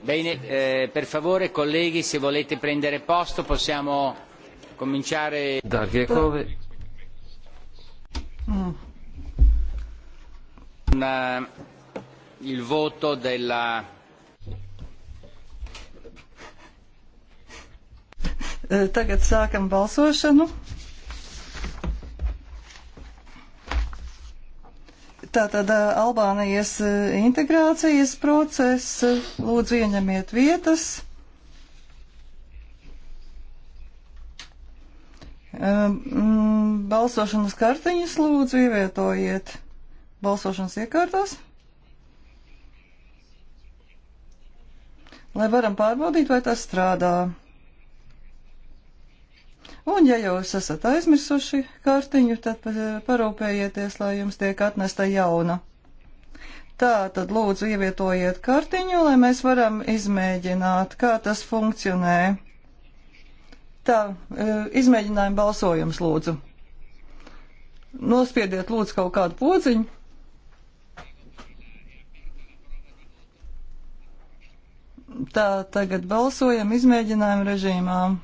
Bene, eh, per favore colleghi, se volete prendere posto possiamo cominciare. Dargie colleghi. Mm. Una, il voto della. Eh, tagad sākam balsošanu. Tātad Albānijas integrācijas process. Lūdzu, ieņemiet vietas. Mm, balsošanas kartiņas lūdzu ievietojiet balsošanas iekārtās. Lai varam pārbaudīt, vai tas strādā. Un, ja jūs esat aizmirsuši kartiņu, tad parūpējieties, lai jums tiek atnesta jauna. Tā tad lūdzu ievietojiet kartiņu, lai mēs varam izmēģināt, kā tas funkcionē. Tā, e, izmēģinājumu balsojums lūdzu. Nospiediet lūdzu kaut kādu podziņu. Tā, tagad balsojam izmēģinājumu režīmām.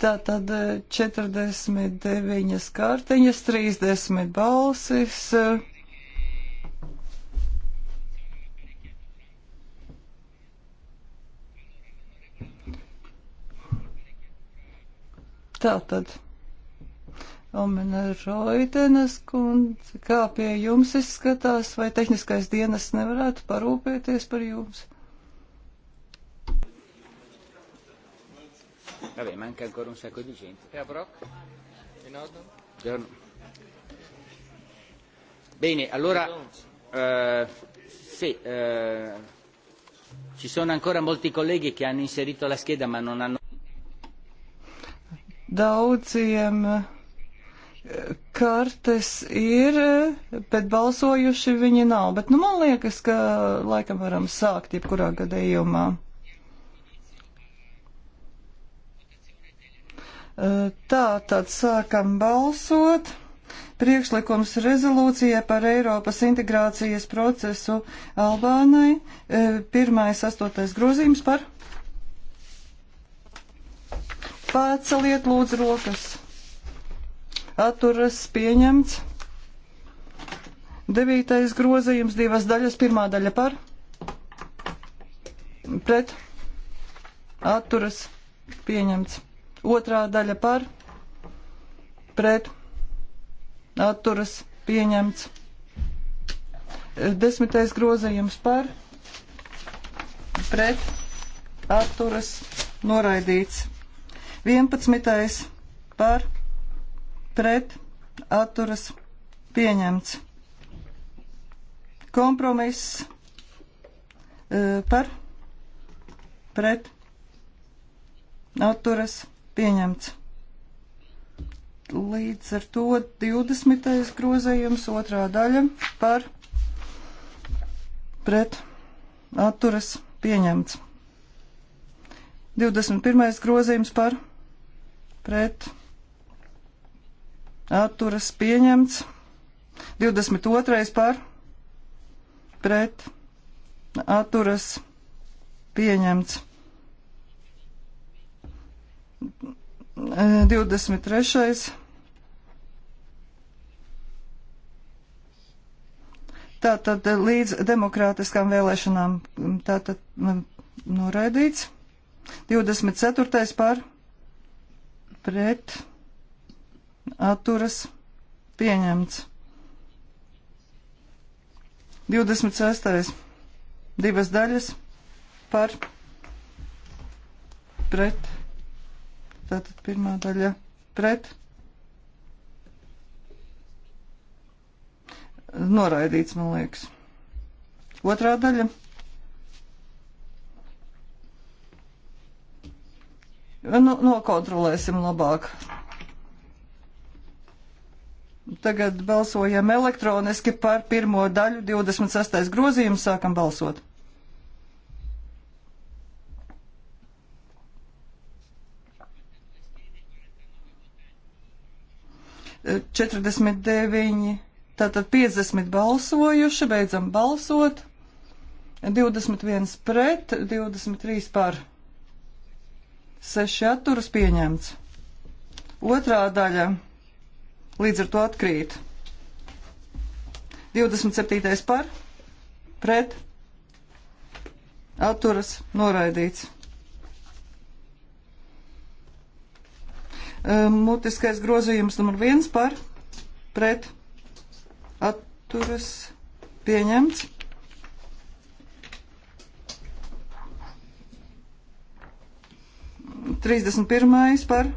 Tātad 49 kārtiņas, 30 balsis. Tātad. Omena Roitenes kundze, kā pie jums izskatās, vai tehniskais dienas nevarētu parūpēties par jums? Vabbè, manca ancora un sacco di gente. E a Brock? In ordine? Buongiorno. Bene, allora, eh, sì, eh, ci sono ancora molti colleghi che hanno inserito la scheda ma non hanno... Daudziem eh, kartes ir, bet balsojuši viņi nav. Bet nu, man liekas, ka laikam varam sākt jebkurā gadījumā. Tā tad sākam balsot. Priekšlikums rezolūcijai par Eiropas integrācijas procesu Albānai. E, pirmais astotais grozījums par. Pāceliet lūdzu rokas. Atturas pieņemts. Devītais grozījums divas daļas. Pirmā daļa par. Pret. Atturas pieņemts. Otrā daļa par pret atturas pieņemts. Desmitais grozījums par pret atturas noraidīts. Vienpadsmitais par pret atturas pieņemts. Kompromiss eh, par pret atturas pieņemts pieņemts. Līdz ar to 20. grozējums otrā daļa par pret atturas pieņemts. 21. grozījums par pret atturas pieņemts. 22. par pret atturas pieņemts. 23. Tātad līdz demokrātiskām vēlēšanām tātad mm, noraidīts. 24. par pret atturas pieņemts. 26. divas daļas par pret Tātad pirmā daļa pret. Noraidīts, man liekas. Otrā daļa. Nu, nokontrolēsim labāk. Tagad balsojam elektroniski par pirmo daļu 26. grozījumu. Sākam balsot. 49, tātad 50 balsojuši, beidzam balsot. 21 pret, 23 par. 6 atturas pieņemts. Otrā daļa līdz ar to atkrīt. 27. par, pret, atturas, noraidīts. Um, mutiskais grozījums numur viens par pret atturas pieņemts. Trīsdesmit pirmais par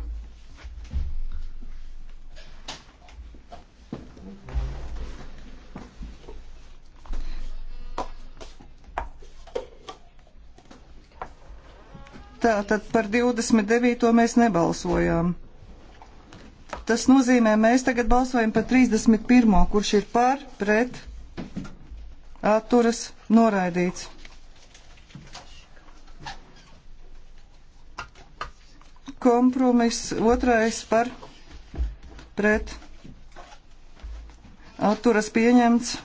Tā tad par 29. mēs nebalsojām. Tas nozīmē, mēs tagad balsojam par 31. kurš ir par, pret, atturas, noraidīts. kompromiss, otrais par pret atturas pieņemts,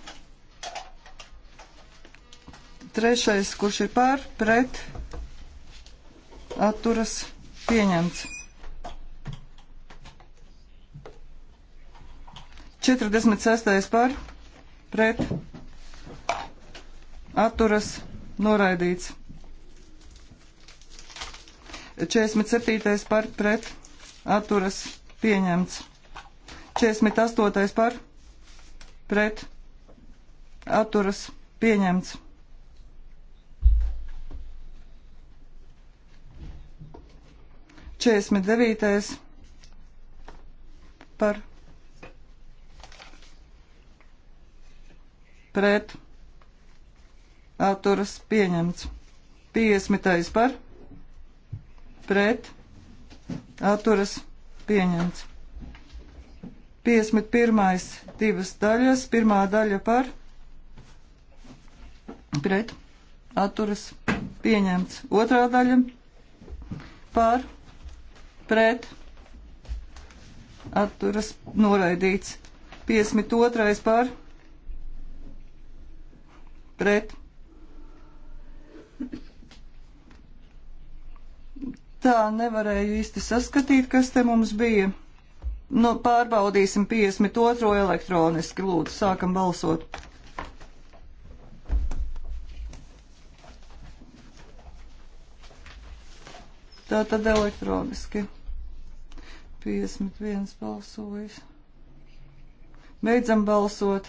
trešais, kurš ir par pret atturas pieņemts. 46. par pret atturas noraidīts. 47. par pret atturas pieņemts. 48. par pret atturas pieņemts. Četrdesmit devītais par pret atturas pieņemts. 50. par pret atturas pieņemts. 51. divas daļas, pirmā daļa par pret atturas pieņemts. Otrā daļa par pret atturas noraidīts. 52. par pret pret. Tā nevarēju īsti saskatīt, kas te mums bija. Nu, pārbaudīsim 52. elektroniski, lūdzu, sākam balsot. Tā tad elektroniski. 51 balsojis. Beidzam balsot.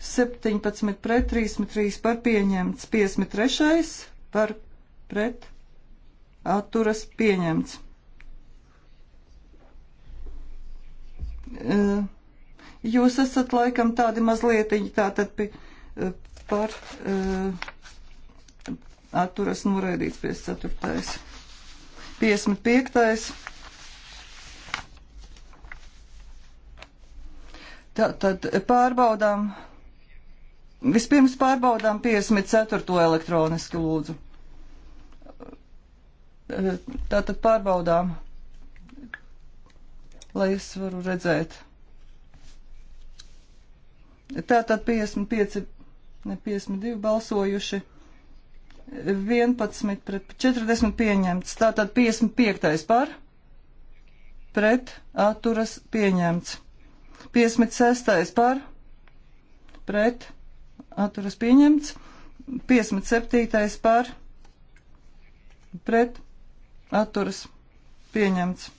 17 pret 33 par pieņemts, 53 par pret atturas pieņemts. E, jūs esat laikam tādi mazlietiņi tātad pie, par e, atturas noraidīts 54. 55. Tātad pārbaudām Vispirms pārbaudām 54. elektroniski lūdzu. Eh, tātad pārbaudām, lai es varu redzēt. Tātad 55, ne 52 balsojuši, 11 pret 40 pieņemts. Tātad 55 par, pret atturas pieņemts. 56 par, pret atturas pieņemts atturas pieņemts. 57. par pret atturas pieņemts.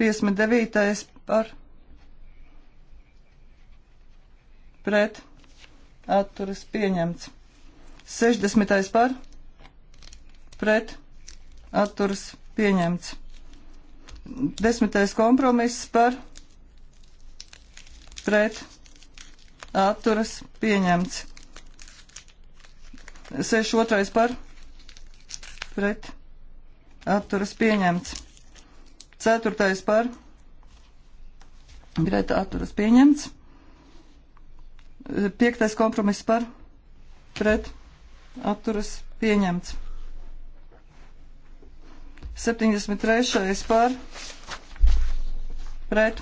59. par pret atturas pieņemts. 60. par pret atturas pieņemts. 10. kompromiss par pret atturas pieņemts. 62. par pret atturas pieņemts. 4. par pret atturas pieņemts. 5. kompromiss par pret atturas pieņemts. 73. par pret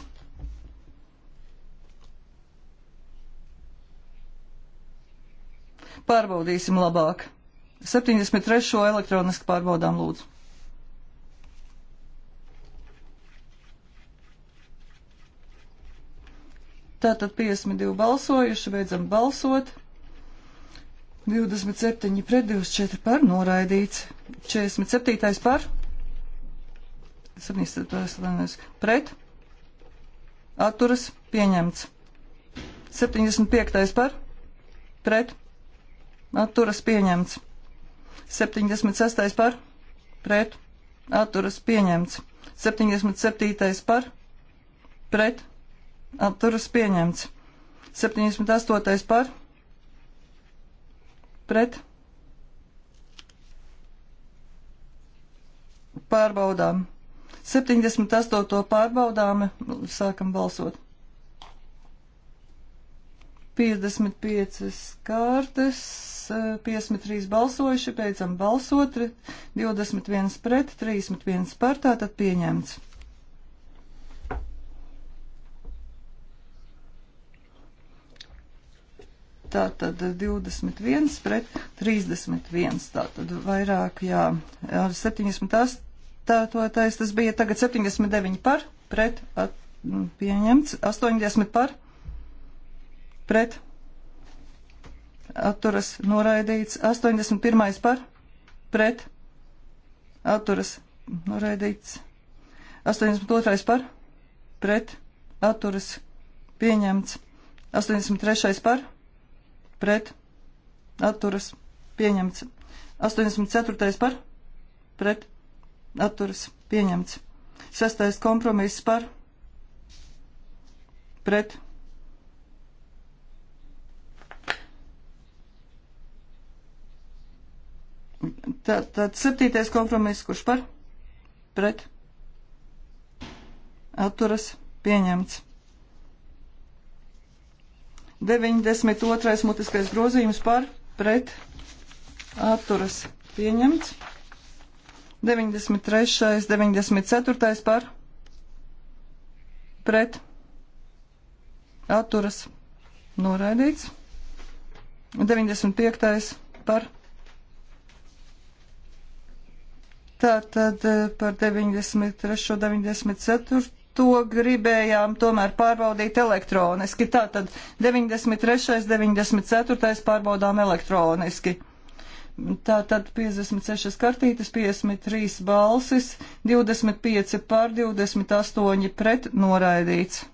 Pārbaudīsim labāk. 73. elektroniski pārbaudām lūdzu. Tātad 52 balsojuši, beidzam balsot. 27 pret 24 par noraidīts. 47 par. 74 pret. Atturas pieņemts. 75 par. Pret atturas pieņemts. 76. par, pret, atturas pieņemts. 77. par, pret, atturas pieņemts. 78. par, pret, pārbaudām. 78. pārbaudām, sākam balsot. 55 kārtas, 53 eh, balsojuši, beidzam balsot, 21 pret, 31 par, tātad pieņemts. Tātad 21 pret 31, tātad vairāk, jā, ar 78, tas bija tagad 79 par, pret at, pieņemts, 80 par, pret atturas noraidīts 81. par pret atturas noraidīts 82. par pret atturas pieņemts 83. par pret atturas pieņemts 84. par pret atturas pieņemts 6. kompromiss par pret atturas Tad, tad septītais kompromiss, kurš par? Pret. Atturas. Pieņemts. 92. mutiskais grozījums par pret atturas pieņemts. 93. 94. par pret atturas noraidīts. 95. par pret Tātad eh, par 93. 94 to gribējām tomēr pārbaudīt elektroniski. Tātad 93. 94. pārbaudām elektroniski. Tātad 56 kartītes, 53 balsis, 25 pār 28 pret noraidīts.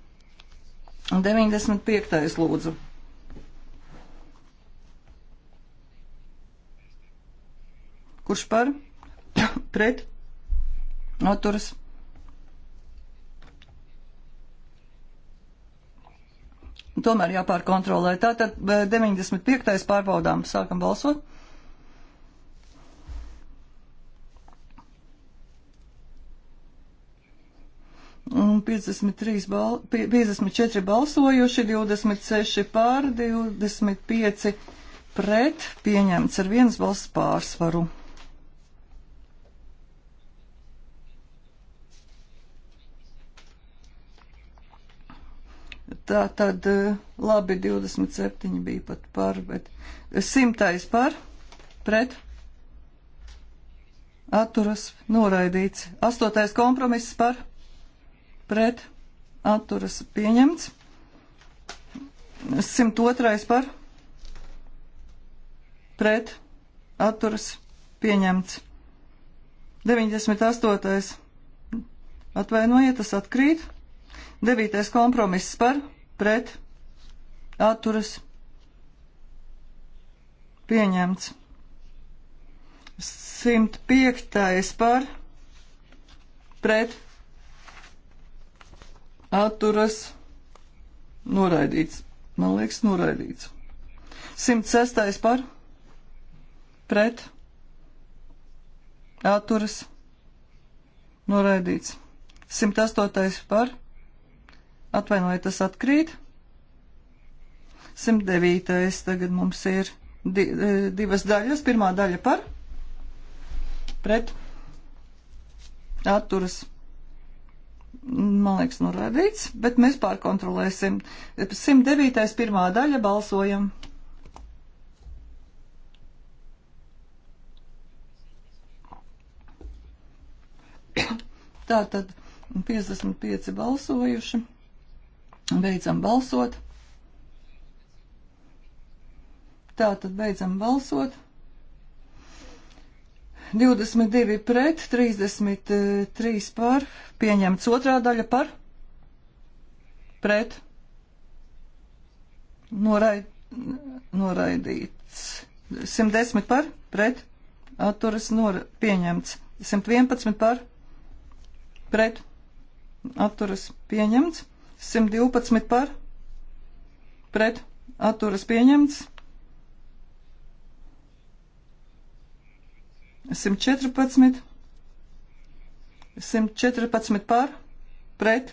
95. lūdzu. Kurš par? pret atturas Tomēr jāpārkontrolē. Tātad 95. Eh, pārbaudām. Sākam balsot. Un 53 bal, 54 balsojuši, 26 pār, 25 pret, pieņemts ar vienas balss pārsvaru. Tā tad eh, labi 27 bija pat par, bet eh, simtais par, pret, atturas, noraidīts. Astotais kompromiss par, pret, atturas, pieņemts. 102 par, pret, atturas, pieņemts. 98. Atvainojiet, tas atkrīt. 9. kompromiss par, pret pret, atturas, pieņemts. 105. par, pret, atturas, noraidīts. Man liekas, noraidīts. 106. par, pret, atturas, noraidīts. 108. par, pret Atvainojiet, tas atkrīt. 109. tagad mums ir di e, divas daļas. Pirmā daļa par, pret, atturas. Man liekas, norādīts, bet mēs pārkontrolēsim. 109. pirmā daļa balsojam. Tātad 55 balsojuši. Beidzam balsot. Tā tad beidzam balsot. 22 pret, 33 par, pieņemts otrā daļa par, pret, noraid, noraidīts, 110 par, pret, atturas nor, pieņemts, 111 par, pret, atturas pieņemts. 112 par, pret, atturas pieņemts. 114, 114 par, pret,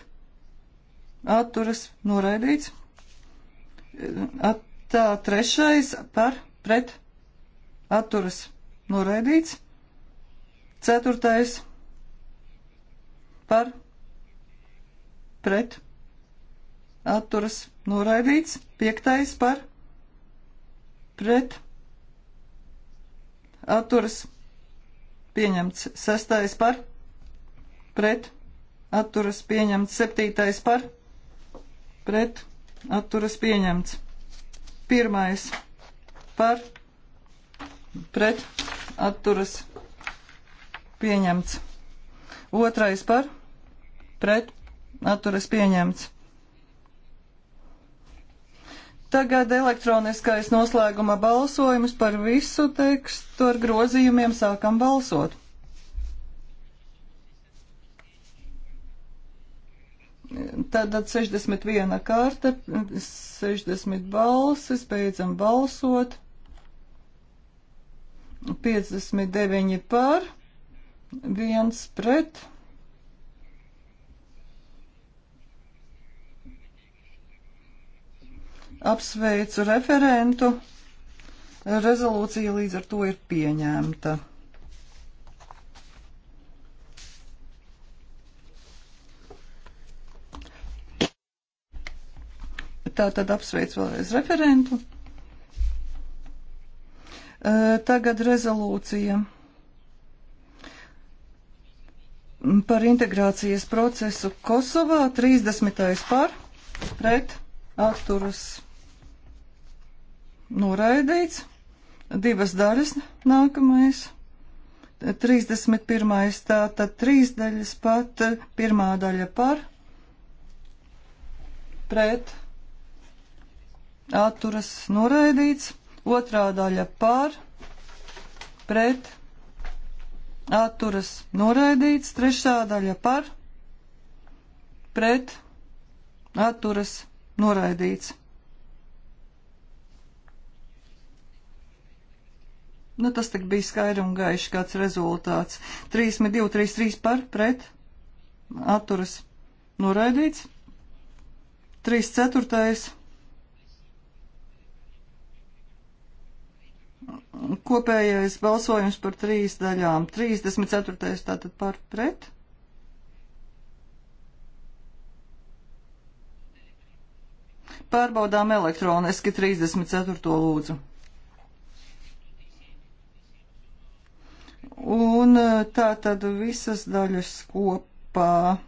atturas noraidīts. At, tā, trešais par, pret, atturas noraidīts. Ceturtais par, pret, atturas noraidīts, piektais par pret atturas pieņemts, sestais par pret atturas pieņemts, septītais par pret atturas pieņemts, pirmais par pret atturas pieņemts, otrais par pret atturas pieņemts. Tagad elektroniskais noslēguma balsojums par visu tekstu ar grozījumiem sākam balsot. Tātad 61 kārta, 60 balsis, beidzam balsot. 59 par, 1 pret. Apsveicu referentu. Rezolūcija līdz ar to ir pieņemta. Tā tad apsveicu vēlreiz referentu. Tagad rezolūcija par integrācijas procesu Kosovā 30. par pret atturus noraidīts. Divas daļas nākamais. 31. tātad trīs daļas pat, pirmā daļa par, pret, atturas noraidīts, otrā daļa par, pret, atturas noraidīts, trešā daļa par, pret, atturas noraidīts. Nu, tas tik bija skaidri un gaiši kāds rezultāts. 32, 33 par, pret, atturas, noraidīts. 3 ceturtais. Kopējais balsojums par trīs daļām. 34. tātad par pret. Pārbaudām elektroniski 34. lūdzu. Un e, tā tad visas daļas kopā.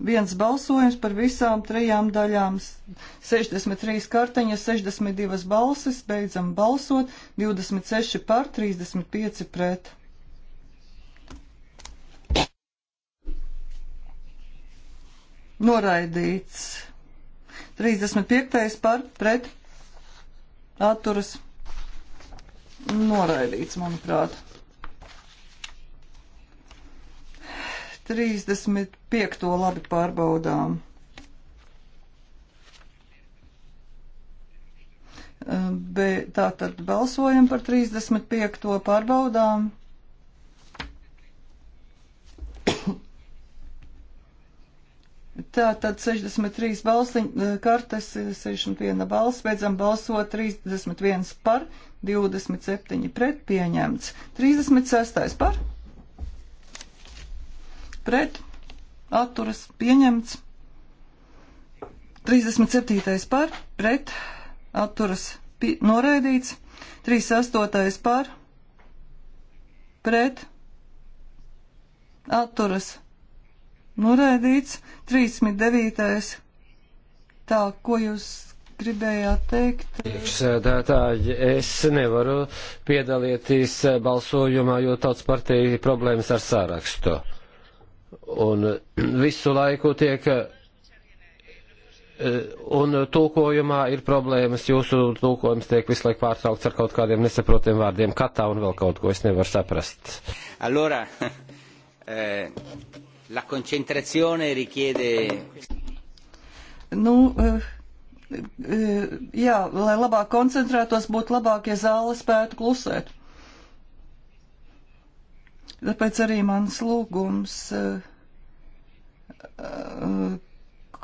Viens balsojums par visām trijām daļām - 63 karteņas, 62 balsis, beidzam balsot, 26 par, 35 pret. Noraidīts. 35 par, pret, atturas. Noraidīts, manuprāt. 35. labi pārbaudām. Be, tā tad balsojam par 35. pārbaudām. Tā tad 63 balsiņu kartes, 61 balss, beidzam balsot 31 par, 27 pret pieņemts. 36 par pret, atturas pieņemts. 37. par, pret, atturas pi noraidīts. 38. par, pret, atturas noraidīts. 39. tā, ko jūs gribējāt teikt? Priekšsēdētāji, es nevaru piedalīties balsojumā, jo tautas partija problēmas ar sārakstu un eh, visu laiku tiek, eh, un tulkojumā ir problēmas, jūsu tulkojums tiek visu laiku pārtraukts ar kaut kādiem nesaprotiem vārdiem, katā un vēl kaut ko es nevaru saprast. Allora, eh, la concentrazione richiede... Nu, eh, eh, jā, lai labāk koncentrētos, būtu labāk, ja zāle spētu klusēt. Tāpēc arī mans lūgums eh, eh,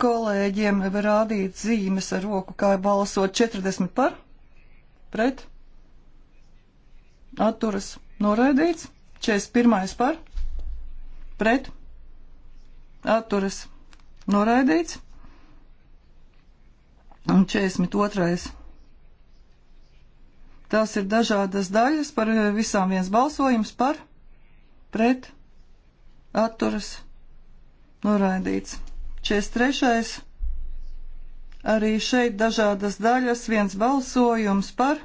kolēģiem rādīt zīmes ar roku, kā balsot 40 par, pret, atturas, noraidīts, 41 par, pret, atturas, noraidīts, un 42. Tās ir dažādas daļas, par eh, visām viens balsojums par pret, atturas, noraidīts. 43. Arī šeit dažādas daļas, viens balsojums par,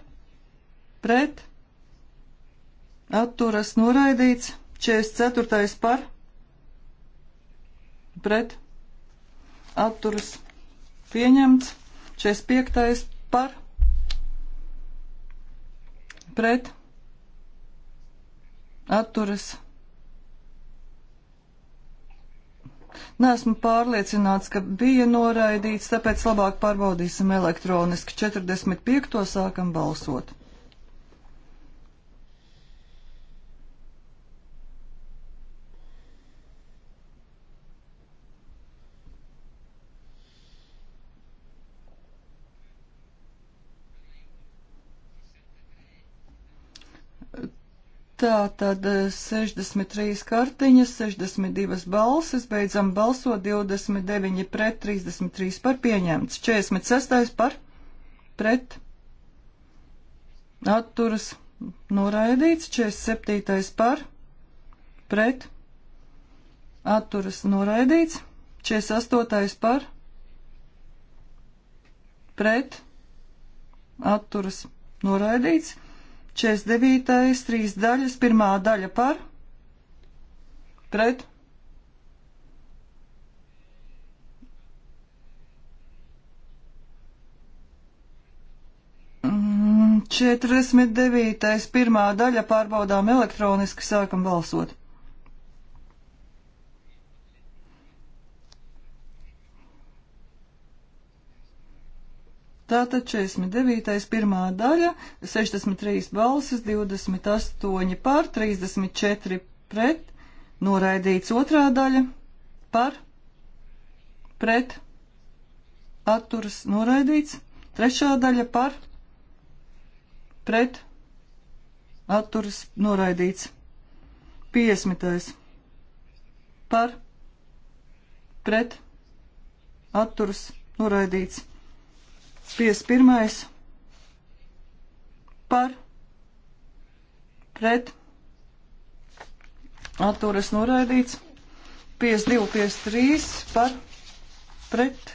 pret, atturas, noraidīts. 44. par, pret, atturas, pieņemts. 45. par, pret, atturas, pieņemts atturas Nesmu pārliecināts, ka bija noraidīts, tāpēc labāk pārbaudīsim elektroniski. 45. sākam balsot. Tā tad 63 eh, kartiņas, 62 balsis, beidzam balsot 29 pret 33 par pieņemts, 46 par pret atturas noraidīts, 47 par pret atturas noraidīts, 48 par pret atturas noraidīts. 49. trīs daļas, pirmā daļa par, pret. Mm, četrdesmit devītais pirmā daļa pārbaudām elektroniski sākam balsot. Tātad 49. pirmā daļa, 63 balsis, 28 par, 34 pret, noraidīts otrā daļa par, pret, atturas noraidīts, trešā daļa par, pret, atturas noraidīts, 50. par, pret, atturas noraidīts. 51. par pret atturas noraidīts. 52, 53 par pret.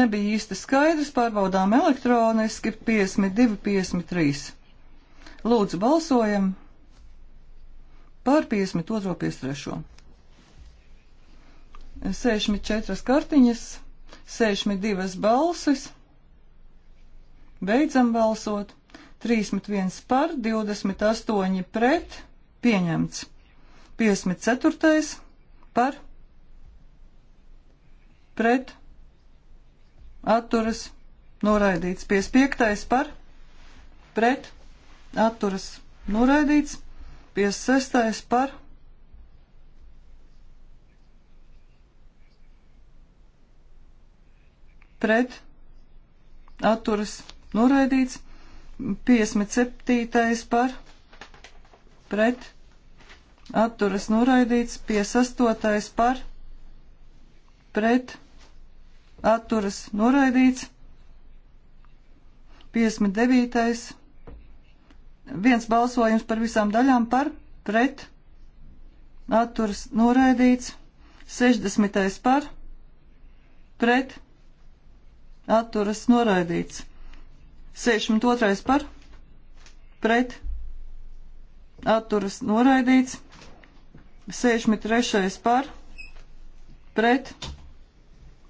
Nebija īsti skaidrs, pārbaudām elektroniski 52, 53. Lūdzu, balsojam par 52, 53. 64 kartiņas, 62 balsis. Beidzam balsot. 31 par, 28 pret, pieņemts. 54 par, pret, atturas, noraidīts. 55 par, pret, atturas, noraidīts. 56 par, pret atturas noraidīts, 57. par pret atturas noraidīts, 58. par pret atturas noraidīts, 59. viens balsojums par visām daļām par pret atturas noraidīts, 60. par pret atturas noraidīts, atturas noraidīts. 62. par pret atturas noraidīts. 63. par pret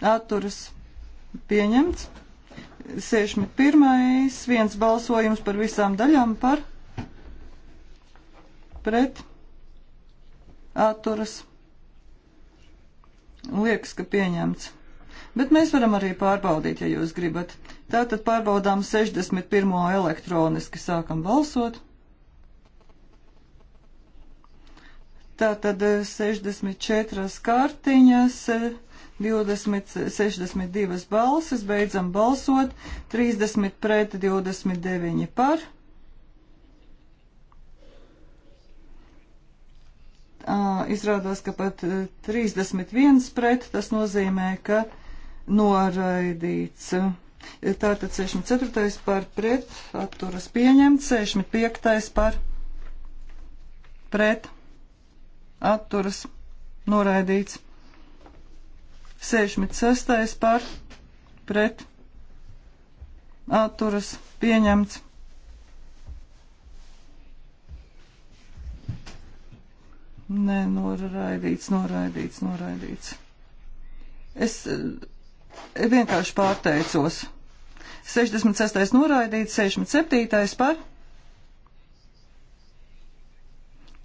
atturas pieņemts. 61. viens balsojums par visām daļām par pret atturas. Liekas, ka pieņemts. Bet mēs varam arī pārbaudīt, ja jūs gribat. Tātad pārbaudām 61. elektroniski sākam balsot. Tātad 64 eh, kartiņas, 20, eh, 62 eh, balsis, beidzam balsot, 30 pret 29 par. Ah, izrādās, ka pat 31 pret, tas nozīmē, ka noraidīts. Tātad 64. par pret, atturas pieņemts, 65. par pret, atturas noraidīts, 66. par pret, atturas pieņemts. Nē, noraidīts, noraidīts, noraidīts. Es vienkārši pārteicos. 66. noraidīts, 67. par.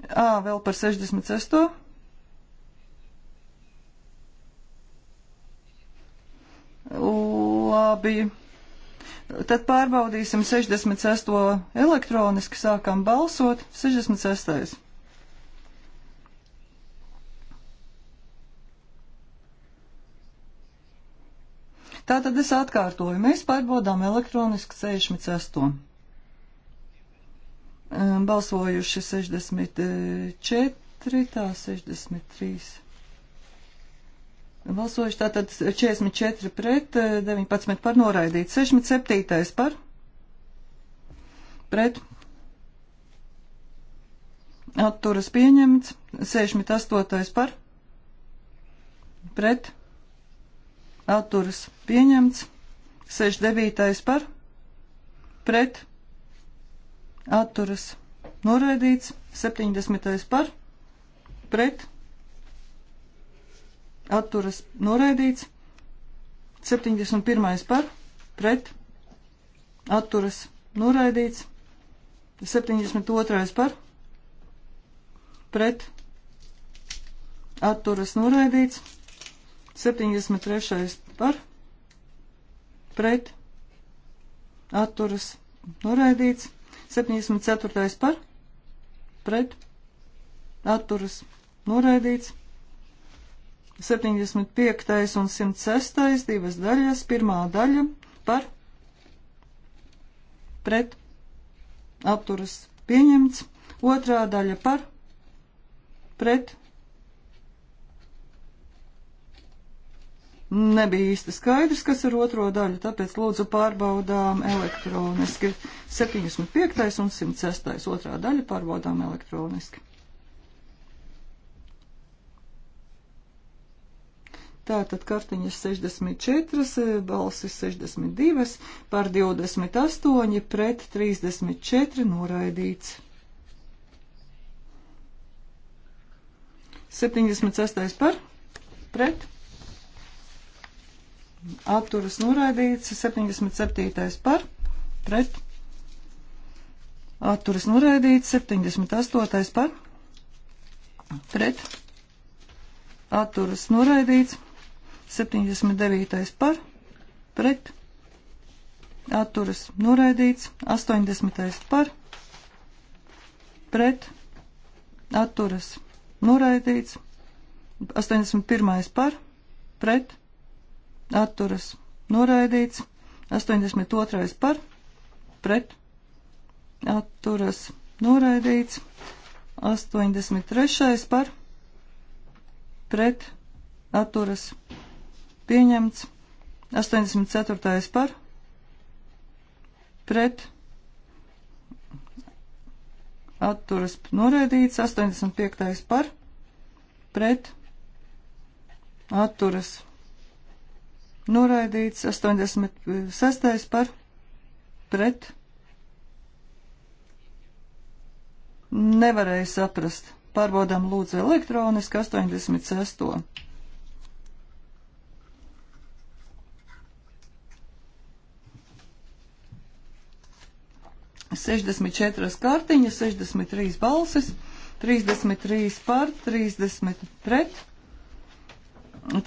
Ā, vēl par 66. Labi. Tad pārbaudīsim 66. elektroniski sākam balsot. 66. Tātad es atkārtoju, mēs pārbaudām elektroniski 68. Balsojuši 64, tā 63. Balsojuši tātad 44 pret, 19 eh, par noraidīt, 67 par pret. Atturas pieņemts, 68 par pret atturas pieņemts, 69. par, pret, atturas noraidīts, 70. par, pret, atturas noraidīts, 71. par, pret, atturas noraidīts, 72. par, pret, atturas noraidīts, 73. par pret atturas noraidīts. 74. par pret atturas noraidīts. 75. un 106. divas daļas, pirmā daļa par pret atturas pieņemts, otrā daļa par pret atturas Nebija īsti skaidrs, kas ir otro daļu, tāpēc lūdzu pārbaudām elektroniski. 75. un 106. otrā daļa pārbaudām elektroniski. Tātad kartiņas 64, balsis 62, par 28, pret 34 noraidīts. 76. par, pret atturas noraidīts, 77. par, pret, atturas noraidīts, 78. par, pret, atturas noraidīts, 79. par, pret, atturas noraidīts, 80. par, pret, atturas noraidīts, 81. par, pret, atturas noraidīts, 82. par, pret, atturas noraidīts, 83. par, pret, atturas pieņemts, 84. par, pret, atturas noraidīts, 85. par, pret, atturas pieņemts noraidīts 86. par pret. Nevarēja saprast. Pārbaudām lūdzu elektroniski 86. Sešdesmit četras kartiņas, sešdesmit trīs balsis, trīsdesmit trīs par, trīsdesmit pret.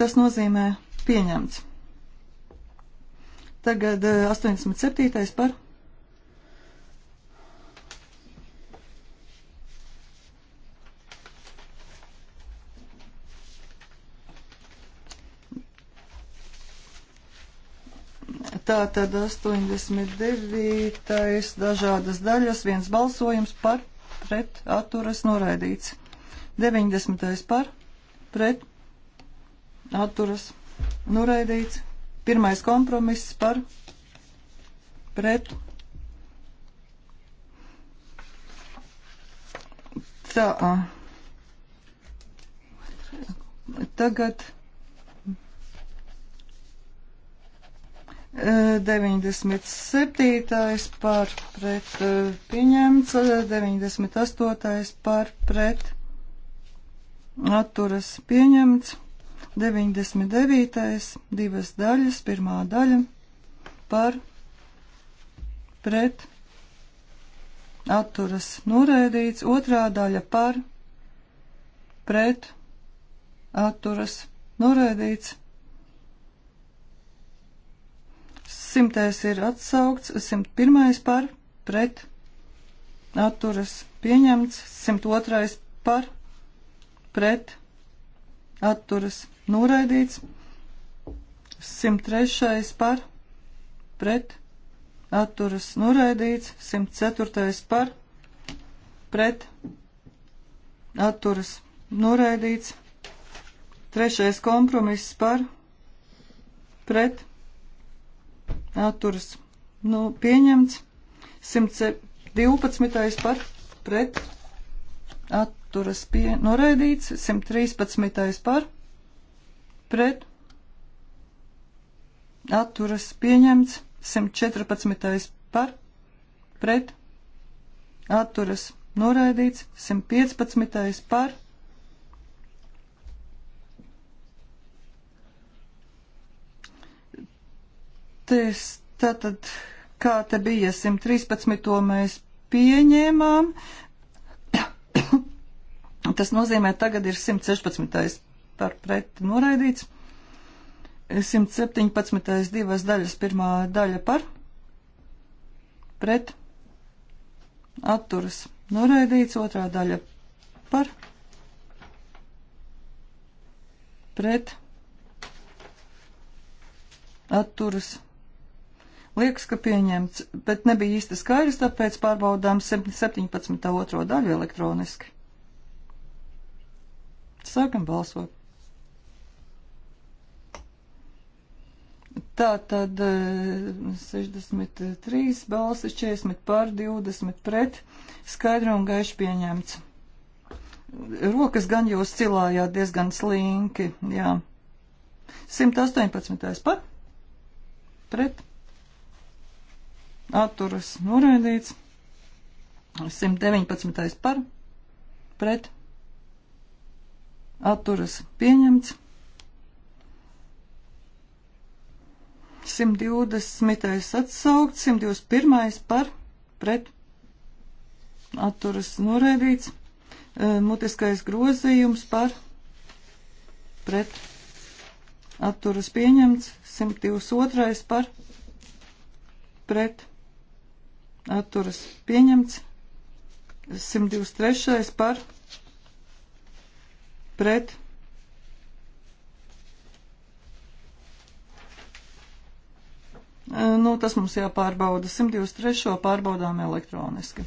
Tas nozīmē pieņemts. Tagad 87. Eh, par. Tā tad 89. dažādas daļas, viens balsojums par, pret, atturas noraidīts. 90. par, pret, atturas noraidīts. Pirmais kompromiss par pret. Tā. Tagad 97. par pret pieņemts, 98. par pret atturas pieņemts. 99. divas daļas, pirmā daļa par pret atturas noraidīts, otrā daļa par pret atturas noraidīts. Simtais ir atsaukts, simt pirmais par pret atturas pieņemts, simt otrais par pret atturas noraidīts. 103. par pret atturas noraidīts. 104. par pret atturas noraidīts. Trešais kompromiss par pret atturas nu, pieņemts. 112. par pret atturas atturas pie noraidīts, 113. par pret atturas pieņemts, 114. par pret atturas noraidīts, 115. par Tes, tātad, kā te bija 113. mēs pieņēmām, Tas nozīmē, tagad ir 116. par pret noraidīts, 117. divas daļas, pirmā daļa par pret atturas noraidīts, otrā daļa par pret atturas. Liekas, ka pieņemts, bet nebija īsti skaidrs, tāpēc pārbaudām 17. otro daļu elektroniski. Sākam balsot. Tā tad 63 eh, balsis, 40 pār 20 pret, skaidri un gaiši pieņemts. Rokas gan jūs cilājāt diezgan slinki, jā. 118. par, pret, atturas noraidīts, 119. par, pret, atturas pieņemts. 120. atsaukt, 121. par pret atturas noraidīts, e, mutiskais grozījums par pret atturas pieņemts, 122. par pret atturas pieņemts, 123. par pret pret eh, Nu, tas mums jāpārbauda. 123. pārbaudām elektroniski.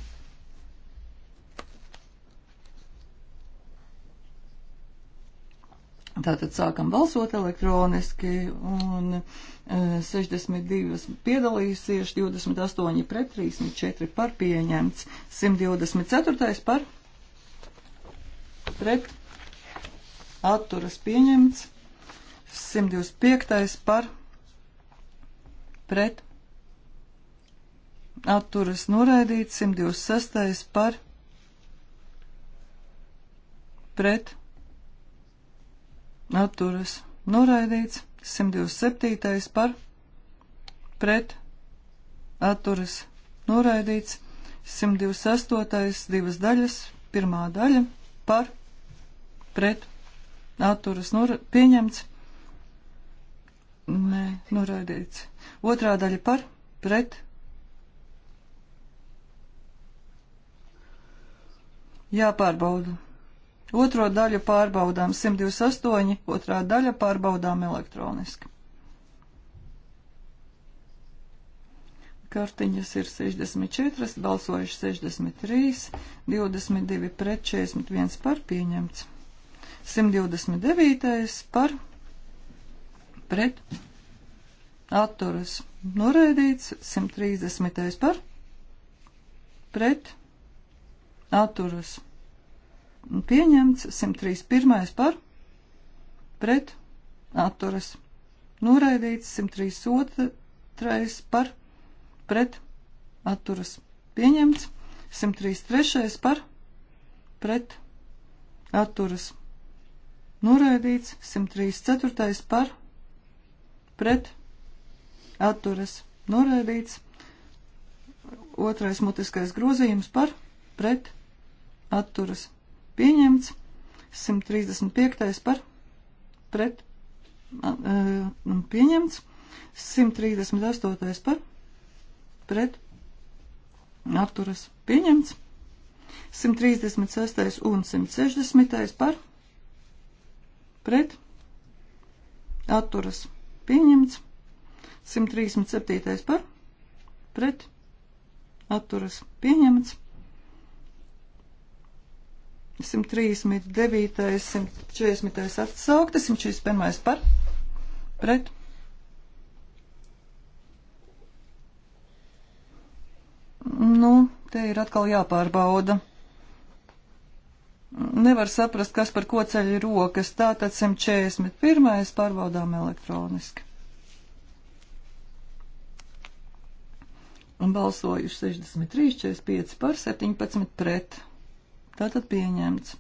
Tātad sākam balsot elektroniski un 62 piedalīsies, 28 pret 34 par pieņemts, 124 par pret atturas pieņemts. 125. par pret atturas noraidīts. 126. par pret atturas noraidīts. 127. par pret atturas noraidīts. 128. divas daļas, pirmā daļa par pret atturas nur, pieņemts. Nē, noraidīts. Otrā daļa par, pret. Jāpārbauda. Otro daļu pārbaudām 128, otrā daļa pārbaudām elektroniski. Kartiņas ir 64, balsojuši 63, 22 pret 41 par pieņemts. 129. par pret atturas noraidīts, 130. par pret atturas pieņemts, 131. par pret atturas noraidīts, 132. par pret atturas pieņemts, 133. par pret atturas pieņemts. Noraidīts 134. par pret atturas. Noraidīts otrais mutiskais grozījums par pret atturas. Pieņemts 135. par pret e, pieņemts 138. par pret atturas. Pieņemts 136. un 160. par pret pret atturas pieņemts. 137. par pret atturas pieņemts. 139, 140 atsaukti, 141 par pret. Nu, te ir atkal jāpārbauda nevar saprast, kas par ko ceļ rokas. Tātad 141. pārbaudām elektroniski. Un balsojuši 63, 45 par 17 pret. Tātad pieņemts.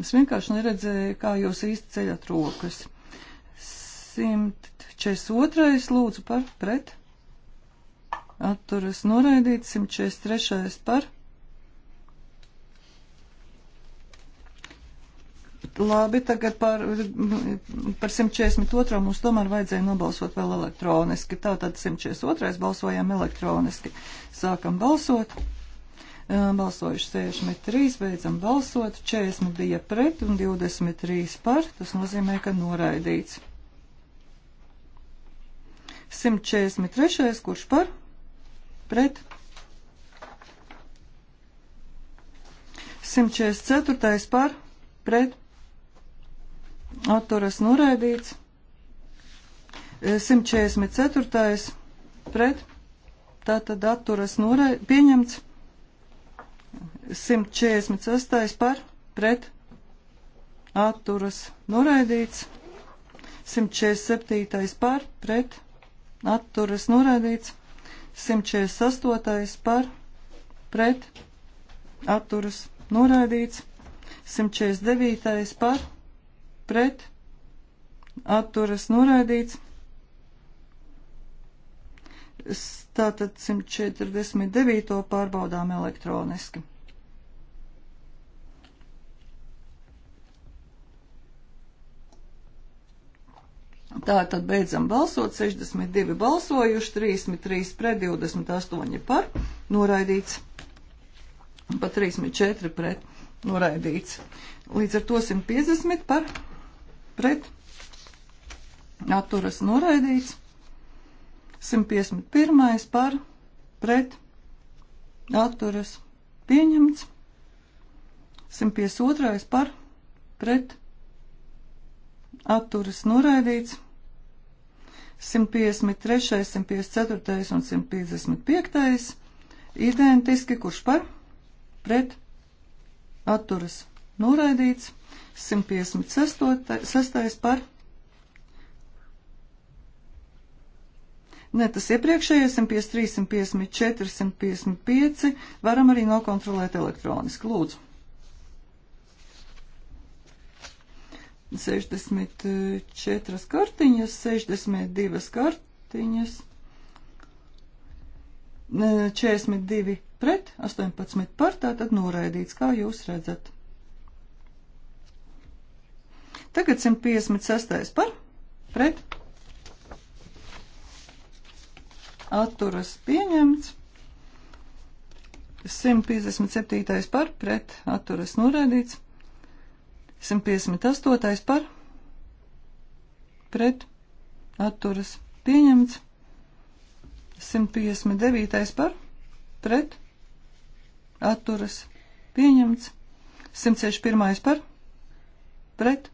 Es vienkārši neredzēju, kā jūs īsti ceļat rokas. 142. lūdzu par pret. Atturas noraidīts 143. par Labi, tagad par, par 142. mums tomēr vajadzēja nobalsot vēl elektroniski. Tātad 142. balsojam elektroniski. Sākam balsot. Balsojuši 63, beidzam balsot. 40 bija pret un 23 par. Tas nozīmē, ka noraidīts. 143. kurš par? Pret. 144. par? Pret atturas noraidīts. 144. E, pret, tātad atturas noraid, pieņemts. 146. par, pret, atturas noraidīts. 147. par, pret, atturas noraidīts. 148. par, pret, atturas noraidīts. 149. par, pret pret atturas noraidīts. Tātad 149. pārbaudām elektroniski. Tā tad beidzam balsot. 62 balsojuši, 33 pret, 28 par, noraidīts. Pa 34 pret, noraidīts. Līdz ar to 150 par pret atturas noraidīts. 151. par pret atturas pieņemts. 152. par pret atturas noraidīts. 153, 154 un 155 identiski, kurš par pret atturas noraidīts, 156. par. Ne, tas iepriekšējais 153, 154, 155 varam arī nokontrolēt elektroniski. Lūdzu. 64 kartiņas, 62 kartiņas, 42 pret, 18 par, tātad noraidīts, kā jūs redzat. Tagad 156. par pret atturas pieņemts. 157. par pret atturas norādīts. 158. par pret atturas pieņemts. 159. par pret atturas pieņemts. 161. par pret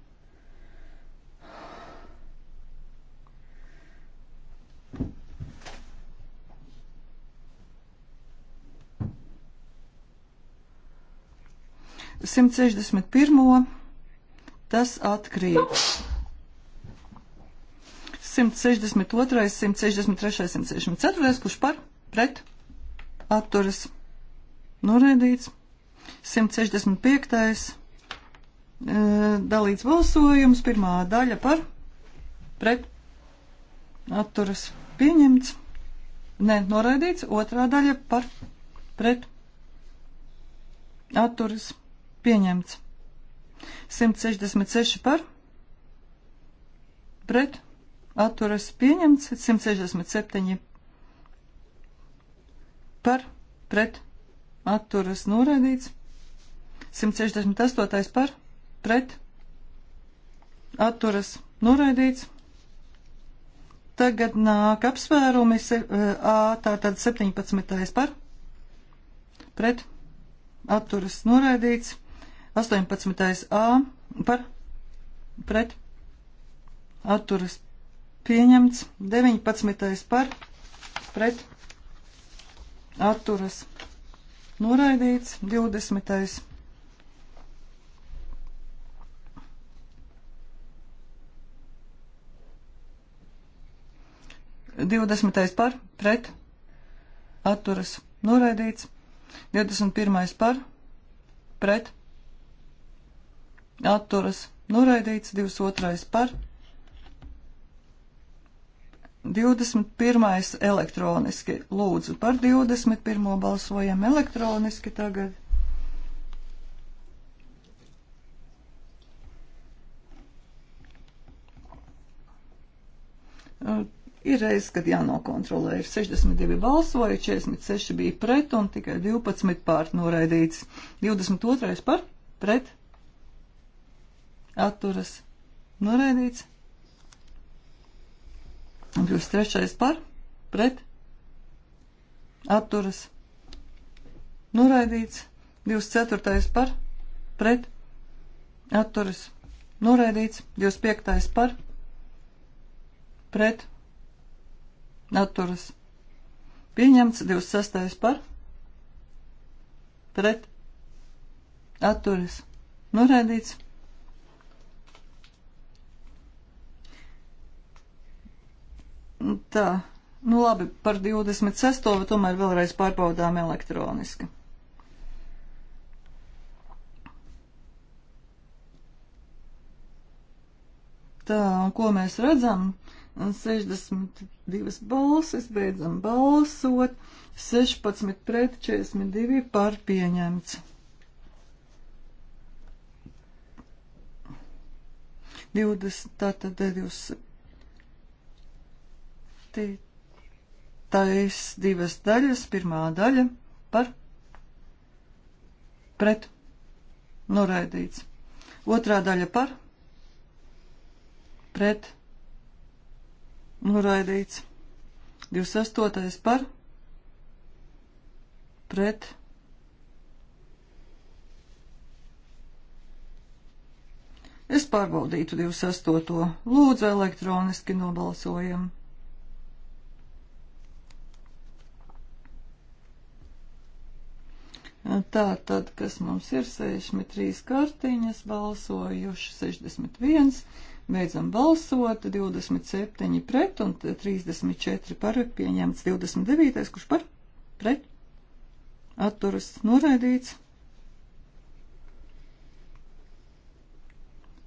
161. tas atkrīt. 162, 163, 164, kurš par, pret, atturas, noraidīts. 165. E, dalīts balsojums, pirmā daļa par, pret, atturas, pieņemts. Nē, noraidīts, otrā daļa par, pret, atturas, pieņemts Pieņemts. 166 par. Pret. Atturas pieņemts. 167 par. Pret. Atturas noraidīts. 168 par. Pret. Atturas noraidīts. Tagad nāk apsvērumi A, eh, tātad 17. par. Pret. Atturas noraidīts. 18. A par pret atturas pieņemts. 19. par pret atturas noraidīts. 20. Divdesmitais par, pret, atturas, noraidīts. Divdesmit pirmais par, pret, atturas noraidīts, 22. par 21. elektroniski. Lūdzu, par 21. balsojam elektroniski tagad. Uh, ir reizes, kad jānokontrolē. Ir 62 balsoja, 46 bija pret un tikai 12 pārt noraidīts. 22 par pret atturas noraidīts. 23. par pret atturas noraidīts. 24. par pret atturas noraidīts. 25. par pret atturas pieņemts. 26. par pret atturas noraidīts. Tā, nu labi, par 26. tomēr vēlreiz pārbaudām elektroniski. Tā, un ko mēs redzam? 62 balsis, beidzam balsot, 16 pret 42 par pieņemts. 20, tātad 27. Septītais divas daļas, pirmā daļa par pret noraidīts. Otrā daļa par pret noraidīts. 28. par pret Es pārbaudītu 28. Lūdzu, elektroniski nobalsojam. Tā tad, kas mums ir 63 kartiņas, balsojuši 61, beidzam balsot, 27 pret un 34 par pieņemts 29, kurš par pret atturas noraidīts.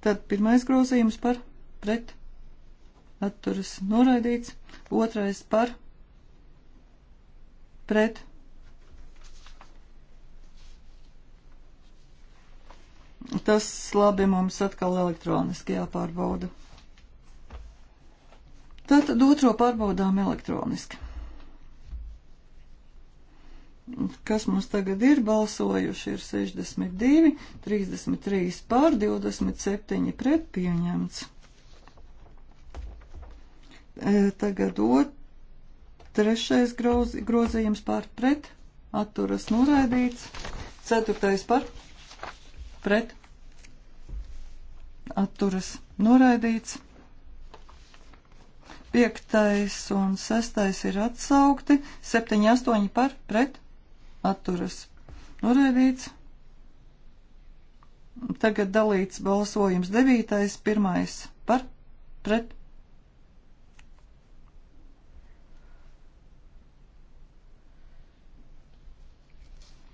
Tad pirmais grozījums par pret atturas noraidīts, otrais par pret atturas Tas labi mums atkal elektroniski jāpārbauda. Tātad otro pārbaudām elektroniski. Kas mums tagad ir balsojuši, ir 62, 33 pār 27 pret pieņemts. E, tagad ot, trešais groz, grozījums pār pret, atturas noraidīts, ceturtais par pret atturas noraidīts. Piektais un sestais ir atsaukti. Septiņi, astoņi par pret atturas noraidīts. Tagad dalīts balsojums devītais, pirmais par pret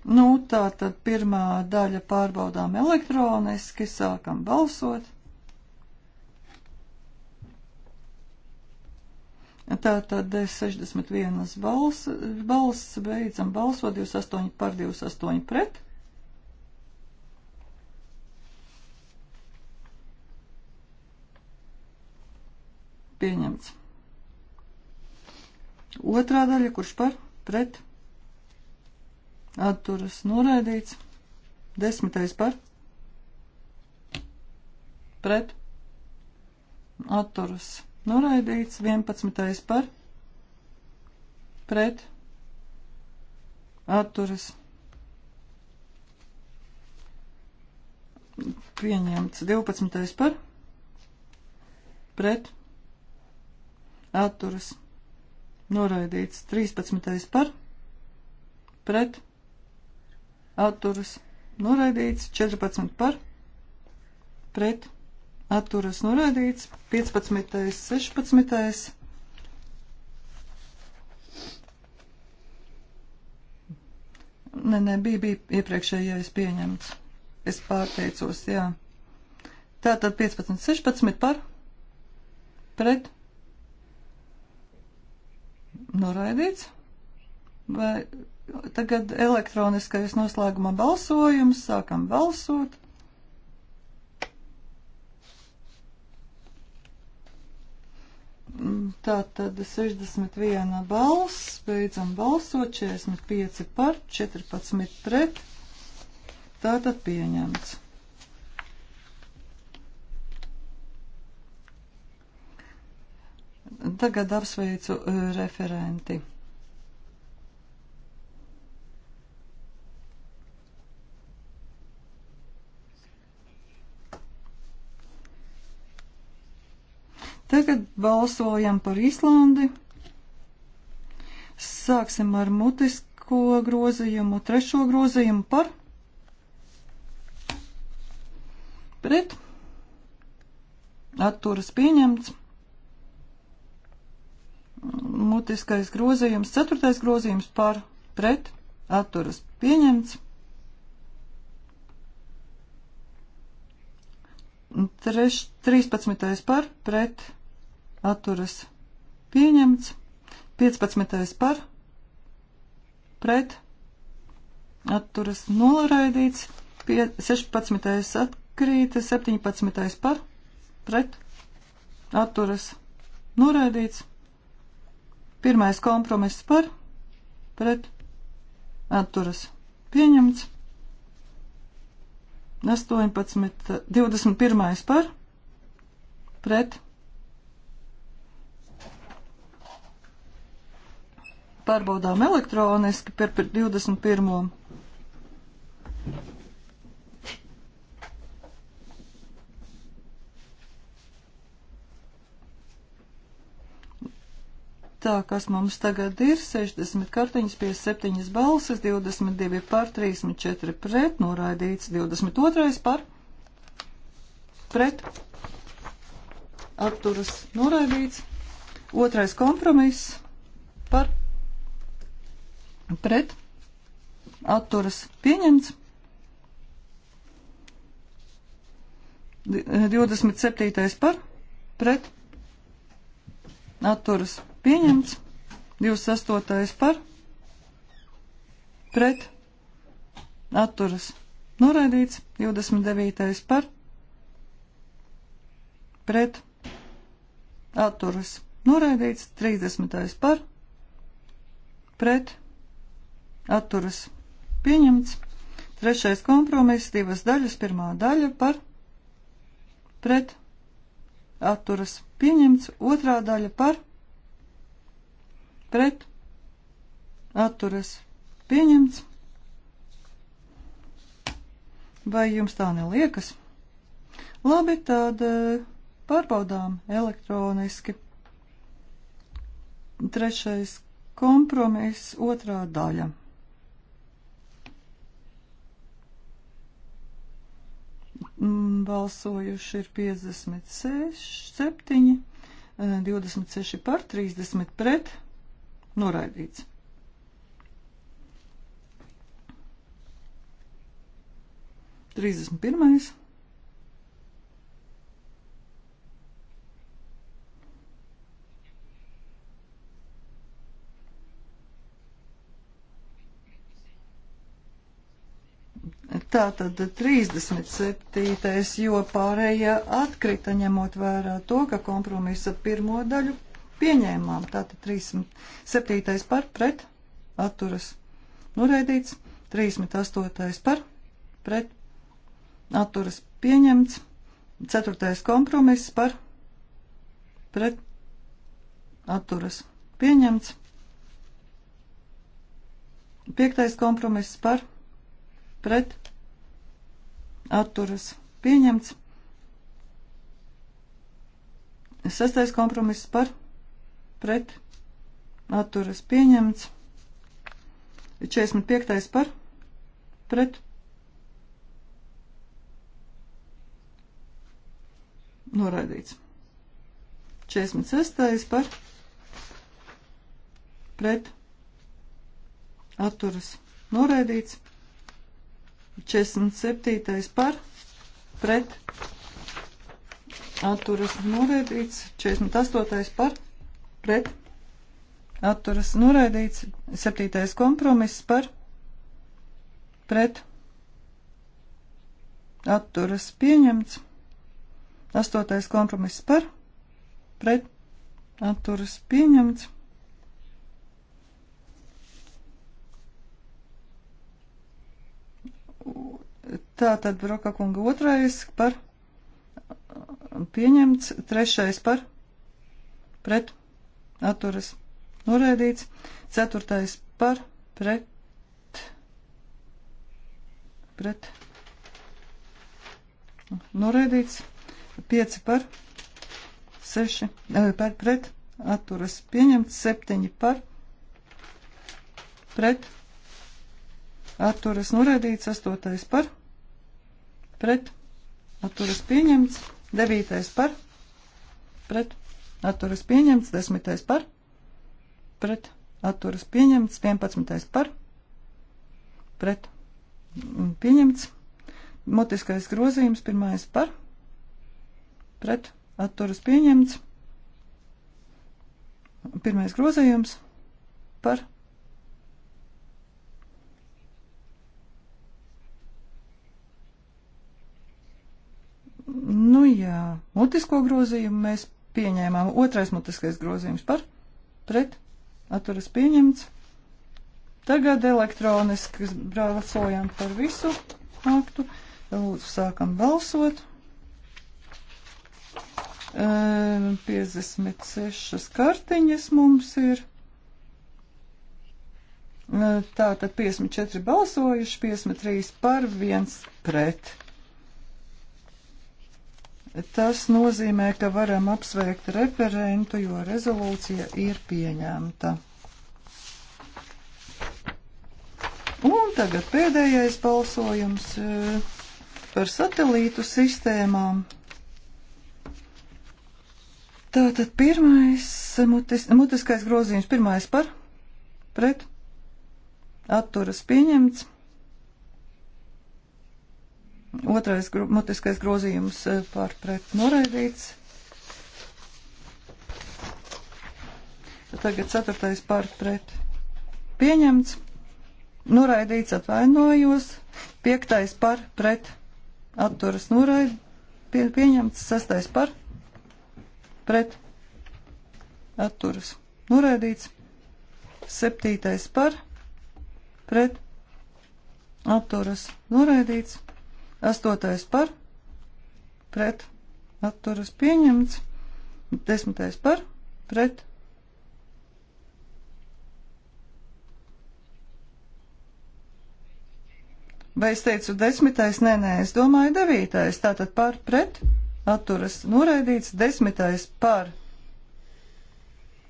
Nu, tā tad pirmā daļa pārbaudām elektroniski, sākam balsot. Tā tad 61 balss, balss beidzam balsot 28 par 28 pret. Pieņemts. Otrā daļa, kurš par pret? atturas noraidīts. Desmitais par pret atturas noraidīts. Vienpadsmitais par pret atturas pieņemts. Divpadsmitais par pret atturas noraidīts. Trīspadsmitais par pret atturas atturas noraidīts, 14 par, pret, atturas noraidīts, 15, 16. Nē, nē, bija, bija iepriekšējais pieņemts. Es pārteicos, jā. Tātad 15, 16 par, pret, noraidīts, vai Tagad elektroniskais noslēguma balsojums. Sākam balsot. Tā tad 61 balss, beidzam balsot, 45 par, 14 pret. Tā tad pieņemts. Tagad apsveicu eh, referenti. Tagad balsojam par Islandi. Sāksim ar mutisko grozījumu, trešo grozījumu par pret atturas pieņemts. Mutiskais grozījums, ceturtais grozījums par pret atturas pieņemts. Treš, 13. par pret atturas pieņemts. 15. par pret atturas noraidīts. 16. atkrīt, 17. par pret atturas noraidīts. Pirmais kompromiss par pret atturas pieņemts. 18, 21 par pret atturas pārbaudām elektroniski par 21. Tā, kas mums tagad ir, 60 kartiņas pie 7 balsis, 22 par, 34 pret, noraidīts 22 par, pret, atturas noraidīts, otrais kompromiss par, pret atturas pieņemts. 27. Eh, par pret atturas pieņemts. 28. par pret atturas noraidīts. 29. par pret atturas noraidīts. 30. par pret atturas pieņemts. Trešais kompromiss, divas daļas, pirmā daļa par pret atturas pieņemts, otrā daļa par pret atturas pieņemts. Vai jums tā neliekas? Labi, tad eh, pārbaudām elektroniski. Trešais kompromiss, otrā daļa. Mm, balsojuši ir 57, 26 e, par, 30 pret, noraidīts. Trīsdesmit pirmais. Tātad 37. jo pārējie atkrita ņemot vērā to, ka kompromisa pirmo daļu pieņēmām. Tātad 37. par pret atturas noraidīts, 38. par pret atturas pieņemts, 4. kompromiss par pret atturas pieņemts, 5. kompromiss par pret atturas pieņemts atturas pieņemts. Sastais kompromiss par pret atturas pieņemts. 45. par pret. Noraidīts. 46. par pret atturas noraidīts. 47. par pret atturas noraidīts, 48. par pret atturas noraidīts, 7. kompromiss par pret atturas pieņemts, 8. kompromiss par pret atturas pieņemts. Tātad Broka kunga otrais par pieņemts, trešais par pret atturas noraidīts, ceturtais par pret pret noraidīts, pieci par seši eh, par pret atturas pieņemts, septiņi par pret atturas noraidīts, astotais par pret pret atturas pieņemts, 9. par pret atturas pieņemts, 10. par pret atturas pieņemts, 11. par pret mm, pieņemts, mutiskais grozījums 1. par pret atturas pieņemts, 1. grozījums par mutisko grozījumu mēs pieņēmām. Otrais mutiskais grozījums par pret atturas pieņemts. Tagad elektroniski balsojam par visu aktu. Lūdzu, sākam balsot. 56 ehm, kartiņas mums ir. Ehm, tātad 54 balsojuši, 53 par, 1 pret. Tas nozīmē, ka varam apsveikt referentu, jo rezolūcija ir pieņemta. Un tagad pēdējais balsojums eh, par satelītu sistēmām. Tātad pirmais mutis, mutiskais grozījums, pirmais par, pret, atturas pieņemts, Otrais mutiskais grozījums eh, par pret noraidīts. Tagad ceturtais par pret pieņemts. Noraidīts atvainojos. Piektais par pret atturas noraid. Pie, pieņemts. Sestais par pret atturas noraidīts. Septītais par pret atturas noraidīts. Astotais par, pret, atturas pieņemts. Desmitais par, pret. Vai es teicu desmitais? Nē, nē, es domāju devītais. Tātad par, pret, atturas noraidīts. Desmitais par,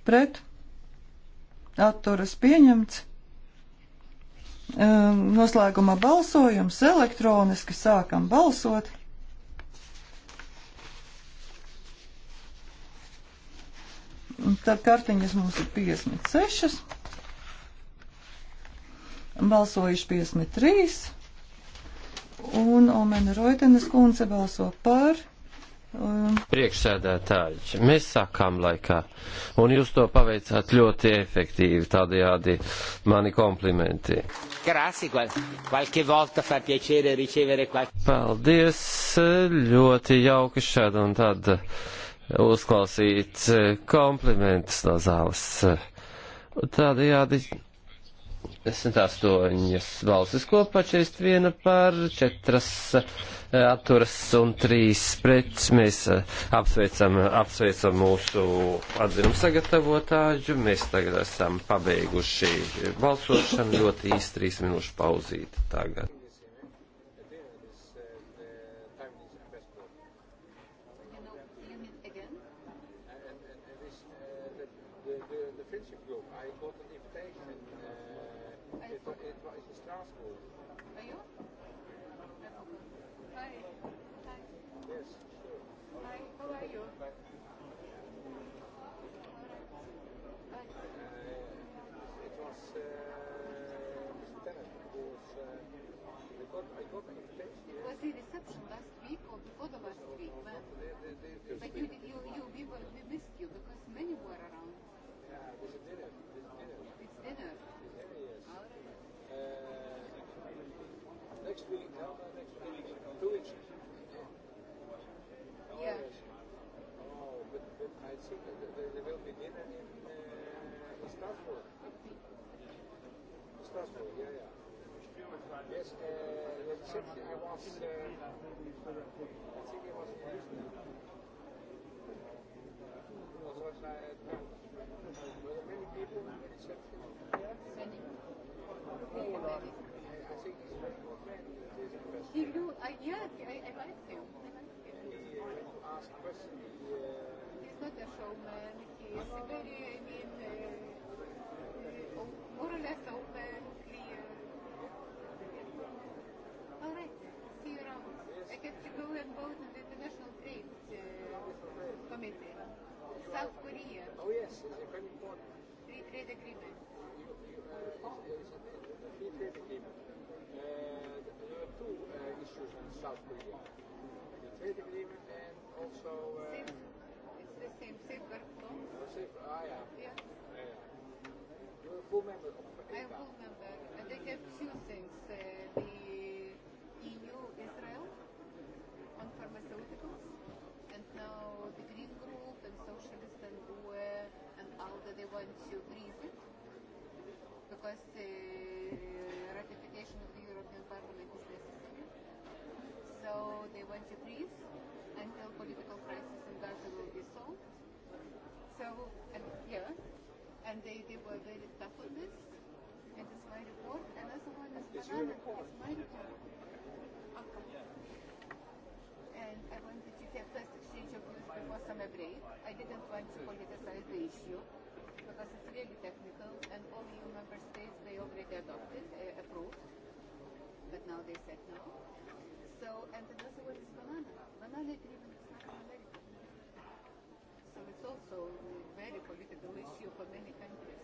pret, atturas pieņemts. Um, noslēguma balsojums elektroniski sākam balsot. Tad kartiņas mums ir 56, balsojuši 53, un Omena Roitenes kundze balso par Priekšsēdētāji, mēs sākām laikā, un jūs to paveicāt ļoti efektīvi, tādējādi mani komplimenti. Paldies, ļoti jauki šad un tad uzklausīt eh, komplimentus no zāles. Tādējādi 48 balsis kopā, 41 par, 4 eh, atturas un 3 pret. Mēs eh, apsveicam, apsveicam mūsu atzinumu sagatavotāju. Mēs tagad esam pabeiguši balsošanu ļoti īsti 3 minūšu pauzīt tagad. politicized the issue because it's really technical and all EU member states, they already adopted, uh, approved, but now they said no. So, and then also what is banana? Banana agreement is not in America. So it's also a very political issue for many countries.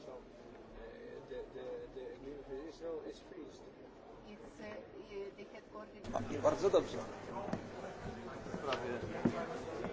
So uh, the, the, the agreement with Israel is freezed. It's, uh, they had already... Bardzo dobrze. Prawie.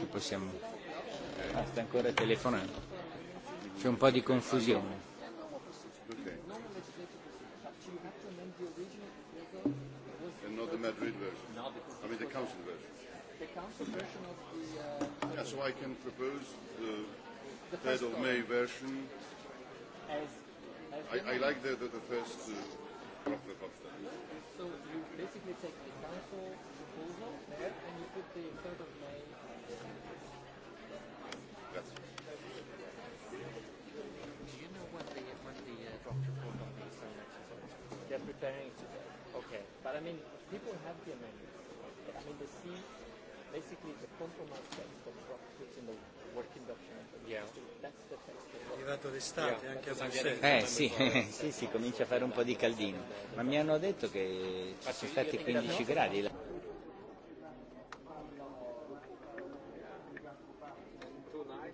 quindi possiamo... Ah, sta ancora telefonando. C'è un po' di confusione. Okay. And not the Madrid version. I mean the council version. The council version of the. Uh, yeah, so I can propose the, the third of May version. As, as I, I like the the, the first. Uh, So you basically take the council proposal there and you put the 3rd of May. That's Do you know when the, when the uh, draft report on these elections is? They're preparing it today. Okay. But I mean, people have the amendments. I mean, they see basically the compromise text of what is in the working document. Yeah. That's the text. È arrivato d'estate yeah. anche a Bruxelles. Eh sì, sì, sì, comincia a fare un po' di caldino. Ma mi hanno detto che ci sono stati 15 gradi. Tonight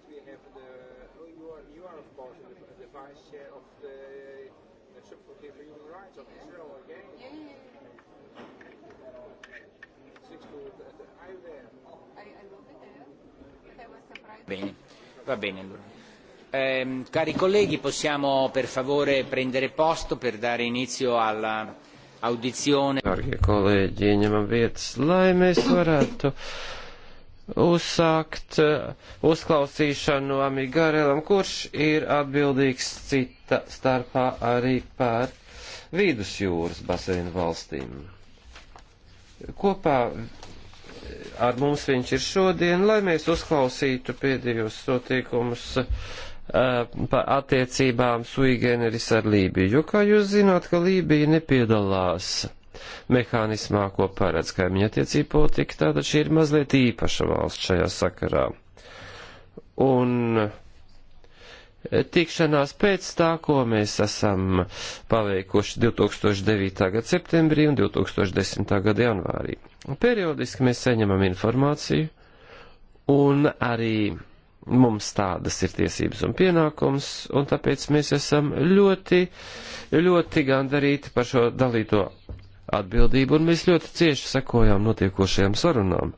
we have the, oh, you are, you are of course the, the vice chair of the, the Subcommittee for Human Rights of Israel again. Bene, va bene allora. Eh, cari colleghi, possiamo per favore prendere posto per dare inizio alla audizione. Dargie colleghi, ņemam vietas, lai mēs varētu uzsākt uzklausīšanu Amigarelam, kurš ir atbildīgs cita starpā arī par vidusjūras basēnu valstīm. Kopā ar mums viņš ir šodien, lai mēs uzklausītu pēdējos notikumus eh, par attiecībām sui generis ar Lībiju, jo, kā jūs zināt, ka Lībija nepiedalās mehānismā, ko paredz kaimiņa attiecību politika, tātad šī ir mazliet īpaša valsts šajā sakarā. Un uh, Eh, tikšanās pēc tā, ko mēs esam paveikuši 2009. gada septembrī un 2010. gada janvārī. Periodiski mēs saņemam informāciju un arī mums tādas ir tiesības un pienākums, un tāpēc mēs esam ļoti, ļoti gandarīti par šo dalīto atbildību, un mēs ļoti cieši sekojām notiekošajām sarunām.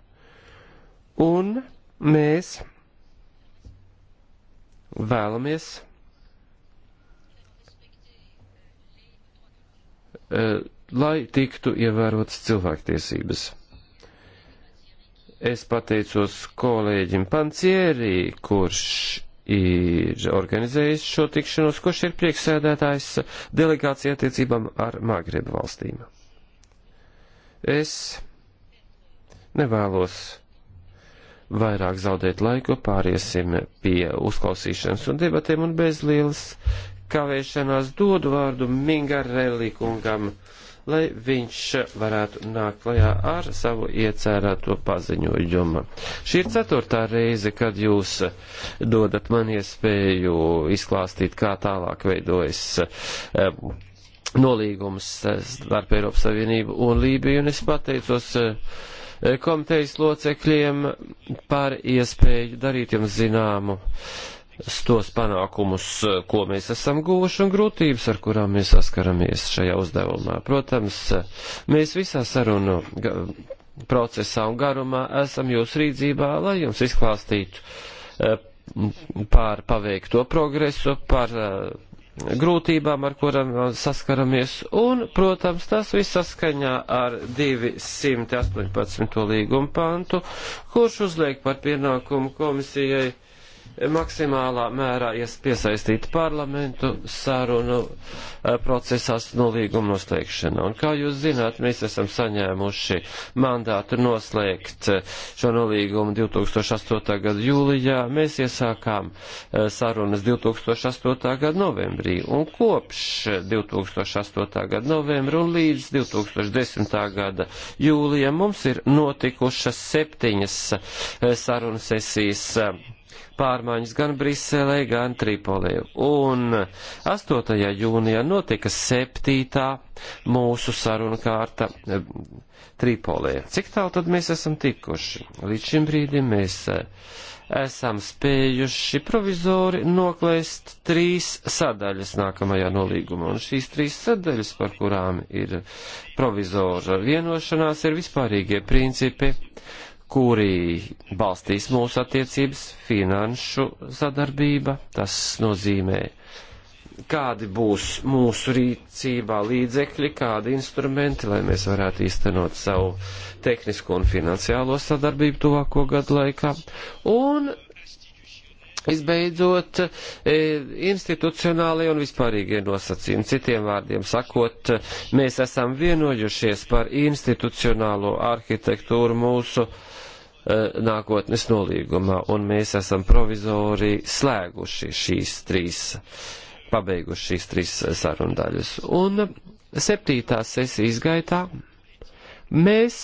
Un mēs vēlamies e, lai tiktu ievērotas cilvēktiesības. Es pateicos kolēģim Pancierī, kurš ir organizējis šo tikšanos, kurš ir prieksēdētājs delegācija attiecībām ar Māgriebu valstīm. Es nevēlos vairāk zaudēt laiku, pāriesim pie uzklausīšanas un debatēm un bez lielas kavēšanās dodu vārdu Mingarelli kungam, lai viņš varētu nākt klajā ar savu iecērēto paziņojumu. Šī ir ceturtā reize, kad jūs dodat man iespēju izklāstīt, kā tālāk veidojas eh, nolīgums starp Eiropas Savienību un Lībiju, un es pateicos uh, E, komitejas locekļiem par iespēju darīt jums zināmu tos panākumus, e, ko mēs esam guvuši un grūtības, ar kurām mēs saskaramies šajā uzdevumā. Protams, e, mēs visā sarunu procesā un garumā esam jūs rīdzībā, lai jums izklāstītu pār paveikto progresu, pār uh, grūtībām, ar kurām uh, saskaramies, un, protams, tas viss saskaņā ar 218. līgumu pantu, kurš uzliek par pienākumu komisijai maksimālā mērā piesaistīt parlamentu sarunu eh, procesās nolīguma noslēgšanā. Un kā jūs zināt, mēs esam saņēmuši mandātu noslēgt eh, šo nolīgumu 2008. gada jūlijā. Mēs iesākām eh, sarunas 2008. gada novembrī. Un kopš 2008. gada novembra un līdz 2010. gada jūlijam mums ir notikušas septiņas sarunu sesijas pārmaiņas gan Briselē, gan Tripolē. Un 8. jūnijā notika 7. mūsu saruna kārta eh, Tripolē. Cik tālu tad mēs esam tikuši? Līdz šim brīdim mēs eh, esam spējuši provizori noklēst trīs sadaļas nākamajā nolīgumā. Un šīs trīs sadaļas, par kurām ir provizora vienošanās, ir vispārīgie principi kuri balstīs mūsu attiecības, finanšu sadarbība, tas nozīmē, kādi būs mūsu rīcībā līdzekļi, kādi instrumenti, lai mēs varētu īstenot savu tehnisko un finansiālo sadarbību tuvāko gadu laikā. Un Visbeidzot, e, institucionālie un vispārīgie nosacījumi. Citiem vārdiem sakot, mēs esam vienojušies par institucionālo arhitektūru mūsu e, nākotnes nolīgumā, un mēs esam provizori slēguši šīs trīs, pabeiguši šīs trīs sarundaļas. Un septītā sesijas gaitā Mēs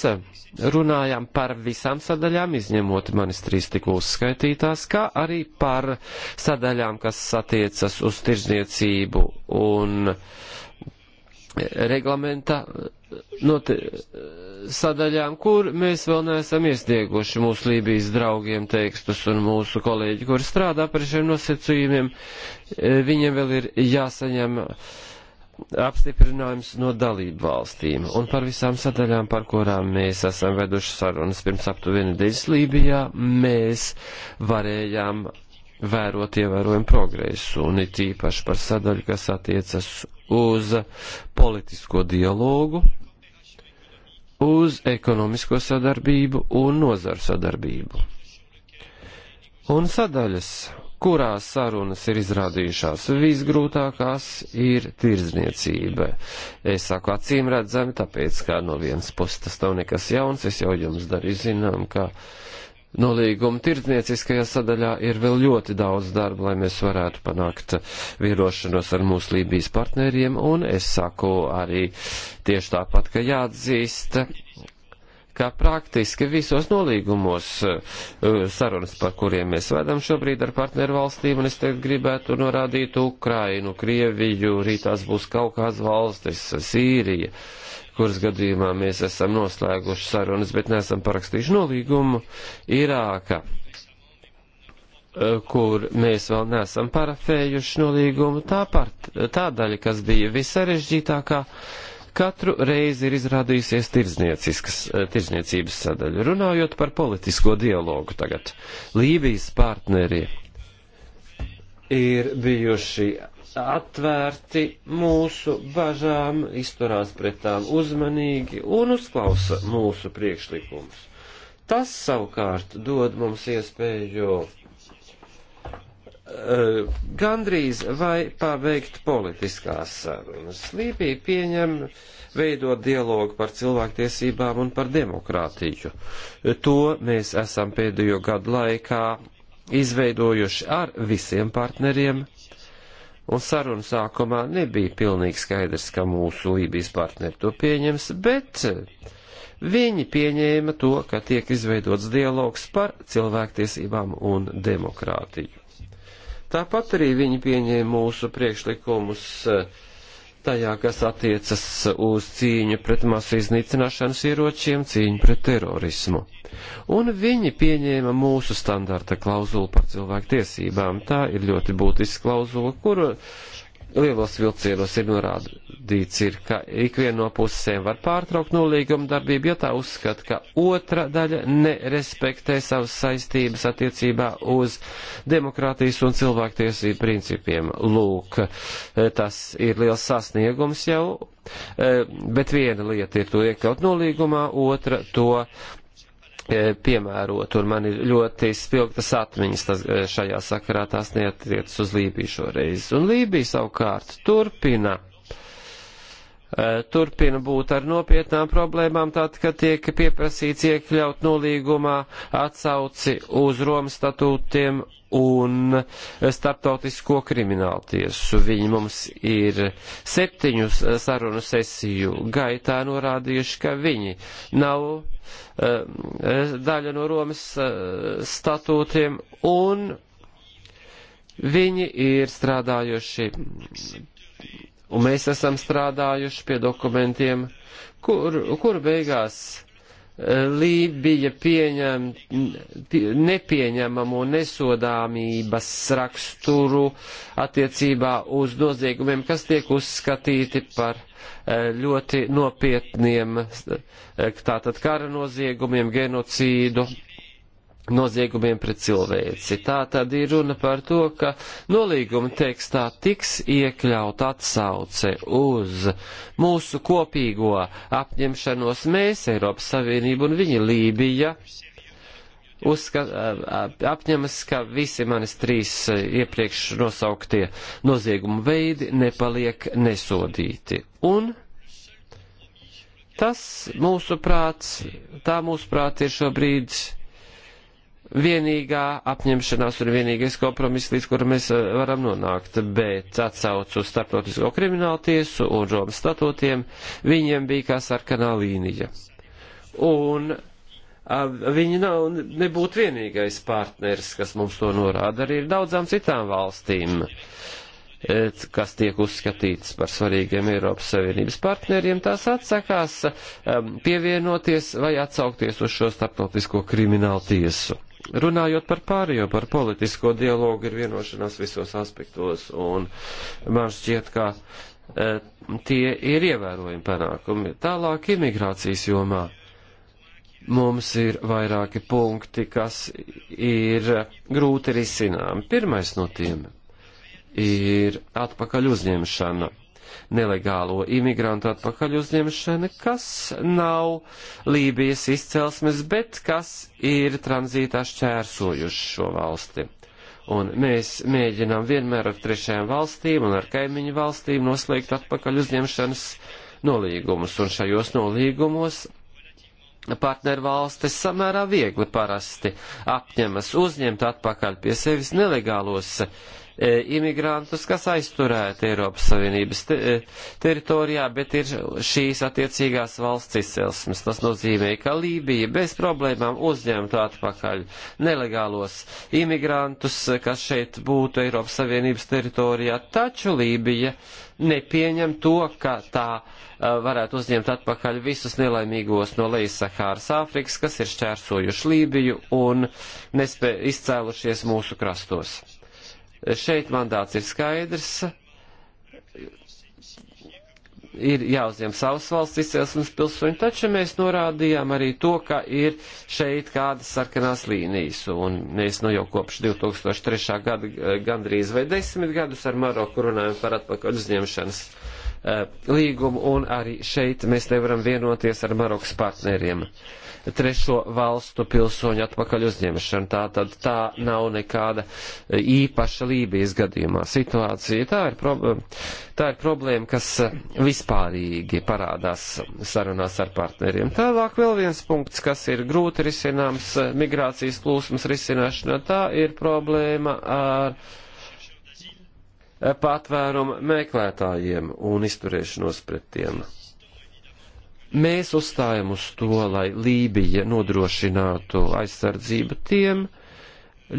runājam par visām sadaļām, izņemot manis trīs tikko uzskaitītās, kā arī par sadaļām, kas attiecas uz tirzniecību un reglamenta noti, sadaļām, kur mēs vēl neesam iesnieguši mūsu Lībijas draugiem tekstus un mūsu kolēģi, kur strādā par šiem nosacījumiem, viņiem vēl ir jāsaņem uh, apstiprinājums no dalību valstīm un par visām sadaļām, par kurām mēs esam veduši sarunas pirms aptuveni deļas Lībijā, mēs varējām vērot ievērojumu progresu un it īpaši par sadaļu, kas attiecas uz politisko dialogu, uz ekonomisko sadarbību un nozaru sadarbību. Un sadaļas kurās sarunas ir izrādījušās visgrūtākās, ir tirzniecība. Es saku acīm redzami, tāpēc, ka no vienas puses tas nav nekas jauns, es jau jums darīju zinām, ka nolīguma tirdznieciskajā sadaļā ir vēl ļoti daudz darba, lai mēs varētu panākt virošanos ar mūsu Lībijas partneriem, un es saku arī tieši tāpat, ka jāatzīst ka praktiski visos nolīgumos eh, sarunas, par kuriem mēs vedam šobrīd ar partneru valstīm, un es te gribētu norādīt Ukrainu, Krieviju, rītās būs Kaukās valstis, Sīrija, kuras gadījumā mēs esam noslēguši sarunas, bet neesam parakstījuši nolīgumu, Irāka eh, kur mēs vēl neesam parafējuši nolīgumu, tā, part, tā daļa, kas bija visarežģītākā, uh, katru reizi ir izrādījusies eh, tirzniecības sadaļa. Runājot par politisko dialogu tagad, Lībijas partneri ir bijuši atvērti mūsu bažām, izturās pret tām uzmanīgi un uzklausa mūsu priekšlikumus. Tas savukārt dod mums iespēju Eh, gandrīz vai pabeigt politiskās sarunas. Lībija pieņem veidot dialogu par cilvēktiesībām un par demokrātiju. Eh, to mēs esam pēdējo gadu laikā izveidojuši ar visiem partneriem, un sarunu sākumā nebija pilnīgi skaidrs, ka mūsu Lībijas partneri to pieņems, bet eh, viņi pieņēma to, ka tiek izveidots dialogs par cilvēktiesībām un demokrātiju. Tāpat arī viņi pieņēma mūsu priekšlikumus eh, tajā, kas attiecas uz cīņu pret masu iznīcināšanas ieročiem, cīņu pret terorismu. Un viņi pieņēma mūsu standarta klauzulu par cilvēku tiesībām. Tā ir ļoti būtiska klauzula, kuru lielos vilcienos ir norāda, norādīts ir, ka ikviena no pusēm var pārtraukt nolīguma darbību, ja tā uzskata, ka otra daļa nerespektē savas saistības attiecībā uz demokrātijas un cilvēktiesību principiem. Lūk, tas ir liels sasniegums jau, e, bet viena lieta ir to iekļaut nolīgumā, otra to e, piemērot, un man ir ļoti spilgtas atmiņas tas, e, šajā sakarā, tās neatiecas uz Lībiju šoreiz. Un Lībija savukārt turpina Eh, turpina būt ar nopietnām problēmām, tad, kad tiek pieprasīts iekļaut nolīgumā atsauci uz Romas statūtiem un eh, starptautisko kriminālu tiesu. Viņi mums ir septiņu eh, sarunu sesiju gaitā norādījuši, ka viņi nav daļa no Romas statūtiem un viņi ir strādājuši Un mēs esam strādājuši pie dokumentiem, kur, kur beigās eh, Lībija pieņem nepieņemamu nesodāmības raksturu attiecībā uz noziegumiem, kas tiek uzskatīti par eh, ļoti nopietniem, eh, tātad kara noziegumiem, genocīdu noziegumiem pret cilvēci. Tā tad ir runa par to, ka nolīguma tekstā tiks iekļaut atsauce uz mūsu kopīgo apņemšanos mēs, Eiropas Savienība un viņa Lībija, uzskat, apņemas, ka visi manis trīs iepriekš nosauktie noziegumu veidi nepaliek nesodīti. Un tas, mūsuprāt, tā mūsuprāt ir šobrīd vienīgā apņemšanās un vienīgais kompromiss, līdz kuram mēs eh, varam nonākt, bet atsauc uz starptautisko kriminālu tiesu un Romas statūtiem, viņiem bija kā sarkanā līnija. Un a, viņi nav, nebūtu vienīgais partners, kas mums to norāda, arī ir daudzām citām valstīm e, kas tiek uzskatītas par svarīgiem Eiropas Savienības partneriem, tās atsakās um, pievienoties vai atsaukties uz šo starptautisko kriminālu tiesu. Runājot par pārējo, par politisko dialogu ir vienošanās visos aspektos, un man šķiet, ka e, tie ir ievērojami panākumi. Tālāk imigrācijas jomā mums ir vairāki punkti, kas ir grūti risinām. Pirmais no tiem ir atpakaļ uzņemšana nelegālo imigrantu atpakaļ uzņemšana, kas nav Lībijas izcelsmes, bet kas ir tranzītā šķērsojuši šo valsti. Un mēs mēģinām vienmēr ar trešajām valstīm un ar kaimiņu valstīm noslēgt atpakaļ uzņemšanas nolīgumus, un šajos nolīgumos partnervalstis samērā viegli parasti apņemas uzņemt atpakaļ pie sevis nelegālos uh, E, imigrantus, kas aizturēti Eiropas Savienības te, e, teritorijā, bet ir šīs attiecīgās valsts izcelsmes. Tas nozīmē, ka Lībija bez problēmām uzņemtu atpakaļ nelegālos imigrantus, kas šeit būtu Eiropas Savienības teritorijā, taču Lībija nepieņem to, ka tā e, varētu uzņemt atpakaļ visus nelaimīgos no Lejas Sahāras Āfrikas, kas ir šķērsojuši Lībiju un nespē izcēlušies mūsu krastos. Šeit mandāts ir skaidrs. Ir jāuzņem savas valsts izcelsmes pilsoņi, taču mēs norādījām arī to, ka ir šeit kādas sarkanās līnijas, un mēs nu jau kopš 2003. gada gandrīz vai desmit gadus ar Maroku runājam par atpakaļ uzņemšanas uh, Uh, līgumu, un arī šeit mēs nevaram vienoties ar Marokas partneriem. Trešo valstu pilsoņu atpakaļ uzņemšana. Tā tad tā nav nekāda īpaša Lībijas gadījumā situācija. Tā ir, problēma, tā ir problēma, kas vispārīgi parādās sarunās ar partneriem. Tālāk vēl viens punkts, kas ir grūti risināms migrācijas plūsmas risināšanā. Tā ir problēma ar patvērumu meklētājiem un izturēšanos pret tiem. Mēs uzstājam uz to, lai Lībija nodrošinātu aizsardzību tiem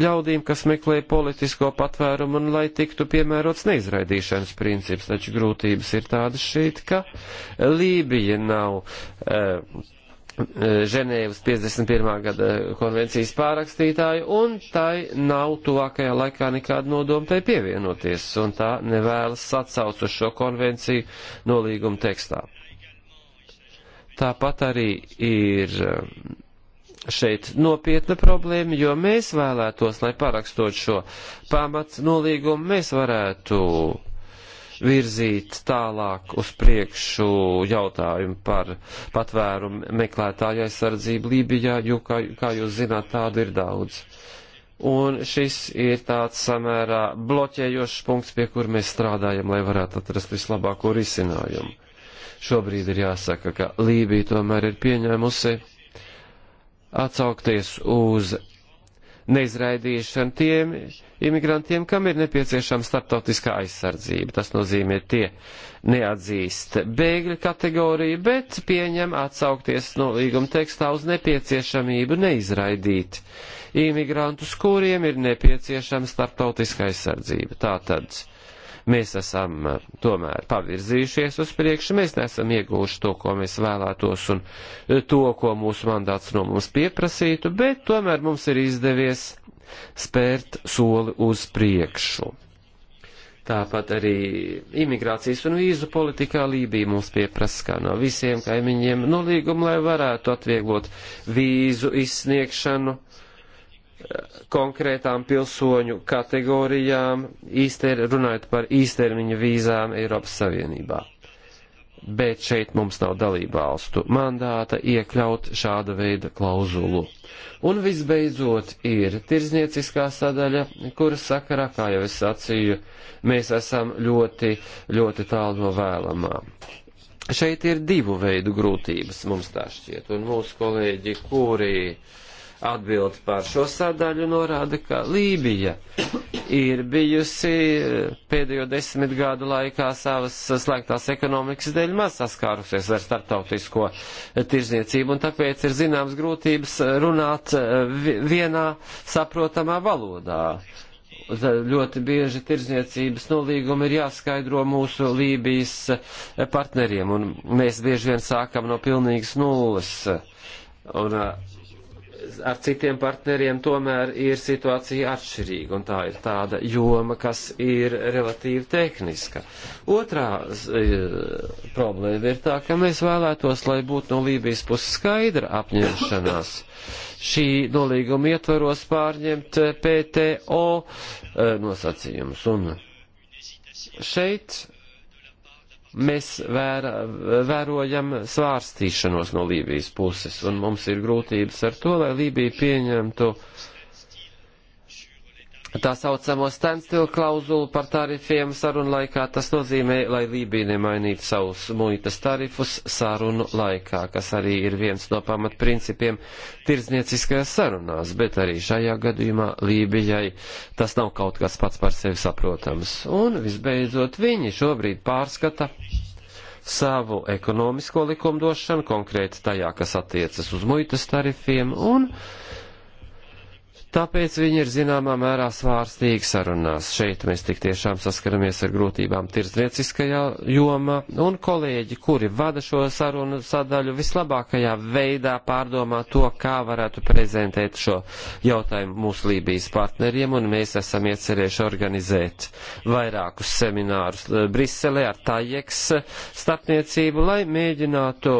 ļaudīm, kas meklē politisko patvērumu un lai tiktu piemērots neizraidīšanas princips, taču grūtības ir tādas šeit, ka Lībija nav. Uh, Ženēvas 51. gada konvencijas pārakstītāju, un tai nav tuvākajā laikā nekāda nodoma tai pievienoties, un tā nevēlas sacauc uz šo konvenciju nolīguma tekstā. Tāpat arī ir um, šeit nopietna problēma, jo mēs vēlētos, lai parakstot šo pamats nolīgumu, mēs varētu virzīt tālāk uz priekšu jautājumu par patvērumu meklētāju aizsardzību Lībijā, jo, kā, kā jūs zināt, tādu ir daudz. Un šis ir tāds samērā bloķējošs punkts, pie kur mēs strādājam, lai varētu atrast vislabāko risinājumu. Šobrīd ir jāsaka, ka Lībija tomēr ir pieņēmusi atsaukties uz neizraidīšanu tiem, imigrantiem, kam ir nepieciešama starptautiskā aizsardzība. Tas nozīmē, tie neatzīst bēgļu kategoriju, bet pieņem atsaukties no līguma tekstā uz nepieciešamību neizraidīt imigrantus, kuriem ir nepieciešama starptautiskā aizsardzība. Tātad mēs esam eh, tomēr pavirzījušies uz priekšu, mēs neesam iegūši to, ko mēs vēlētos un eh, to, ko mūsu mandāts no mums pieprasītu, bet tomēr mums ir izdevies spērt soli uz priekšu. Tāpat arī imigrācijas un vīzu politikā Lībija mums pieprasa, kā no visiem kaimiņiem, nolīgumu, lai varētu atvieglot vīzu izsniegšanu eh, konkrētām pilsoņu kategorijām, īster, runājot par īstermiņa vīzām Eiropas Savienībā bet šeit mums nav dalībvalstu mandāta iekļaut šāda veida klauzulu. Un visbeidzot ir tirznieciskā sadaļa, kuras sakarā, kā jau es sacīju, mēs esam ļoti, ļoti tālu no vēlamā. Šeit ir divu veidu grūtības, mums tā šķiet, un mūsu kolēģi, kuri uh, Atbildi par šo sadaļu norāda, ka Lībija ir bijusi pēdējo desmit gadu laikā savas slēgtās ekonomikas dēļ maz saskārusies ar starptautisko tirzniecību, un tāpēc ir zināms grūtības runāt vienā saprotamā valodā ļoti bieži tirdzniecības nolīgumi ir jāskaidro mūsu Lībijas partneriem, un mēs bieži vien sākam no pilnīgas nulles. Un ar citiem partneriem tomēr ir situācija atšķirīga, un tā ir tāda joma, kas ir relatīvi tehniska. Otrā e, problēma ir tā, ka mēs vēlētos, lai būtu no Lībijas puses skaidra apņemšanās šī nolīguma ietvaros pārņemt eh, PTO e, eh, nosacījumus. Un šeit mēs vēra, vērojam svārstīšanos no Lībijas puses, un mums ir grūtības ar to, lai Lībija pieņemtu uh, tā saucamo standstill klauzulu par tarifiem sarunu laikā. Tas nozīmē, lai Lībija nemainītu savus muitas tarifus sarunu laikā, kas arī ir viens no pamatprincipiem tirdznieciskajās sarunās, bet arī šajā gadījumā Lībijai tas nav kaut kas pats par sevi saprotams. Un visbeidzot, viņi šobrīd pārskata savu ekonomisko likumdošanu, konkrēti tajā, kas attiecas uz muitas tarifiem, un Tāpēc viņi ir zināmā mērā svārstīgi sarunās. Šeit mēs tik tiešām saskaramies ar grūtībām tirznieciskajā jomā, un kolēģi, kuri vada šo sarunu sadaļu, vislabākajā veidā pārdomā to, kā varētu prezentēt šo jautājumu mūsu Lībijas partneriem, un mēs esam iecerējuši organizēt vairākus seminārus eh, Briselē ar Tajeks starpniecību, lai mēģinātu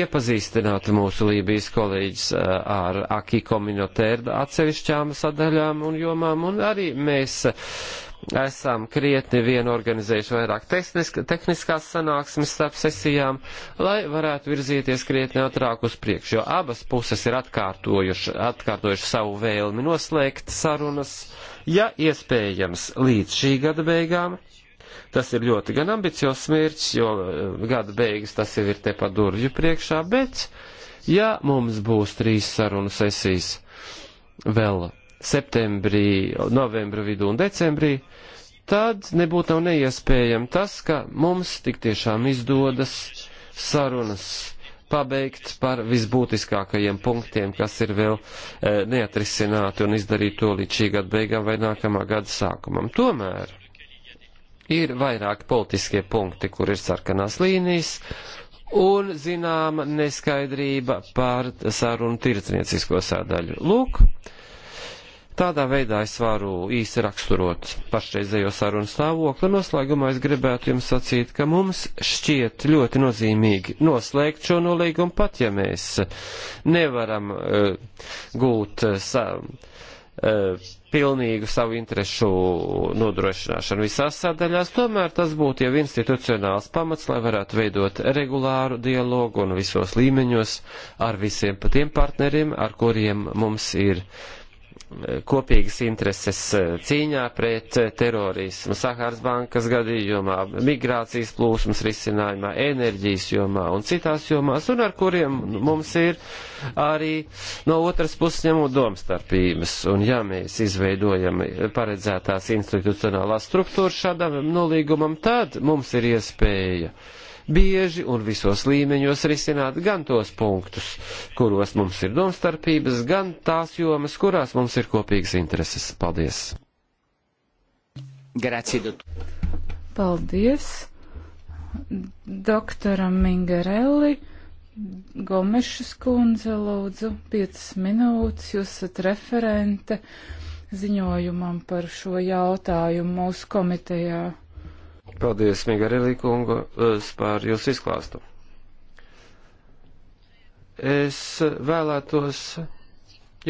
iepazīstināt mūsu Lībijas kolēģis eh, ar Aki Kominotērdu atsevišķi atsevišķām sadaļām un jomām, un arī mēs esam krietni vien organizējuši vairāk tehnisk tehniskās sanāksmes starp sesijām, lai varētu virzīties krietni ātrāk uz priekšu, jo abas puses ir atkārtojuši, atkārtojuši savu vēlmi noslēgt sarunas, ja iespējams, līdz šī gada beigām. Tas ir ļoti gan ambiciozs mērķis, jo eh, gada beigas tas jau ir tepat durvju priekšā, bet, ja mums būs trīs sarunu sesijas, vēl septembrī, novembra vidū un decembrī, tad nebūtu nav neiespējami tas, ka mums tik tiešām izdodas sarunas pabeigt par visbūtiskākajiem punktiem, kas ir vēl e, neatrisināti un izdarīt to līdz šī gada beigām vai nākamā gada sākumam. Tomēr ir vairāk politiskie punkti, kur ir sarkanās līnijas, un zināma neskaidrība par sarunu tirdzniecīsko sādaļu. Lūk, tādā veidā es varu īsi raksturot pašreizējo sarunu stāvokli. Noslēgumā es gribētu jums sacīt, ka mums šķiet ļoti nozīmīgi noslēgt šo nolīgumu, pat ja mēs nevaram uh, gūt uh, sa, uh, pilnīgu savu interesu nodrošināšanu visās sadaļās, tomēr tas būtu jau institucionāls pamats, lai varētu veidot regulāru dialogu un visos līmeņos ar visiem tiem partneriem, ar kuriem mums ir uh, kopīgas intereses eh, cīņā pret eh, terorismu, Sahāras bankas gadījumā, migrācijas plūsmas risinājumā, enerģijas jomā un citās jomās, un ar kuriem mums ir arī no otras puses ņemot domstarpības. Un ja mēs izveidojam paredzētās institucionālās struktūras šādam nolīgumam, tad mums ir iespēja uh, bieži un visos līmeņos risināt gan tos punktus, kuros mums ir domstarpības, gan tās jomas, kurās mums ir kopīgas intereses. Paldies! Grazie, Paldies doktoram Mingarelli. Gomešas kundze, lūdzu, 5 minūtes, jūs esat referente ziņojumam par šo jautājumu mūsu komitejā. Paldies, Migarelī kungu, par jūsu izklāstu. Es vēlētos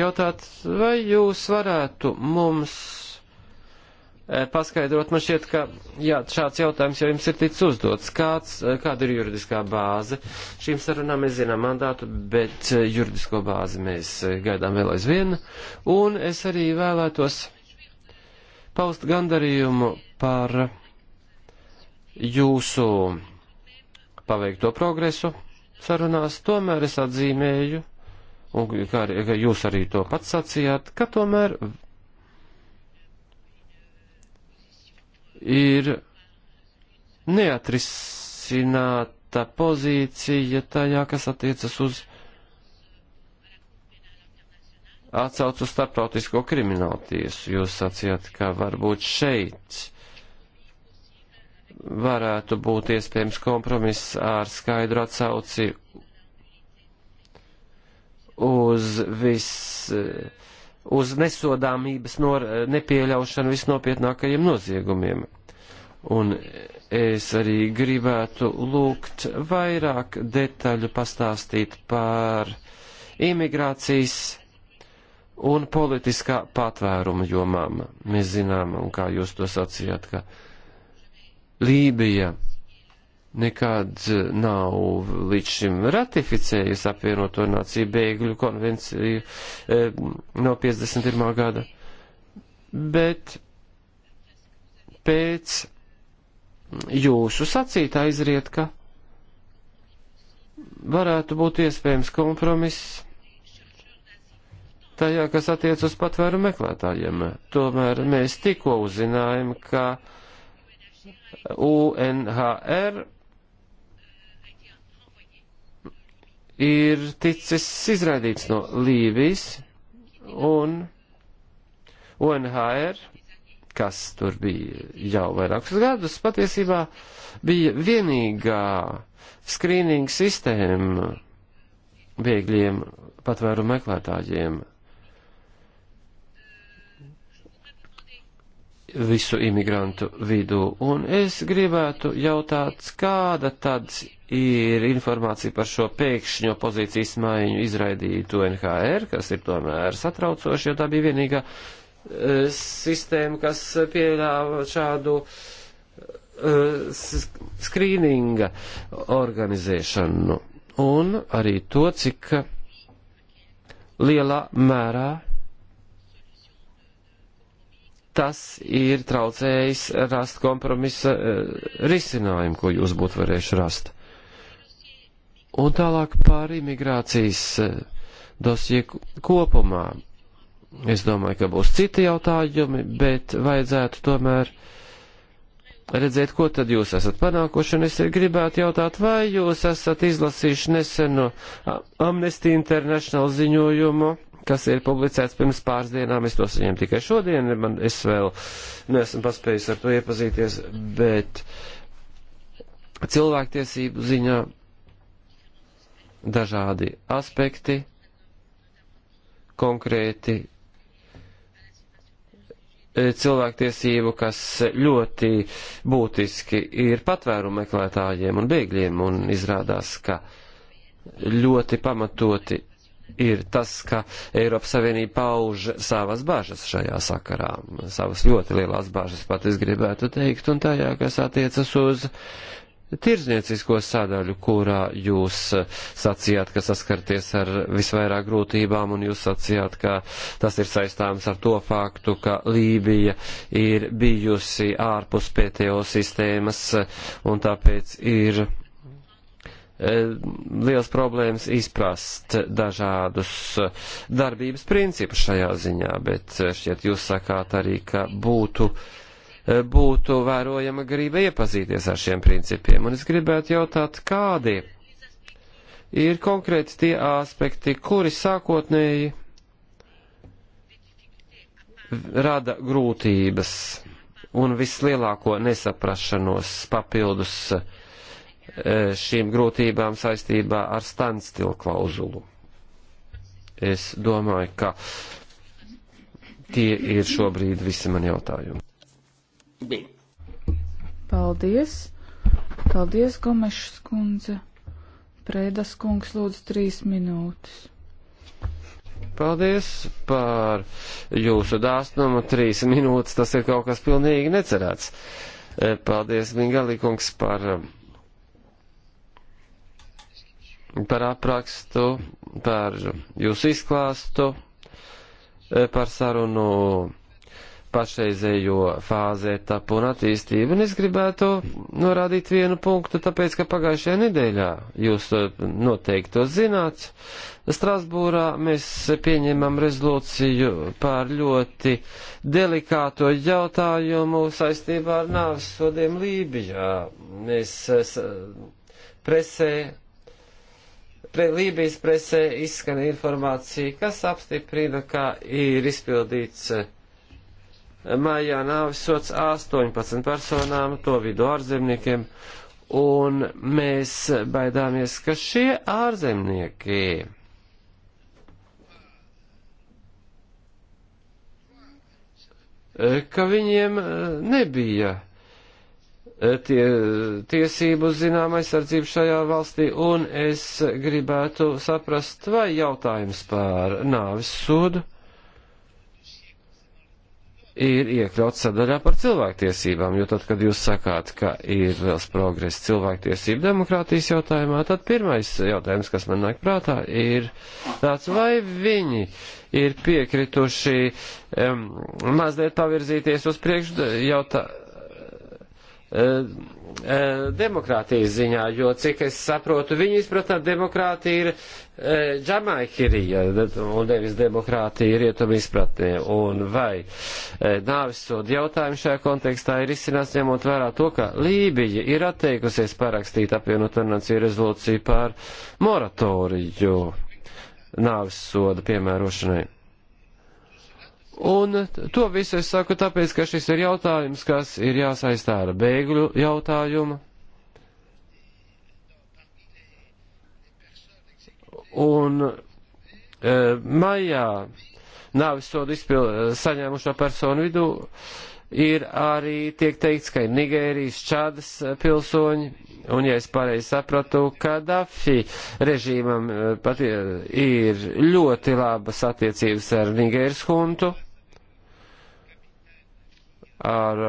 jautāt, vai jūs varētu mums eh, paskaidrot, man šķiet, ka jā, šāds jautājums jau jums ir ticis uzdots. Kāds, eh, kāda ir juridiskā bāze? Šīm sarunām mēs zinām mandātu, bet eh, juridisko bāzi mēs gaidām vēl aizvien. Un es arī vēlētos paust gandarījumu par jūsu paveikto progresu sarunās, tomēr es atzīmēju, un kā jūs arī to pats sacījāt, ka tomēr ir neatrisināta pozīcija tajā, kas attiecas uz atsaucu starptautisko kriminālu tiesu. Jūs sacījāt, ka varbūt šeit varētu būt iespējams kompromiss ar skaidru atsauci uz vis, uz nesodāmības nor, nepieļaušanu visnopietnākajiem noziegumiem. Un es arī gribētu lūgt vairāk detaļu pastāstīt par imigrācijas un politiskā patvēruma jomām. Mēs zinām, un kā jūs to sacījāt, ka uh, Lībija nekad eh, nav līdz šim ratificējusi apvienoto nāciju bēgļu konvenciju e, no 51. gada, bet pēc jūsu sacītā izriet, ka varētu būt iespējams kompromiss tajā, kas attiec uz patvēru meklētājiem. Tomēr mēs tikko uzzinājām, ka UNHR ir ticis izraidīts no Lībijas un UNHR, kas tur bija jau vairākus gadus, patiesībā bija vienīgā skrīninga sistēma bēgļiem patvēru meklētājiem visu imigrantu vidū. Un es gribētu jautāt, kāda tad ir informācija par šo pēkšņo pozīcijas maiņu izraidītu NHR, kas ir tomēr satraucoši, jo tā bija vienīgā e, sistēma, kas pieļāva šādu e, skrīninga organizēšanu. Un arī to, cik lielā mērā tas ir traucējis rast kompromisa eh, risinājumu, ko jūs būtu varējuši rast. Un tālāk par imigrācijas eh, dosie kopumā. Es domāju, ka būs citi jautājumi, bet vajadzētu tomēr redzēt, ko tad jūs esat panākuši, un es gribētu jautāt, vai jūs esat izlasījuši nesenu Amnesty International ziņojumu kas ir publicēts pirms pāris dienām. Es to saņēmu tikai šodien, man, es vēl neesmu paspējis ar to iepazīties, bet cilvēktiesību ziņā dažādi aspekti konkrēti e, cilvēktiesību, kas ļoti būtiski ir patvērumu meklētājiem un bēgļiem, un izrādās, ka ļoti pamatoti ir tas, ka Eiropas Savienība pauž savas bažas šajā sakarā, savas ļoti lielās bažas pat es gribētu teikt, un tajā, kas attiecas uz tirzniecīsko sadaļu, kurā jūs sacījāt, ka saskarties ar visvairāk grūtībām, un jūs sacījāt, ka tas ir saistāms ar to faktu, ka Lībija ir bijusi ārpus PTO sistēmas, un tāpēc ir E, liels problēmas izprast dažādus e, darbības principus šajā ziņā, bet e, šķiet jūs sakāt arī, ka būtu būtu vērojama grība iepazīties ar šiem principiem. Un es gribētu jautāt, kādi ir konkrēti tie aspekti, kuri sākotnēji rada grūtības un vislielāko nesaprašanos papildus uh, E, šīm grūtībām saistībā ar standstilu klauzulu. Es domāju, ka tie ir šobrīd visi mani jautājumi. Paldies! Paldies, Gomešs kundze! Prēdas kungs lūdzu trīs minūtes. Paldies par jūsu dāsnumu. Trīs minūtes tas ir kaut kas pilnīgi necerēts. E, paldies, Mingalīkungs, par par aprakstu, par jūsu izklāstu, e, par sarunu pašreizējo fāzi etapu un attīstību. Un es gribētu norādīt vienu punktu, tāpēc, ka pagājušajā nedēļā jūs e, noteikti to zināt. Strasbūrā mēs pieņemam rezolūciju pār ļoti delikāto jautājumu saistībā ar nāvis sodiem Lībijā. Mēs e, presē Pre Lībijas presē izskan informācija, kas apstiprina, ka ir izpildīts eh, maijā nāvisots 18 personām, to vidu ārzemniekiem, un mēs baidāmies, ka šie ārzemnieki eh, ka viņiem eh, nebija Eh, tie, tiesību uz zinām aizsardzību šajā valstī, un es gribētu saprast, vai jautājums par nāvis sodu ir iekļauts sadaļā par cilvēktiesībām, jo tad, kad jūs sakāt, ka ir liels progress cilvēktiesību demokrātijas jautājumā, tad pirmais jautājums, kas man nāk prātā, ir tāds, vai viņi ir piekrituši um, mazliet pavirzīties uz priekšu jautā, E, e, demokrātijas ziņā, jo, cik es saprotu, viņa izpratnē demokrātija ir Džamaikirija e, un nevis demokrātija rietumu izpratnē. Un vai nāvis sodu jautājumu šajā kontekstā ir izcinās ņemot vērā to, ka Lībija ir atteikusies parakstīt apvienotu nāciju rezolūciju pār moratoriju nāvis soda piemērošanai. Un to visu es saku tāpēc, ka šis ir jautājums, kas ir jāsaistā ar bēgļu jautājumu. Un e, maijā nāvis sodu e, saņēmušo personu vidū ir arī tiek teikts, ka ir Nigērijas čādas e, pilsoņi, un ja es pareizi sapratu, Kadafi režīmam e, pat ir ļoti labas attiecības ar Nigēras huntu ar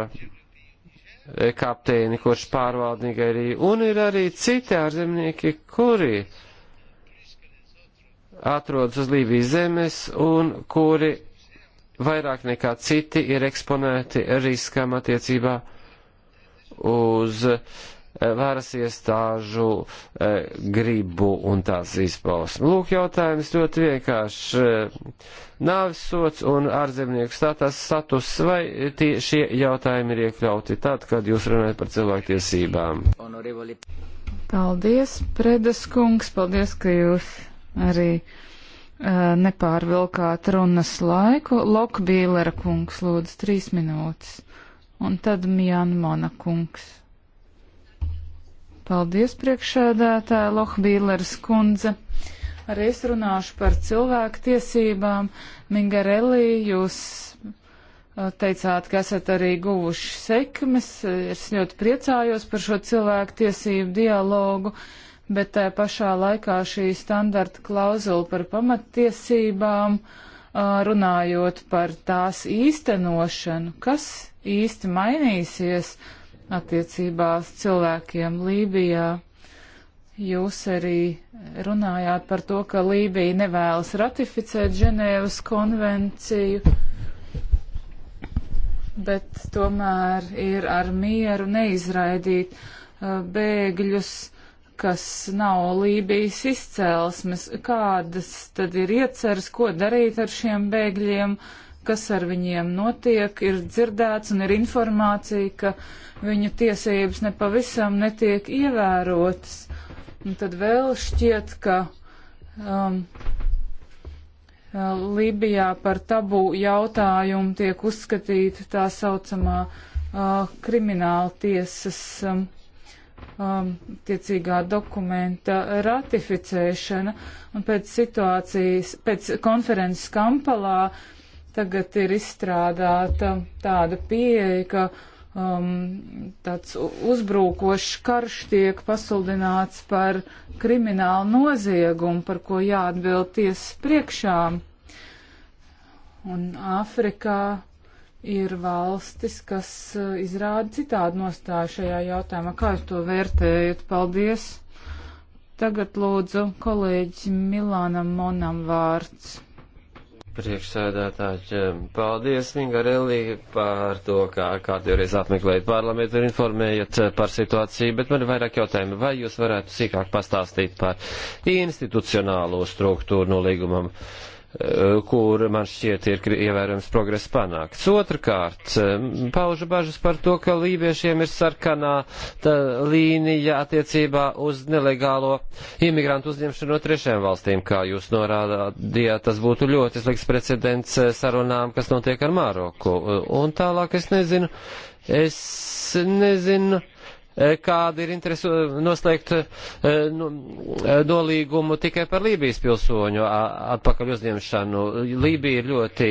eh, kapteini, kurš pārvalda Nigēriju, un ir arī citi ārzemnieki, kuri atrodas uz Lībijas zemes un kuri vairāk nekā citi ir eksponēti riskam attiecībā uz uh, varas iestāžu e, gribu un tās izpausmi. Lūk, jautājums ļoti vienkāršs. E, Nāvis sots un ārzemnieku status, status vai tie, šie jautājumi ir iekļauti tad, kad jūs runājat par cilvēktiesībām? Paldies, Predes kungs, paldies, ka jūs arī uh, nepārvilkāt runas laiku. Lokbīlera kungs, lūdzu, trīs minūtes. Un tad Mjanmana kungs. Paldies, priekšēdētāja Lohbīlers kundze. Arī es runāšu par cilvēku tiesībām. Mingarelli, jūs uh, teicāt, ka esat arī guvuši sekmes. Es ļoti priecājos par šo cilvēku tiesību dialogu, bet tā pašā laikā šī standarta klauzula par pamattiesībām uh, runājot par tās īstenošanu, kas īsti mainīsies attiecībās cilvēkiem Lībijā. Jūs arī runājāt par to, ka Lībija nevēlas ratificēt Ženēvas konvenciju, bet tomēr ir ar mieru neizraidīt uh, bēgļus, kas nav Lībijas izcēlesmes. Kādas tad ir ieceras, ko darīt ar šiem bēgļiem? Uh, kas ar viņiem notiek, ir dzirdēts un ir informācija, ka viņu tiesības nepavisam netiek ievērotas. Un tad vēl šķiet, ka um, uh, Lībijā par tabu jautājumu tiek uzskatīta tā saucamā uh, krimināla tiesas um, um, tiecīgā dokumenta ratificēšana. Un pēc situācijas, pēc konferences Kampalā uh, tagad ir izstrādāta tāda pieeja, ka um, tāds uzbrukošs karš tiek pasludināts par kriminālu noziegumu, par ko jāatbild tiesas priekšā. Un Āfrikā ir valstis, kas uh, izrāda citādu nostāju šajā jautājumā. Kā jūs to vērtējat? Paldies! Tagad lūdzu kolēģi Milānam Monam vārds. Priekšsēdētāji, paldies Mingarelli par to, kā kādreiz apmeklējat parlamentu un informējat eh, par situāciju, bet man ir vairāk jautājumu. Vai jūs varētu sīkāk pastāstīt par institucionālo struktūru nolīgumam? No Eh, kur man šķiet ir ievērojams progress panākts. Otrakārt, eh, paužu bažas par to, ka lībiešiem ir sarkanā līnija attiecībā uz nelegālo imigrantu uzņemšanu no trešajām valstīm, kā jūs norādījāt, tas būtu ļoti slikts precedents eh, sarunām, kas notiek ar Māroku. Un tālāk es nezinu, es nezinu Eh, kāda ir interese eh, noslēgt eh, nu, nolīgumu tikai par Lībijas pilsoņu atpakaļ uzņemšanu. Lībija ir ļoti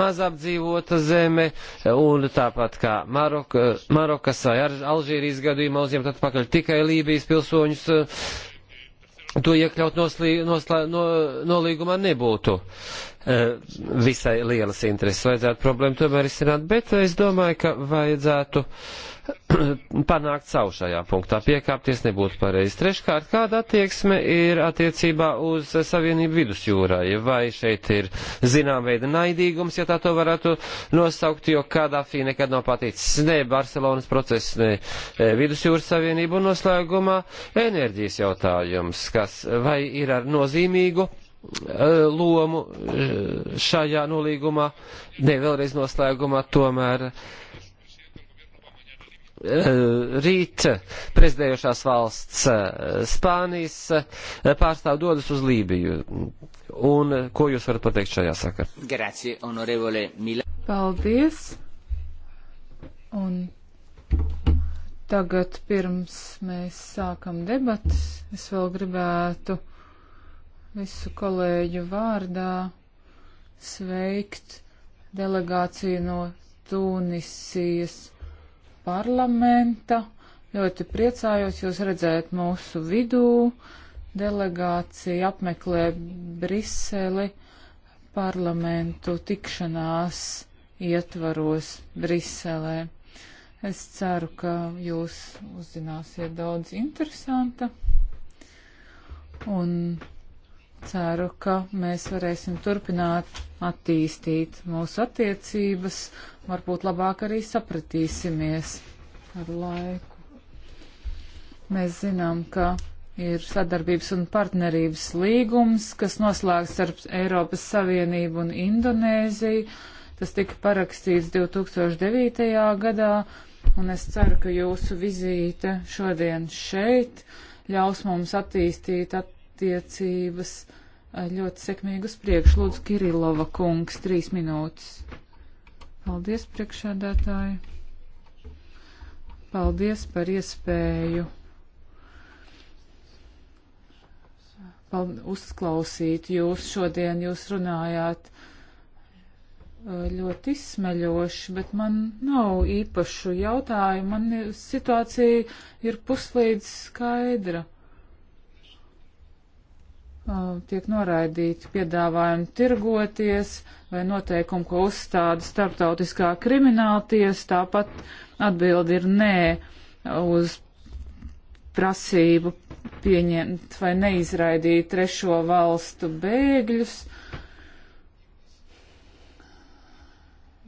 maz apdzīvota zeme, un tāpat kā Maroka, Marokas vai Alžīrijas gadījumā uzņemt atpakaļ tikai Lībijas pilsoņus, to iekļaut noslī, noslā, no, nolīgumā nebūtu. Uh, Eh, visai lielas intereses vajadzētu problēmu tomēr izsināt, bet es domāju, ka vajadzētu panākt savu šajā punktā. Piekāpties nebūtu pareizi. Treškārt, kāda attieksme ir attiecībā uz Savienību vidusjūrai? Vai šeit ir zinām veida naidīgums, ja tā to varētu nosaukt, jo Kadafī nekad nav paticis ne Barcelonas process, ne eh, vidusjūras savienību un noslēgumā enerģijas jautājums, kas vai ir ar nozīmīgu Eh, lomu eh, šajā nolīgumā, ne vēlreiz noslēgumā, tomēr eh, rīt prezidējošās valsts Spānijas pārstāv dodas uz Lībiju. Un ko jūs varat pateikt šajā sakarā? Grazie, honorevole Mila. Paldies. Un tagad pirms mēs sākam debatas, es vēl gribētu visu kolēģu vārdā sveikt delegāciju no Tunisijas parlamenta. Ļoti priecājos jūs redzēt mūsu vidū. Delegācija apmeklē Briseli parlamentu tikšanās ietvaros Briselē. Es ceru, ka jūs uzzināsiet daudz interesanta un Ceru, ka mēs varēsim turpināt attīstīt mūsu attiecības, varbūt labāk arī sapratīsimies ar laiku. Mēs zinām, ka ir sadarbības un partnerības līgums, kas noslēgts ar Eiropas Savienību un Indonēziju. Tas tika parakstīts 2009. gadā, un es ceru, ka jūsu vizīte šodien šeit ļaus mums attīstīt at attiecības eh, ļoti sekmīgi uz priekšu. Lūdzu, Kirilova kungs, trīs minūtes. Paldies, priekšādātāji. Paldies par iespēju Pal uzklausīt jūs šodien. Jūs runājāt eh, ļoti izsmeļoši, bet man nav īpašu jautājumu. Man situācija ir puslīdz skaidra tiek noraidīti piedāvājumi tirgoties vai noteikumi, ko uzstāda starptautiskā krimināltiesa. Tāpat atbildi ir nē uz prasību pieņemt vai neizraidīt trešo valstu bēgļus.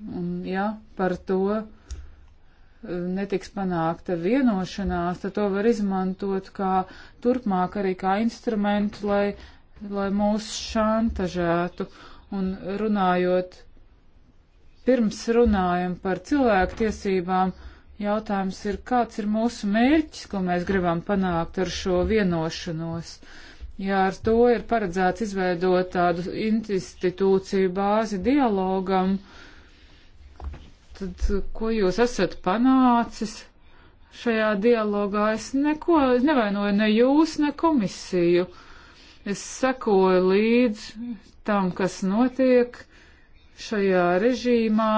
Un, jā, par to netiks panākta vienošanās, tad to var izmantot kā turpmāk arī kā instrumentu, lai, lai mūs šantažētu. Un runājot, pirms runājam par cilvēktiesībām, jautājums ir, kāds ir mūsu mērķis, ko mēs gribam panākt ar šo vienošanos. Ja ar to ir paredzēts izveidot tādu institūciju bāzi dialogam, uh, Tad, ko jūs esat panācis šajā dialogā? Es neko es nevainoju ne jūs, ne komisiju. Es sekoju līdz tam, kas notiek šajā režīmā.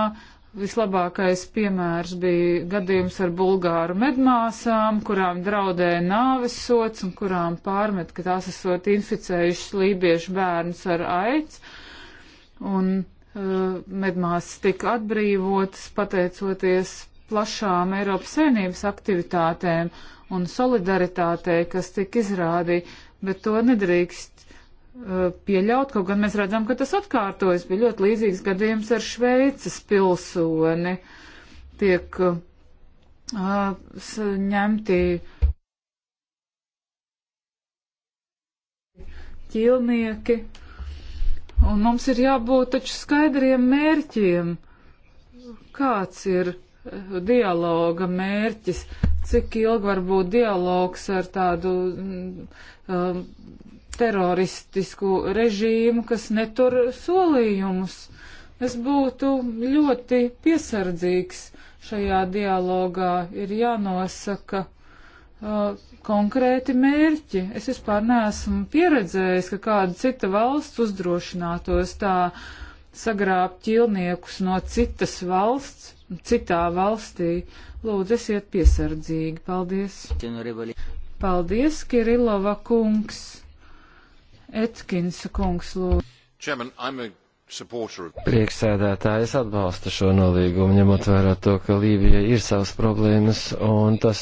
Vislabākais piemērs bija gadījums ar bulgāru medmāsām, kurām draudēja nāves sots un kurām pārmet, ka tās esot inficējušas lībiešu bērnus ar aids. Un Eh, medmāsas tika atbrīvotas pateicoties plašām Eiropas Savienības aktivitātēm un solidaritātei, kas tika izrādīta, bet to nedrīkst uh, pieļaut, kaut gan mēs redzam, ka tas atkārtojas. Bija ļoti līdzīgs gadījums ar Šveices pilsoni. Tiek uh, ņemti ķilnieki. Un mums ir jābūt taču skaidriem mērķiem. Kāds ir eh, dialoga mērķis? Cik ilgi var būt dialogs ar tādu mm, um, teroristisku režīmu, kas netur solījumus? Es būtu ļoti piesardzīgs šajā dialogā. Ir jānosaka uh, konkrēti mērķi. Es vispār neesmu pieredzējis, ka kāda cita valsts uzdrošinātos tā sagrābt ķilniekus no citas valsts, citā valstī. Lūdzu, esiet piesardzīgi. Paldies. Paldies, Kirilova kungs. Etkinsa kungs, lūdzu. Chairman, I'm a Prieksēdētājs atbalsta šo nolīgumu, ņemot vērā to, ka Lībija ir savas problēmas, un tas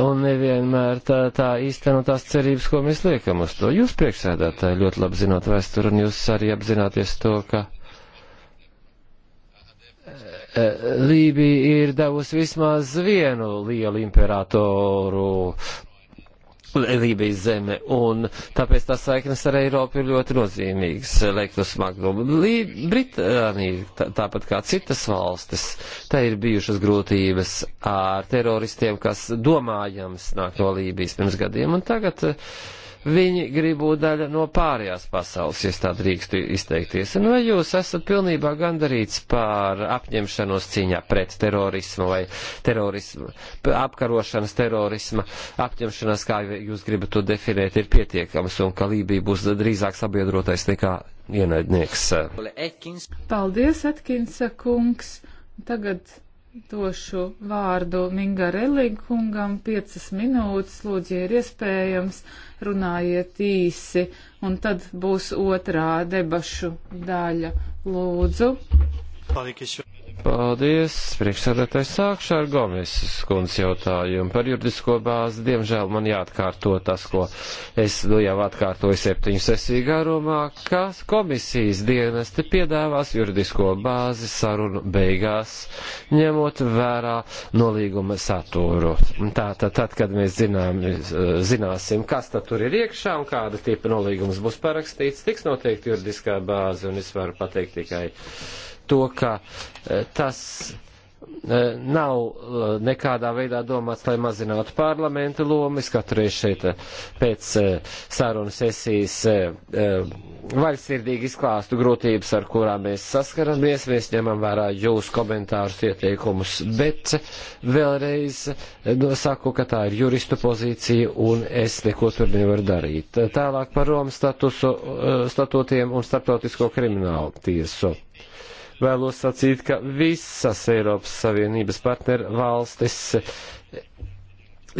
un nevienmēr tā, tā īstenot tās cerības, ko mēs liekam uz to. Jūs priekšsēdētāji ļoti labi zināt vēsturi, un jūs arī apzināties to, ka e, Lībija ir devusi vismaz vienu lielu imperatoru Lībijas zeme, un tāpēc tās saiknes ar Eiropu ir ļoti nozīmīgas, leiktu smagnumu. Britānija, tā, tāpat kā citas valstis, tā ir bijušas grūtības ar teroristiem, kas domājams nāk no Lībijas pirms gadiem, un tagad uh, Viņi grib būt daļa no pārējās pasaules, ja tā drīkstu izteikties. Un nu, vai jūs esat pilnībā gandarīts par apņemšanos cīņā pret terorismu vai terorismu, apkarošanas terorisma, apņemšanās, kā jūs gribat to definēt, ir pietiekams un ka Lībija būs drīzāk sabiedrotais nekā ienaidnieks? Paldies, Atkinsa kungs. Tagad Došu vārdu Mingarelli kungam piecas minūtes, lūdzu, ja ir iespējams, runājiet īsi, un tad būs otrā debašu daļa. Lūdzu. Paldies. Paldies, priekšsēdētājs sākšu ar Gomesas kundas jautājumu par juridisko bāzi. Diemžēl man jāatkārto tas, ko es nu, jau atkārtoju septiņu sesiju garumā, ka komisijas dienesti piedāvās juridisko bāzi sarunu beigās, ņemot vērā nolīguma saturu. Tātad, tad, kad mēs zinām, zināsim, kas tad tur ir iekšā un kāda tipa nolīgums būs parakstīts, tiks noteikti juridiskā bāze, un es varu pateikt tikai to, ka e, tas e, nav e, nekādā veidā domāts, lai mazinātu parlamenta lomu. Es katru reizi šeit pēc sarunas esīs vaļsirdīgi izklāstu grūtības, ar kurām mēs saskaramies. Mēs ņemam vērā jūsu komentārus, ieteikumus, bet vēlreiz nosaku, ka tā ir juristu pozīcija un es neko tur nevaru darīt. Tālāk par Romas statusu, statūtiem un starptautisko kriminālu tiesu vēlos sacīt, ka visas Eiropas Savienības partneru valstis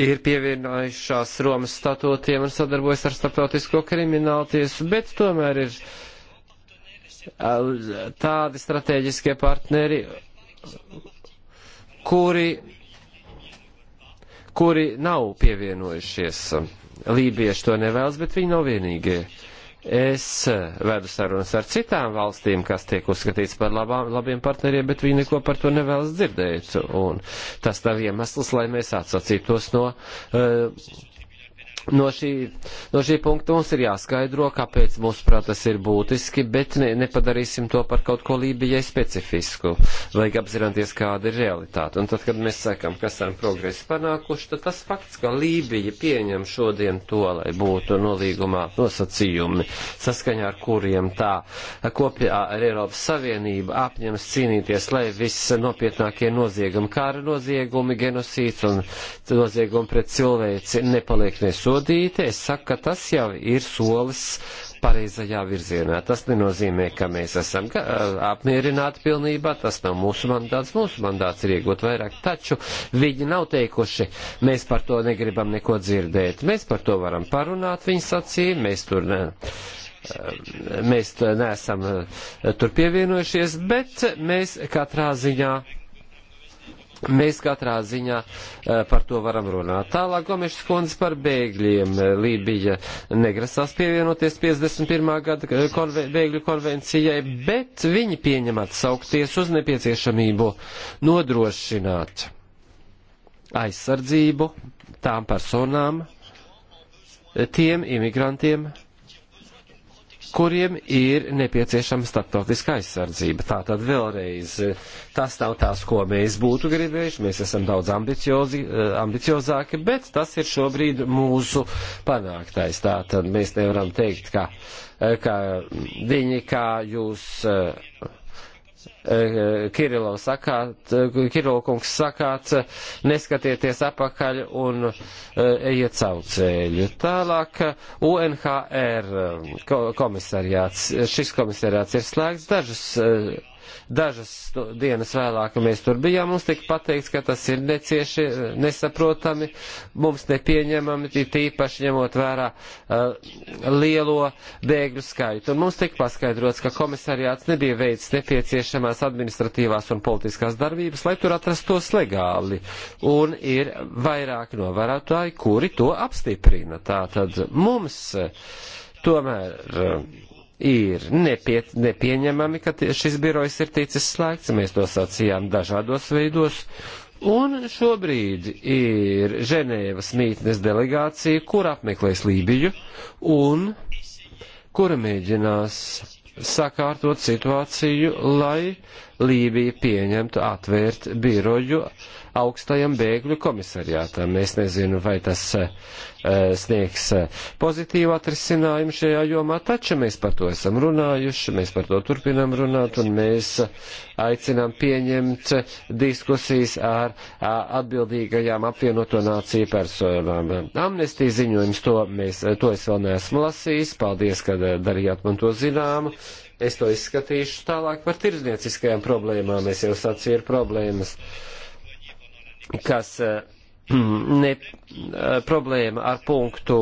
ir pievienojušās Romas statūtiem un sadarbojas ar starptautisko kriminālu tiesu, bet tomēr ir tādi strateģiskie partneri, kuri, kuri nav pievienojušies. Lībieši to nevēlas, bet viņi nav vienīgie. Es eh, vedu sarunas ar citām valstīm, kas tiek uzskatīts par labām, labiem partneriem, bet viņi neko par to nevēlas dzirdēt. Un tas nav iemesls, lai mēs atsacītos no uh, no šī, no šī punkta mums ir jāskaidro, kāpēc mūsu prāt tas ir būtiski, bet ne, nepadarīsim to par kaut ko Lībijai specifisku, vajag apzināties, kāda ir realitāte. Un tad, kad mēs sakam, kas ar progresu panākuši, tad tas fakts, ka Lībija pieņem šodien to, lai būtu nolīgumā nosacījumi, saskaņā ar kuriem tā kopjā ar Eiropas Savienību apņems cīnīties, lai viss nopietnākie noziegumi, kāra noziegumi, genocīds un noziegumi pret cilvēci nepaliek nesod nosodīti, es saku, ka tas jau ir solis pareizajā virzienā. Tas nenozīmē, ka mēs esam apmierināti pilnībā, tas nav mūsu mandāts, mūsu mandāts ir iegūt vairāk, taču viņi nav teikuši, mēs par to negribam neko dzirdēt, mēs par to varam parunāt, viņi sacīja, mēs tur ne. Mēs neesam tur pievienojušies, bet mēs katrā ziņā Mēs katrā ziņā eh, par to varam runāt. Tālāk Gomešas kundze par bēgļiem. Lībija negrasās pievienoties 51. gada eh, konve bēgļu konvencijai, bet viņi pieņem atsaukties uz nepieciešamību nodrošināt aizsardzību tām personām, tiem imigrantiem, kuriem ir nepieciešama starptautiska aizsardzība. Tā tad vēlreiz, eh, tas nav tās, ko mēs būtu gribējuši, mēs esam daudz ambiciozi, eh, ambiciozāki, bet tas ir šobrīd mūsu panāktais. Tā tad mēs nevaram teikt, ka, eh, ka viņi, kā jūs Kirilov sakāt, Kirilkungs sakāt, neskatieties apakaļ un eh, ejiet savu ceļu. Tālāk UNHR komisariāts, šis komisariāts ir slēgts dažas eh, Dažas dienas vēlāk mēs tur bijām, mums tika pateikts, ka tas ir necieši, nesaprotami, mums nepieņemami, tīpaši ņemot vērā uh, lielo bēgļu skaitu. Un mums tika paskaidrots, ka komisariāts nebija veids nepieciešamās administratīvās un politiskās darbības, lai tur atrastos legāli. Un ir vairāk novērotāji, kuri to apstiprina. Tātad mums uh, tomēr. Uh, ir nepie, nepieņemami, ka šis birojs ir ticis slēgts, mēs to sacījām dažādos veidos, un šobrīd ir Ženēvas mītnes delegācija, kur apmeklēs Lībiju un kura mēģinās sakārtot situāciju, lai Lībija pieņemtu atvērt biroju augstajam bēgļu komisariātam. Es nezinu, vai tas eh, eh, sniegs eh, pozitīvu atrisinājumu šajā jomā, taču mēs par to esam runājuši, mēs par to turpinām runāt un mēs aicinām pieņemt diskusijas ar atbildīgajām apvienoto nāciju personām. Amnestija ziņojums, to, mēs, to es vēl neesmu lasījis, paldies, ka darījāt man to zināmu. Es to izskatīšu tālāk par tirdznieciskajām problēmām. Es jau sacīju, ir problēmas. Uh, kas eh, ne, eh, problēma ar punktu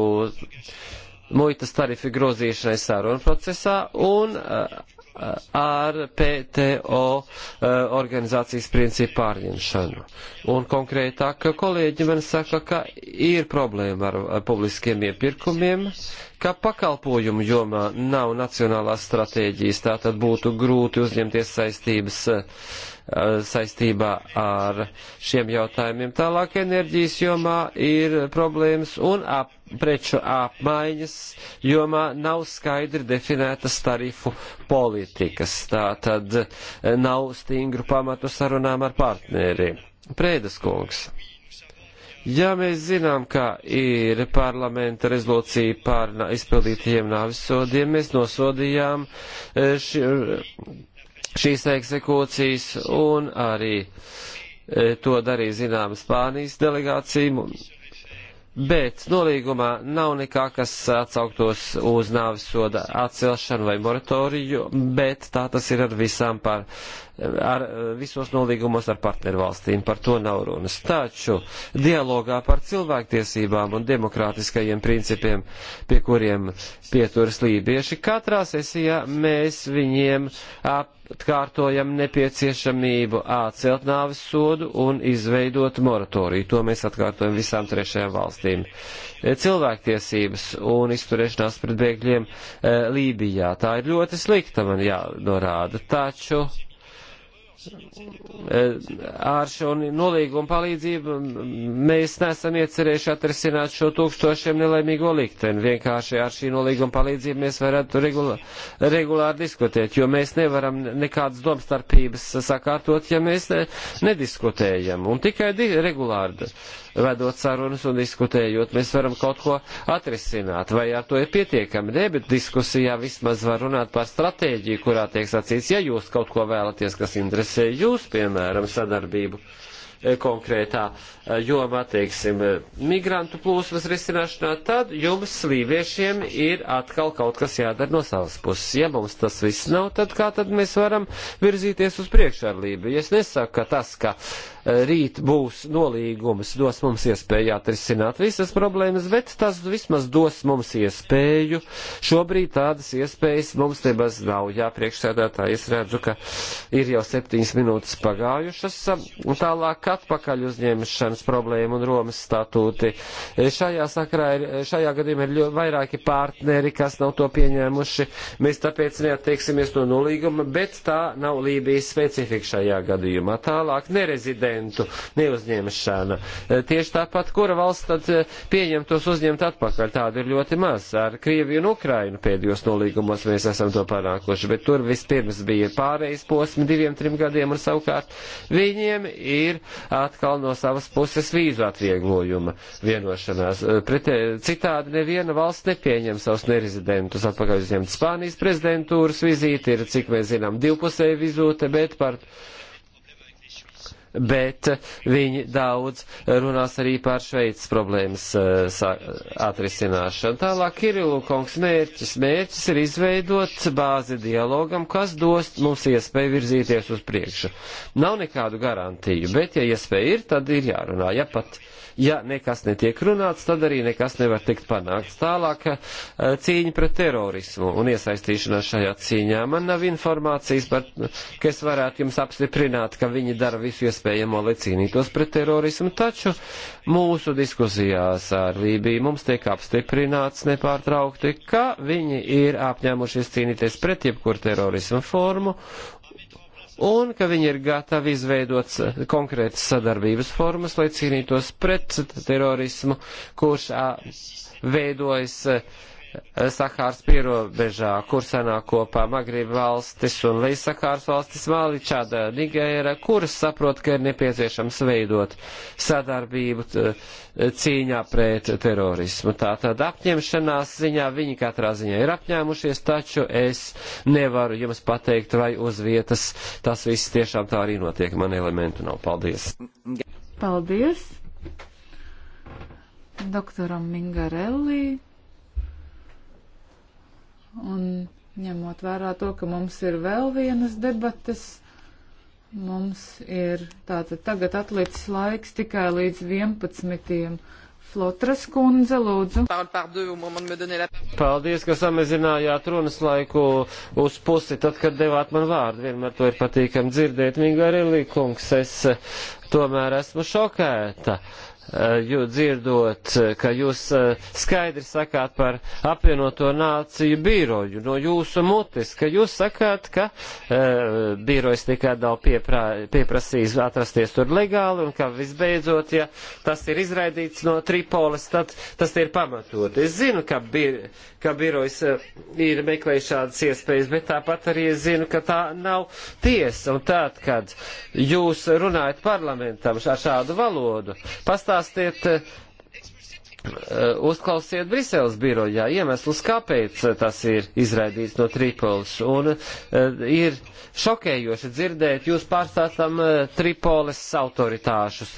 muitas tarifu grozīšanai sarunu procesā un eh, ar PTO organizācijas principu pārņemšanu. Un konkrētāk kolēģi man saka, ka ir problēma ar publiskiem iepirkumiem, ka pakalpojumu jomā nav nacionālās stratēģijas, tātad būtu grūti uzņemties saistības uh, Eh, saistībā ar šiem jautājumiem. Tālāk enerģijas jomā ir problēmas un ap, preču apmaiņas jomā nav skaidri definētas tarifu politikas. Tā tad eh, nav stingru pamatu sarunām ar partneriem. Prēdas kungs. Ja mēs zinām, ka ir parlamenta rezolūcija par izpildītajiem nāvisodiem, mēs nosodījām eh, ši, šīs eksekūcijas un arī e, to darīja zināma Spānijas delegācija. Bet nolīgumā nav nekā, kas atsauktos uz nāvis soda atcelšanu vai moratoriju, bet tā tas ir ar visām par ar eh, visos nolīgumos ar partnervalstīm, par to nav runas. Taču dialogā par cilvēktiesībām un demokrātiskajiem principiem, pie kuriem pieturas lībieši, katrā sesijā mēs viņiem atkārtojam nepieciešamību atcelt nāvis sodu un izveidot moratoriju. To mēs atkārtojam visām trešajām valstīm. Eh, cilvēktiesības un izturēšanās pret bēgļiem eh, Lībijā. Tā ir ļoti slikta, man jānorāda. Taču Eh, ar šo nolīgumu palīdzību mēs nesam iecerējuši atrisināt šo tūkstošiem nelaimīgo likteni. Vienkārši ar šī nolīguma palīdzību mēs varētu regulā, regulāri diskutēt, jo mēs nevaram nekādas domstarpības sakārtot, ja mēs ne, nediskutējam. Un tikai di regulāri vedot sarunas un diskutējot, mēs varam kaut ko atrisināt. Vai ar to ir pietiekami? Nē, bet diskusijā vismaz var runāt par stratēģiju, kurā tiek sacīts, ja jūs kaut ko vēlaties, kas interesē jūs, piemēram, sadarbību e, konkrētā e, jomā, teiksim, e, migrantu plūsmas risināšanā, tad jums līviešiem ir atkal kaut kas jādara no savas puses. Ja mums tas viss nav, tad kā tad mēs varam virzīties uz priekšu ar Lībiju? Es nesaku, ka tas, ka uh, rīt būs nolīgums, dos mums iespēju atrisināt visas problēmas, bet tas vismaz dos mums iespēju. Šobrīd tādas iespējas mums nemaz nav. Jā, priekšsēdētāji, es redzu, ka ir jau septiņas minūtes pagājušas. Tālāk atpakaļ uzņemšanas problēma un Romas statūti. Šajā sakrā ir, šajā gadījumā ir vairāki partneri, kas nav to pieņēmuši. Mēs tāpēc neatteiksimies no nolīguma, bet tā nav Lībijas specifika šajā gadījumā. Tālāk nerezidents dokumentu neuzņemšana. E, tieši tāpat, kura valsts tad e, pieņem tos uzņemt atpakaļ, tāda ir ļoti maz. Ar Krieviju un Ukrainu pēdējos nolīgumos mēs esam to panākuši, bet tur vispirms bija pārējais posmi diviem, trim gadiem un savukārt viņiem ir atkal no savas puses vīzu atvieglojuma vienošanās. E, pret, citādi neviena valsts nepieņem savus nerezidentus atpakaļ uzņemt. Spānijas prezidentūras vizīte ir, cik mēs zinām, divpusēja vizūte, bet par bet viņi daudz runās arī par Šveicas problēmas eh, atrisināšanu. Tālāk Kirilu kungs mērķis. Mērķis ir izveidot bāzi dialogam, kas dos mums iespēju virzīties uz priekšu. Nav nekādu garantiju, bet ja iespēja ir, tad ir jārunā. Ja pat ja nekas netiek runāts, tad arī nekas nevar tikt panākts. Tālāk eh, cīņa pret terorismu un iesaistīšanās šajā cīņā. Man nav informācijas, par, ka es varētu jums apstiprināt, ka viņi dara visu iespējamo, lai cīnītos pret terorismu, taču mūsu diskusijās ar Lībiju mums tiek apstiprināts nepārtraukti, ka viņi ir apņēmušies cīnīties pret jebkuru terorismu formu un ka viņi ir gatavi izveidot konkrētas sadarbības formas, lai cīnītos pret terorismu, kurš veidojas Sahāras pierobežā, kur sanāk kopā Magrība valstis un Līsahāras valstis Māličāda Nigēra, kuras saprot, ka ir nepieciešams veidot sadarbību cīņā pret terorismu. Tātad apņemšanās ziņā viņi katrā ziņā ir apņēmušies, taču es nevaru jums pateikt, vai uz vietas tas viss tiešām tā arī notiek. Man elementu nav. Paldies! Paldies! Doktoram Mingarelli Un ņemot vērā to, ka mums ir vēl vienas debates, mums ir tātad tagad atlicis laiks tikai līdz 11. Flotras kundze, lūdzu. Paldies, ka samazinājāt runas laiku uz pusi, tad, kad devāt man vārdu. Vienmēr to ir patīkam dzirdēt, Mīgā Relī kungs. Es tomēr esmu šokēta. Uh, Eh, jo dzirdot, eh, ka jūs eh, skaidri sakāt par apvienoto nāciju biroju no jūsu mutes, ka jūs sakāt, ka uh, birojs tikai nav pieprasījis atrasties tur legāli un ka visbeidzot, ja tas ir izraidīts no Tripolis, tad tas ir pamatot. Es zinu, ka, bir, ka birojs ir meklējis šādas iespējas, bet tāpat arī es zinu, ka tā nav tiesa. Un tad, kad jūs runājat parlamentam ar šādu valodu, pastāv pastāstiet, eh, uzklausiet Briseles birojā iemeslus, kāpēc tas ir izraidīts no Tripolis. Un eh, ir šokējoši dzirdēt, jūs pārstāstam eh, Tripolis autoritāšus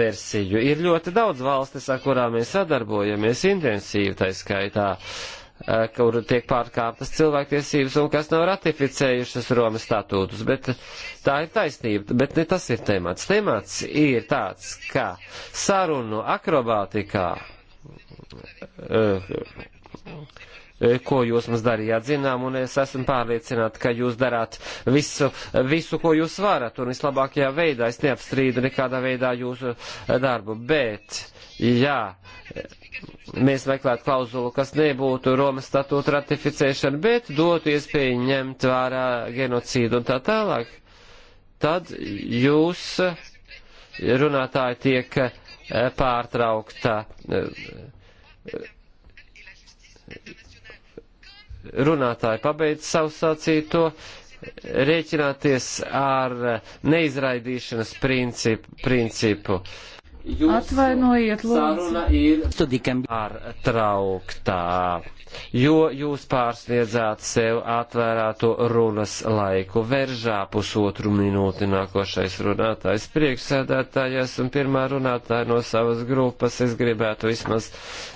versiju. Ir ļoti daudz valstis, ar kurām mēs sadarbojamies intensīvi, tā skaitā. Uh, Eh, kur tiek pārkāptas cilvēktiesības un kas nav ratificējušas Romas statūtus, bet tā ir taisnība, bet ne tas ir temats. Temats ir tāds, ka sarunu akrobātikā uh, E, ko jūs mums darījāt zinām, un es esmu pārliecināta, ka jūs darāt visu, visu, ko jūs varat, un vislabākajā veidā es neapstrīdu nekādā veidā jūsu e, darbu. Bet, jā, mēs meklētu klauzulu, kas nebūtu Romas statūta ratificēšana, bet dotu iespēju ņemt vērā genocīdu un tā tālāk, tad jūs e, runātāji tiek pārtraukta runātāji pabeidz savu sacīto, rēķināties ar neizraidīšanas principu. principu. Uh, Jūsu Atvainojiet, lūdzu. Pārtrauktā, jo jūs pārsniedzāt sev atvērāto runas laiku. Veržā pusotru minūti nākošais runātājs priekšsēdētājas un pirmā runātāja no savas grupas. Es gribētu vismaz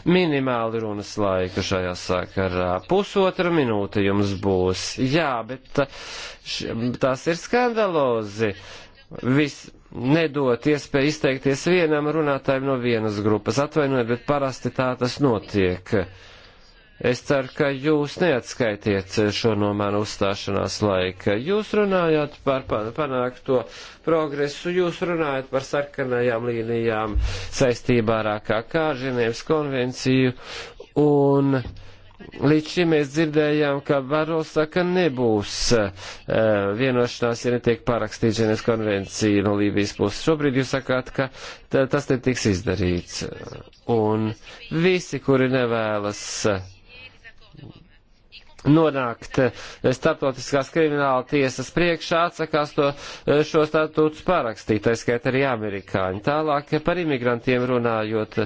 minimāli runas laiku šajā sakarā. Pusotra minūte jums būs. Jā, bet š, tas ir skandalozi. Viss nedot iespēju izteikties vienam runātājam no vienas grupas. Atvainojiet, bet parasti tā tas notiek. Es ceru, ka jūs neatskaitiet šo no mana uzstāšanās laika. Jūs runājāt par panākto progresu, jūs runājat par sarkanajām līnijām saistībā ar AKK, Ženēvas konvenciju un uh, Līdz šim mēs dzirdējām, ka Baro saka, nebūs uh, vienošanās, ja netiek parakstīta Ženevas konvencija no Lībijas puses. Šobrīd jūs sakāt, ka tas netiks izdarīts. Un visi, kuri nevēlas eh, nonākt eh, starptautiskās krimināla tiesas priekšā, atsakās to šo statūtu parakstīt, tā skait arī amerikāņi. Tālāk par imigrantiem runājot,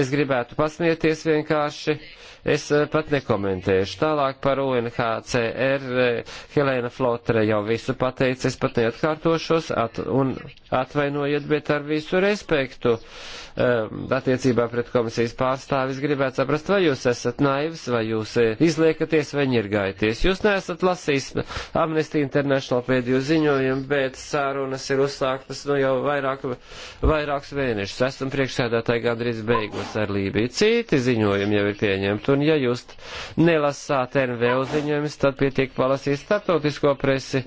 es gribētu pasmieties vienkārši Es eh, pat nekomentēšu. Tālāk par UNHCR eh, Helēna Flotre jau visu pateica, es pat neatkārtošos at, un atvainojiet, bet ar visu respektu eh, attiecībā pret komisijas pārstāvis gribētu saprast, vai jūs esat naivs, vai jūs izliekaties, vai ņirgājaties. Jūs neesat lasījis Amnesty International pēdējo ziņojumu, bet sārunas ir uzsāktas nu, jau vairāk, vairākus mēnešus. Esam priekšsēdētāji gandrīz beigusi ar Lībiju. Citi ziņojumi jau ir pieņemti lasīt, un ja jūs nelasāt NVO ziņojumus, tad pietiek palasīt startautisko presi,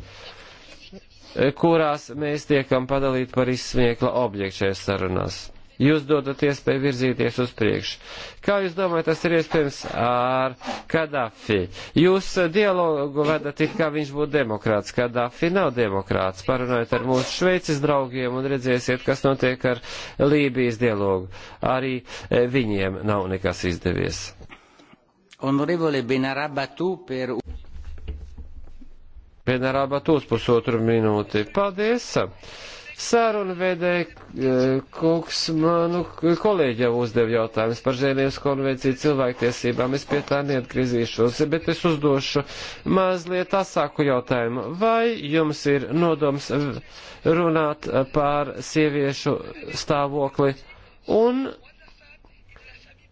kurās mēs tiekam padalīt par izsmiekla objektu šajās sarunās. Jūs dodat iespēju virzīties uz priekšu. Kā jūs domājat, tas ir iespējams ar Kadafi? Jūs dialogu vedat it kā viņš būtu demokrāts. Kadafi nav demokrāts. Parunājiet ar mūsu šveicis draugiem un redzēsiet, kas notiek ar Lībijas dialogu. Arī eh, viņiem nav nekas izdevies. Onorevole Benarabatu per... Benarabatus pusotru minūti. Paldies! Sāruna vēdē e, kungs manu kolēģi jau uzdev jautājumus par Ženēvas konvenciju cilvēktiesībām. Es pie tā neatgriezīšos, bet es uzdošu mazliet asāku jautājumu. Vai jums ir nodoms runāt par sieviešu stāvokli un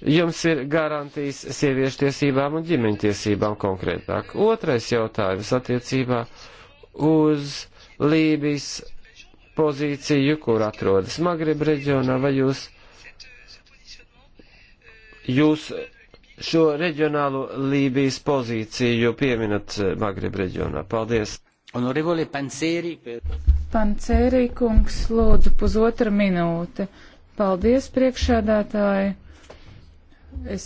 jums ir garantijas sieviešu tiesībām un ģimeņtiesībām konkrētāk? Otrais jautājums attiecībā uz Lībijas pozīciju, kur atrodas Magrib reģionā, vai jūs, jūs šo reģionālo Lībijas pozīciju pieminat Magrib reģionā? Paldies! Honorevole Pancēri. Pancēri kungs, lūdzu, pusotra minūte. Paldies, priekšādātāji! Es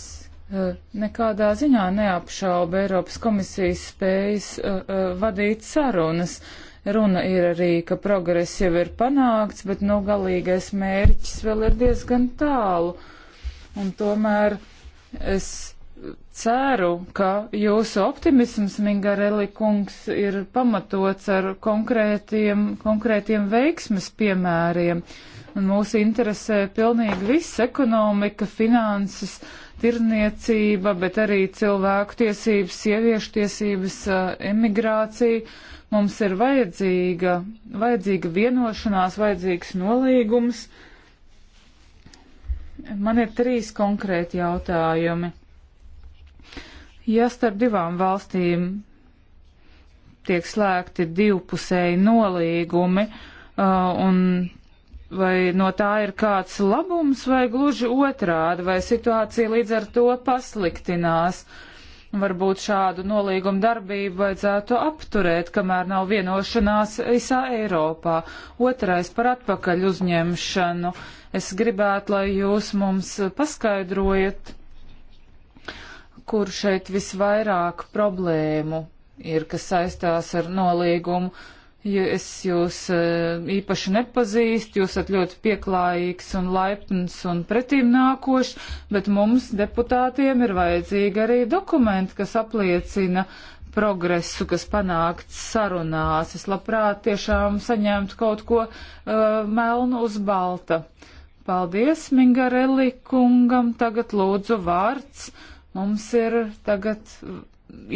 eh, nekādā ziņā neapšaubu Eiropas komisijas spējas eh, eh, vadīt sarunas. Runa ir arī, ka progress jau ir panākts, bet nu galīgais mērķis vēl ir diezgan tālu. Un tomēr es ceru, ka jūsu optimisms, Mingareli kungs, ir pamatots ar konkrētiem, konkrētiem veiksmes piemēriem. Uh, un mūs interesē pilnīgi viss - ekonomika, finanses, tirniecība, bet arī cilvēku tiesības, sieviešu tiesības, emigrācija. Mums ir vajadzīga, vajadzīga vienošanās, vajadzīgs nolīgums. Man ir trīs konkrēti jautājumi. Ja starp divām valstīm tiek slēgti divpusēji nolīgumi uh, un vai no tā ir kāds labums, vai gluži otrādi, vai situācija līdz ar to pasliktinās. Varbūt šādu nolīgumu darbību vajadzētu apturēt, kamēr nav vienošanās visā Eiropā. Otrais par atpakaļ uzņemšanu. Es gribētu, lai jūs mums paskaidrojat, kur šeit visvairāk problēmu ir, kas saistās ar nolīgumu ja es jūs eh, īpaši nepazīstu, jūs esat ļoti pieklājīgs un laipns un pretīm nākošs, bet mums deputātiem ir vajadzīgi arī dokumenti, kas apliecina progresu, kas panākts sarunās. Es labprāt tiešām saņemtu kaut ko uh, melnu uz balta. Paldies Mingarelli kungam, tagad lūdzu vārds. Mums ir tagad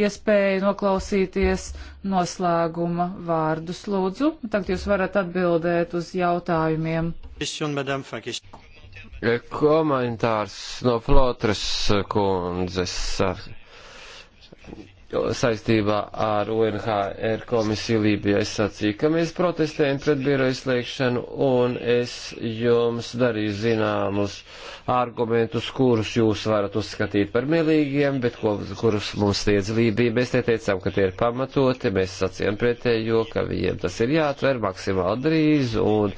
iespēju noklausīties noslēguma vārdus, lūdzu. Tagad jūs varat atbildēt uz jautājumiem. Komentārs no Flotras kundzes saistībā ar UNHR komisiju Lībijā. Es sacīju, ka mēs protestējam pret biroju slēgšanu, un es jums darīju zināmus argumentus, kurus jūs varat uzskatīt par mielīgiem, bet ko, kurus mums sniedz Lībija. Mēs neteicām, ka tie ir pamatoti, mēs sacījām pretējo, ka viņiem tas ir jāatver maksimāli drīz, un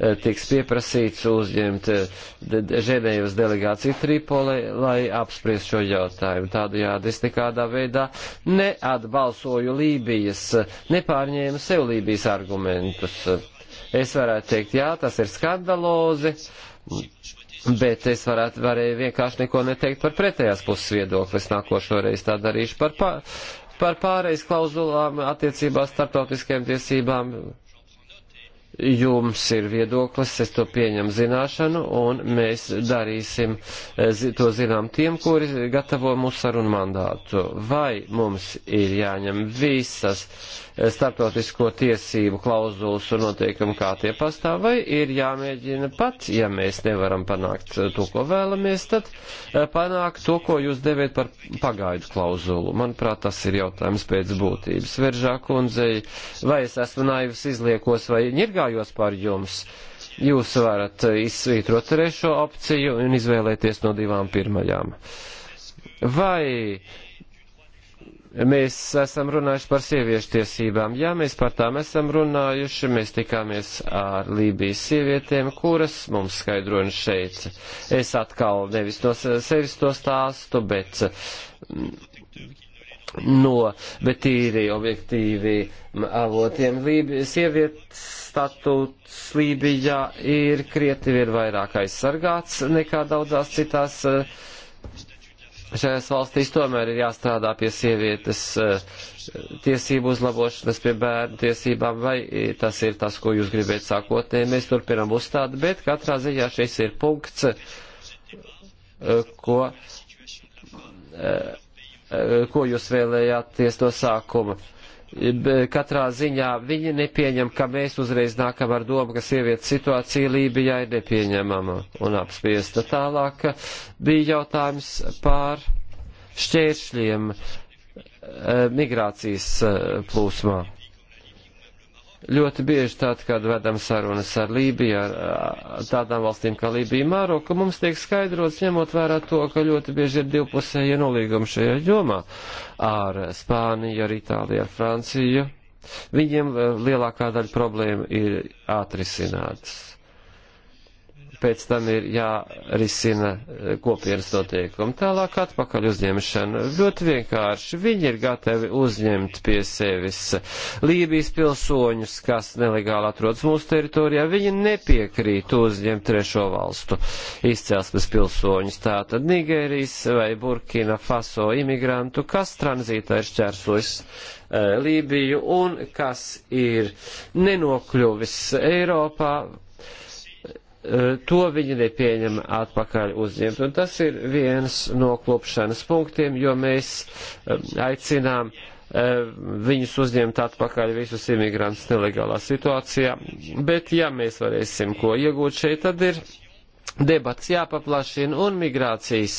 Eh, tiks pieprasīts uzņemt eh, Ženēvas delegāciju Tripolē, lai apspriest šo jautājumu. Tādējādi es nekādā veidā neatbalsoju Lībijas, eh, nepārņēmu sev Lībijas argumentus. Es varētu teikt, jā, tas ir skandalozi, Bet es varētu, varēju vienkārši neko neteikt par pretējās puses viedokli. Es nākošo reizi tā darīšu par, pār, par pārejas klauzulām attiecībā starptautiskajām tiesībām jums ir viedoklis, es to pieņemu zināšanu, un mēs darīsim eh, to zinām tiem, kuri gatavo mūsu sarunu mandātu. Vai mums ir jāņem visas starptautisko tiesību klauzulas un noteikumu, kā tie pastāv, vai ir jāmēģina pat, ja mēs nevaram panākt to, ko vēlamies, tad eh, panākt to, ko jūs devēt par pagaidu klauzulu. Manuprāt, tas ir jautājums pēc būtības. Veržā kundzei, vai es esmu naivs izliekos vai ņirgājos par jums? Jūs varat izsvītrot trešo opciju un izvēlēties no divām pirmajām. Vai Mēs esam runājuši par sieviešu tiesībām. Jā, mēs par tām esam runājuši. Mēs tikāmies ar Lībijas sievietēm, kuras mums skaidroja šeit. Es atkal nevis no sevis to stāstu, bet mm, no, bet tīri objektīvi avotiem Lībijas sievietes statūts Lībijā ir krietni vien vairāk aizsargāts nekā daudzās citās uh, šajās valstīs tomēr ir jāstrādā pie sievietes eh, tiesību uzlabošanas, pie bērnu tiesībām, vai tas ir tas, ko jūs gribētu sākotnēji. Mēs turpinam uzstāt, bet katrā ziņā šis ir punkts, eh, ko, eh, ko jūs vēlējāties no sākuma katrā ziņā viņi nepieņem, ka mēs uzreiz nākam ar domu, ka sievietes situācija Lībijā ir nepieņemama un apspiesta. Tālāk bija jautājums pār šķēršļiem eh, migrācijas eh, plūsmā. Ļoti bieži tad, kad vedam sarunas ar Lībiju, ar tādām valstīm kā Lībija, Māroka, mums tiek skaidrots, ņemot vērā to, ka ļoti bieži ir divpusēja nolīguma šajā jomā ar Spāniju, ar Itāliju, ar Franciju. Viņiem eh, lielākā daļa problēma ir atrisinātas pēc tam ir jārisina eh, kopienas noteikumi. Tālāk atpakaļ uzņemšana. Ļoti vienkārši. Viņi ir gatavi uzņemt pie sevis Lībijas pilsoņus, kas nelegāli atrodas mūsu teritorijā. Viņi nepiekrīt uzņemt trešo valstu izcelsmes pilsoņus. Tātad Nigērijas vai Burkina Faso imigrantu, kas tranzītā ir šķērsojis eh, Lībiju un kas ir nenokļuvis Eiropā Eh, to viņi nepieņem atpakaļ uzņemt. Un tas ir viens no klupšanas punktiem, jo mēs eh, aicinām eh, viņus uzņemt atpakaļ visus imigrantus nelegālā situācijā. Bet ja mēs varēsim ko iegūt šeit, tad ir debats jāpaplašina un migrācijas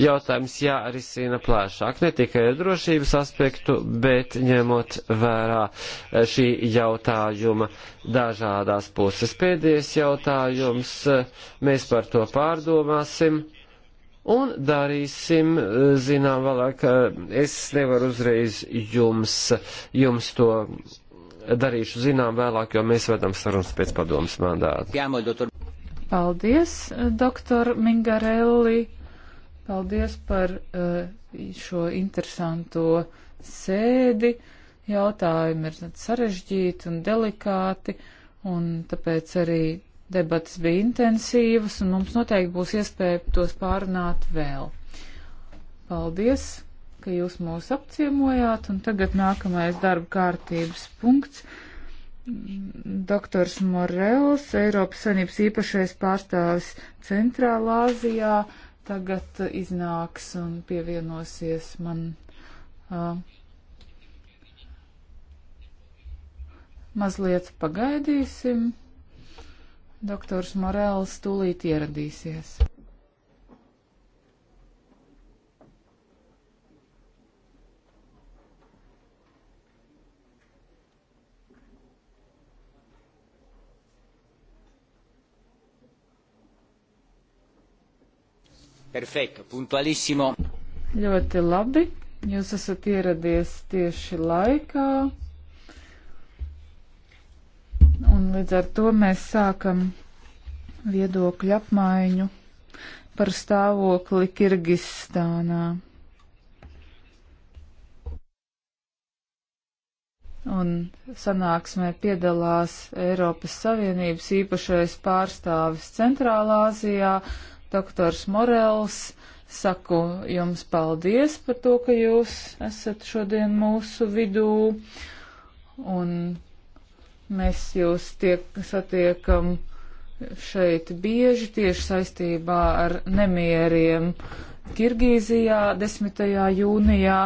jautājums jārisina plāšāk, ne tikai drošības aspektu, bet ņemot vērā eh, šī jautājuma dažādās puses. Pēdējais jautājums, eh, mēs par to pārdomāsim. Un darīsim, eh, zinām, vēlāk, es nevaru uzreiz jums, jums to darīšu zinām vēlāk, jo mēs vedam sarunas pēc padomas mandāta. Paldies, eh, doktor Mingarelli. Paldies par eh, šo interesanto sēdi. Jautājumi ir sarežģīti un delikāti, un tāpēc arī debatas bija intensīvas, un mums noteikti būs iespēja tos pārunāt vēl. Paldies, ka jūs mūs apciemojāt, un tagad nākamais darba kārtības punkts doktors Morels, Eiropas Savienības īpašais pārstāvis Centrālā Azijā, tagad iznāks un pievienosies man. Uh, mazliet pagaidīsim. Doktors Morels tūlīt ieradīsies. Perfekto, punktualissimo. Ļoti labi. Jūs esat ieradies tieši laikā. Un līdz ar to mēs sākam viedokļu apmaiņu par stāvokli Kirgistānā. un sanāksmē piedalās Eiropas Savienības īpašais pārstāvis Centrālā Azijā doktors Morels. Saku jums paldies par to, ka jūs esat šodien mūsu vidū un mēs jūs tiek, satiekam šeit bieži tieši saistībā ar nemieriem Kirgīzijā 10. jūnijā.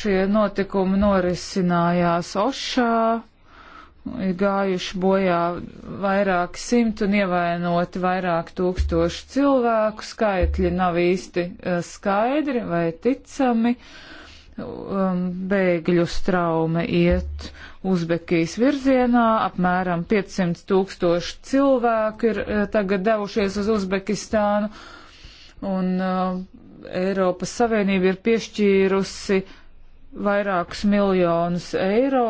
Šie notikumi norisinājās Ošā ir gājuši bojā vairāki simti un ievainoti vairāk tūkstoši cilvēku. Skaitļi nav īsti eh, skaidri vai ticami. Um, bēgļu straume iet Uzbekijas virzienā. Apmēram 500 tūkstoši cilvēku ir eh, tagad devušies uz Uzbekistānu. Un uh, Eiropas Savienība ir piešķīrusi uh, vairākus miljonus eiro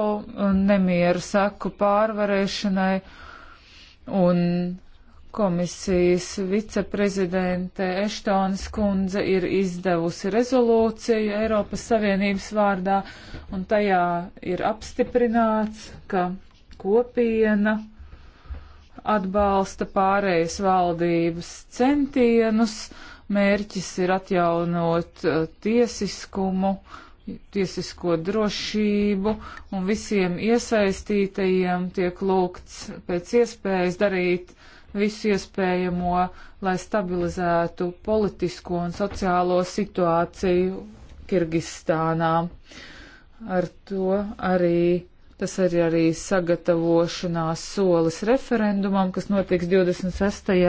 nemieru seku pārvarēšanai, un komisijas viceprezidente Eštonas kundze ir izdevusi rezolūciju Eiropas Savienības vārdā, un tajā ir apstiprināts, ka kopiena atbalsta pārējas valdības centienus, mērķis ir atjaunot uh, tiesiskumu, uh, tiesisko drošību un visiem iesaistītajiem tiek lūgts pēc iespējas darīt visu iespējamo, lai stabilizētu politisko un sociālo situāciju Kirgistānā. Ar to arī tas arī, arī sagatavošanās solis referendumam, kas notiks 26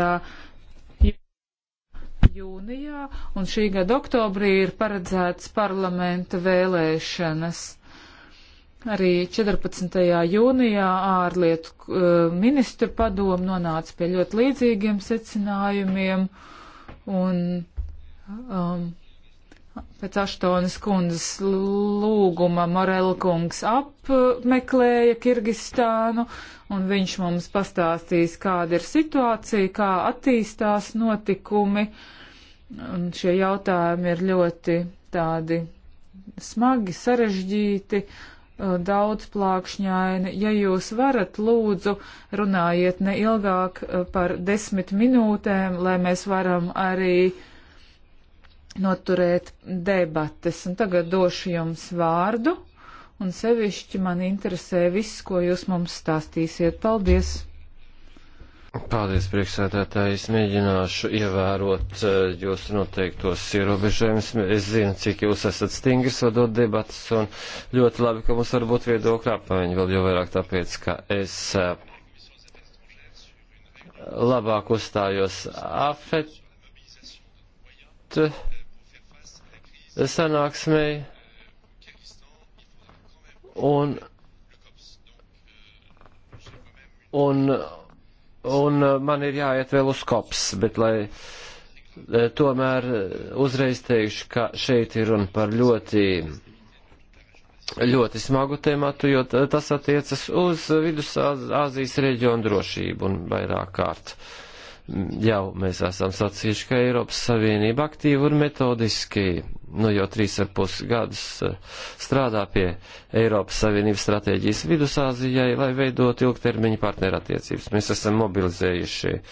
jūnijā, un šī gada oktobrī ir paredzēts parlamenta vēlēšanas. Arī 14. jūnijā ārlietu eh, ministru padomu nonāca pie ļoti līdzīgiem secinājumiem, un um, pēc Aštonas kundzes lūguma Morel kungs apmeklēja Kirgistānu, un viņš mums pastāstīs, kāda ir situācija, kā attīstās notikumi. Uh, Un šie jautājumi ir ļoti tādi smagi, sarežģīti, uh, daudzplākšņaini. Ja jūs varat, lūdzu, runājiet ne ilgāk uh, par desmit minūtēm, lai mēs varam arī noturēt debates. Un tagad došu jums vārdu, un sevišķi man interesē viss, ko jūs mums stāstīsiet. Paldies! Paldies, priekšsēdētāji. Es mēģināšu ievērot eh, jūsu noteiktos ierobežojumus. Es zinu, cik jūs esat stingrs vadot debatas, un ļoti labi, ka mums var būt viedokļa apmaiņa, vēl jau vairāk tāpēc, ka es eh, labāk uzstājos afet eh, sanāksmei, un, un, un un eh, man ir jāiet vēl uz kops, bet lai eh, tomēr eh, uzreiz teikšu, ka šeit ir runa par ļoti, ļoti smagu tēmatu, jo tas attiecas uz Vidusāzijas reģionu drošību un vairāk kārt. Uh, Jau mēs esam sacījuši, ka Eiropas Savienība aktīvi un metodiski, nu jau trīs ar pus gadus eh, strādā pie Eiropas Savienības stratēģijas Vidusāzijai, lai veidot ilgtermiņa partnerattiecības. Mēs esam mobilizējuši eh,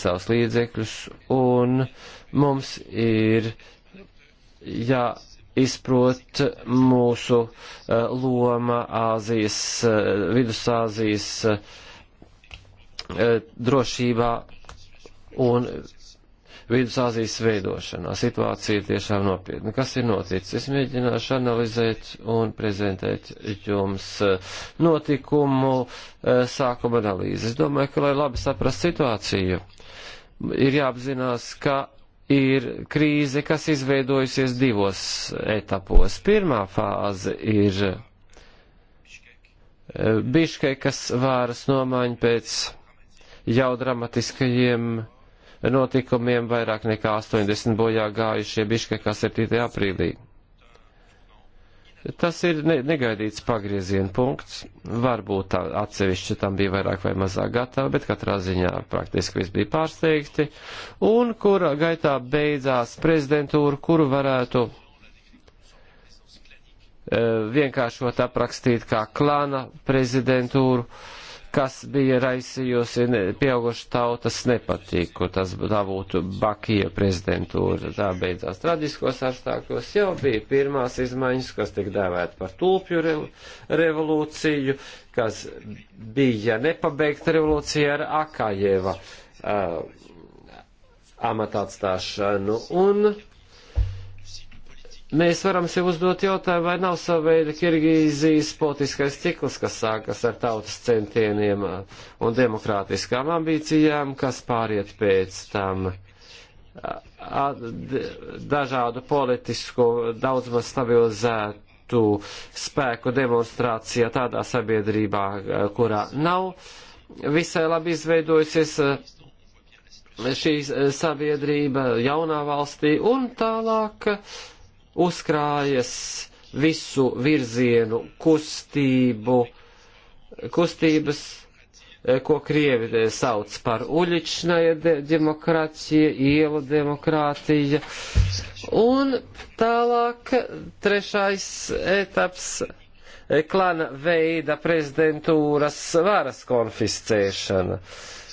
savus līdzekļus un mums ir jā. Ja izprot mūsu uh, loma Āzijas, uh, Vidusāzijas uh, drošībā un Vidusāzijas veidošanā. Situācija ir tiešām nopietna. Kas ir noticis? Es mēģināšu analizēt un prezentēt jums eh, notikumu eh, sākuma analīzi. Es domāju, ka, lai labi saprastu situāciju, ir jāapzinās, ka ir krīze, kas izveidojusies divos etapos. Pirmā fāze ir eh, Biškekas vāras nomaiņa pēc jau dramatiskajiem notikumiem vairāk nekā 80 bojā gājušie Biškekā 7. aprīlī. Tas ir negaidīts pagrieziena punkts. Varbūt tā atsevišķi tam bija vairāk vai mazāk gatava, bet katrā ziņā praktiski viss bija pārsteigti. Un kura gaitā beidzās prezidentūra, kuru varētu e, vienkāršot aprakstīt kā klāna prezidentūru. E, kas bija raisījusi pieaugušas tautas nepatīku. Tas tā būtu Bakija prezidentūra. Tā beidzās tradiskos apstākļos. Jau bija pirmās izmaiņas, kas tika dēvēta par tulpju revolūciju, kas bija nepabeigta revolūcija ar Akājeva uh, amatā atstāšanu. Un Mēs varam sev uzdot jautājumu, vai nav sava veida Kirgīzijas politiskais cikls, kas sākas ar tautas centieniem un demokrātiskām ambīcijām, kas pāriet pēc tam dažādu politisku, daudz maz stabilizētu spēku demonstrācijā tādā sabiedrībā, kurā nav visai labi izveidojusies šī sabiedrība jaunā valstī un tālāk uzkrājas visu virzienu, kustību, kustības, eh, ko Krievi eh, sauc par uļičnaja demokrātija, ielu demokrātija. Un tālāk trešais etaps eh, klana veida prezidentūras varas konfiscēšana. Uh,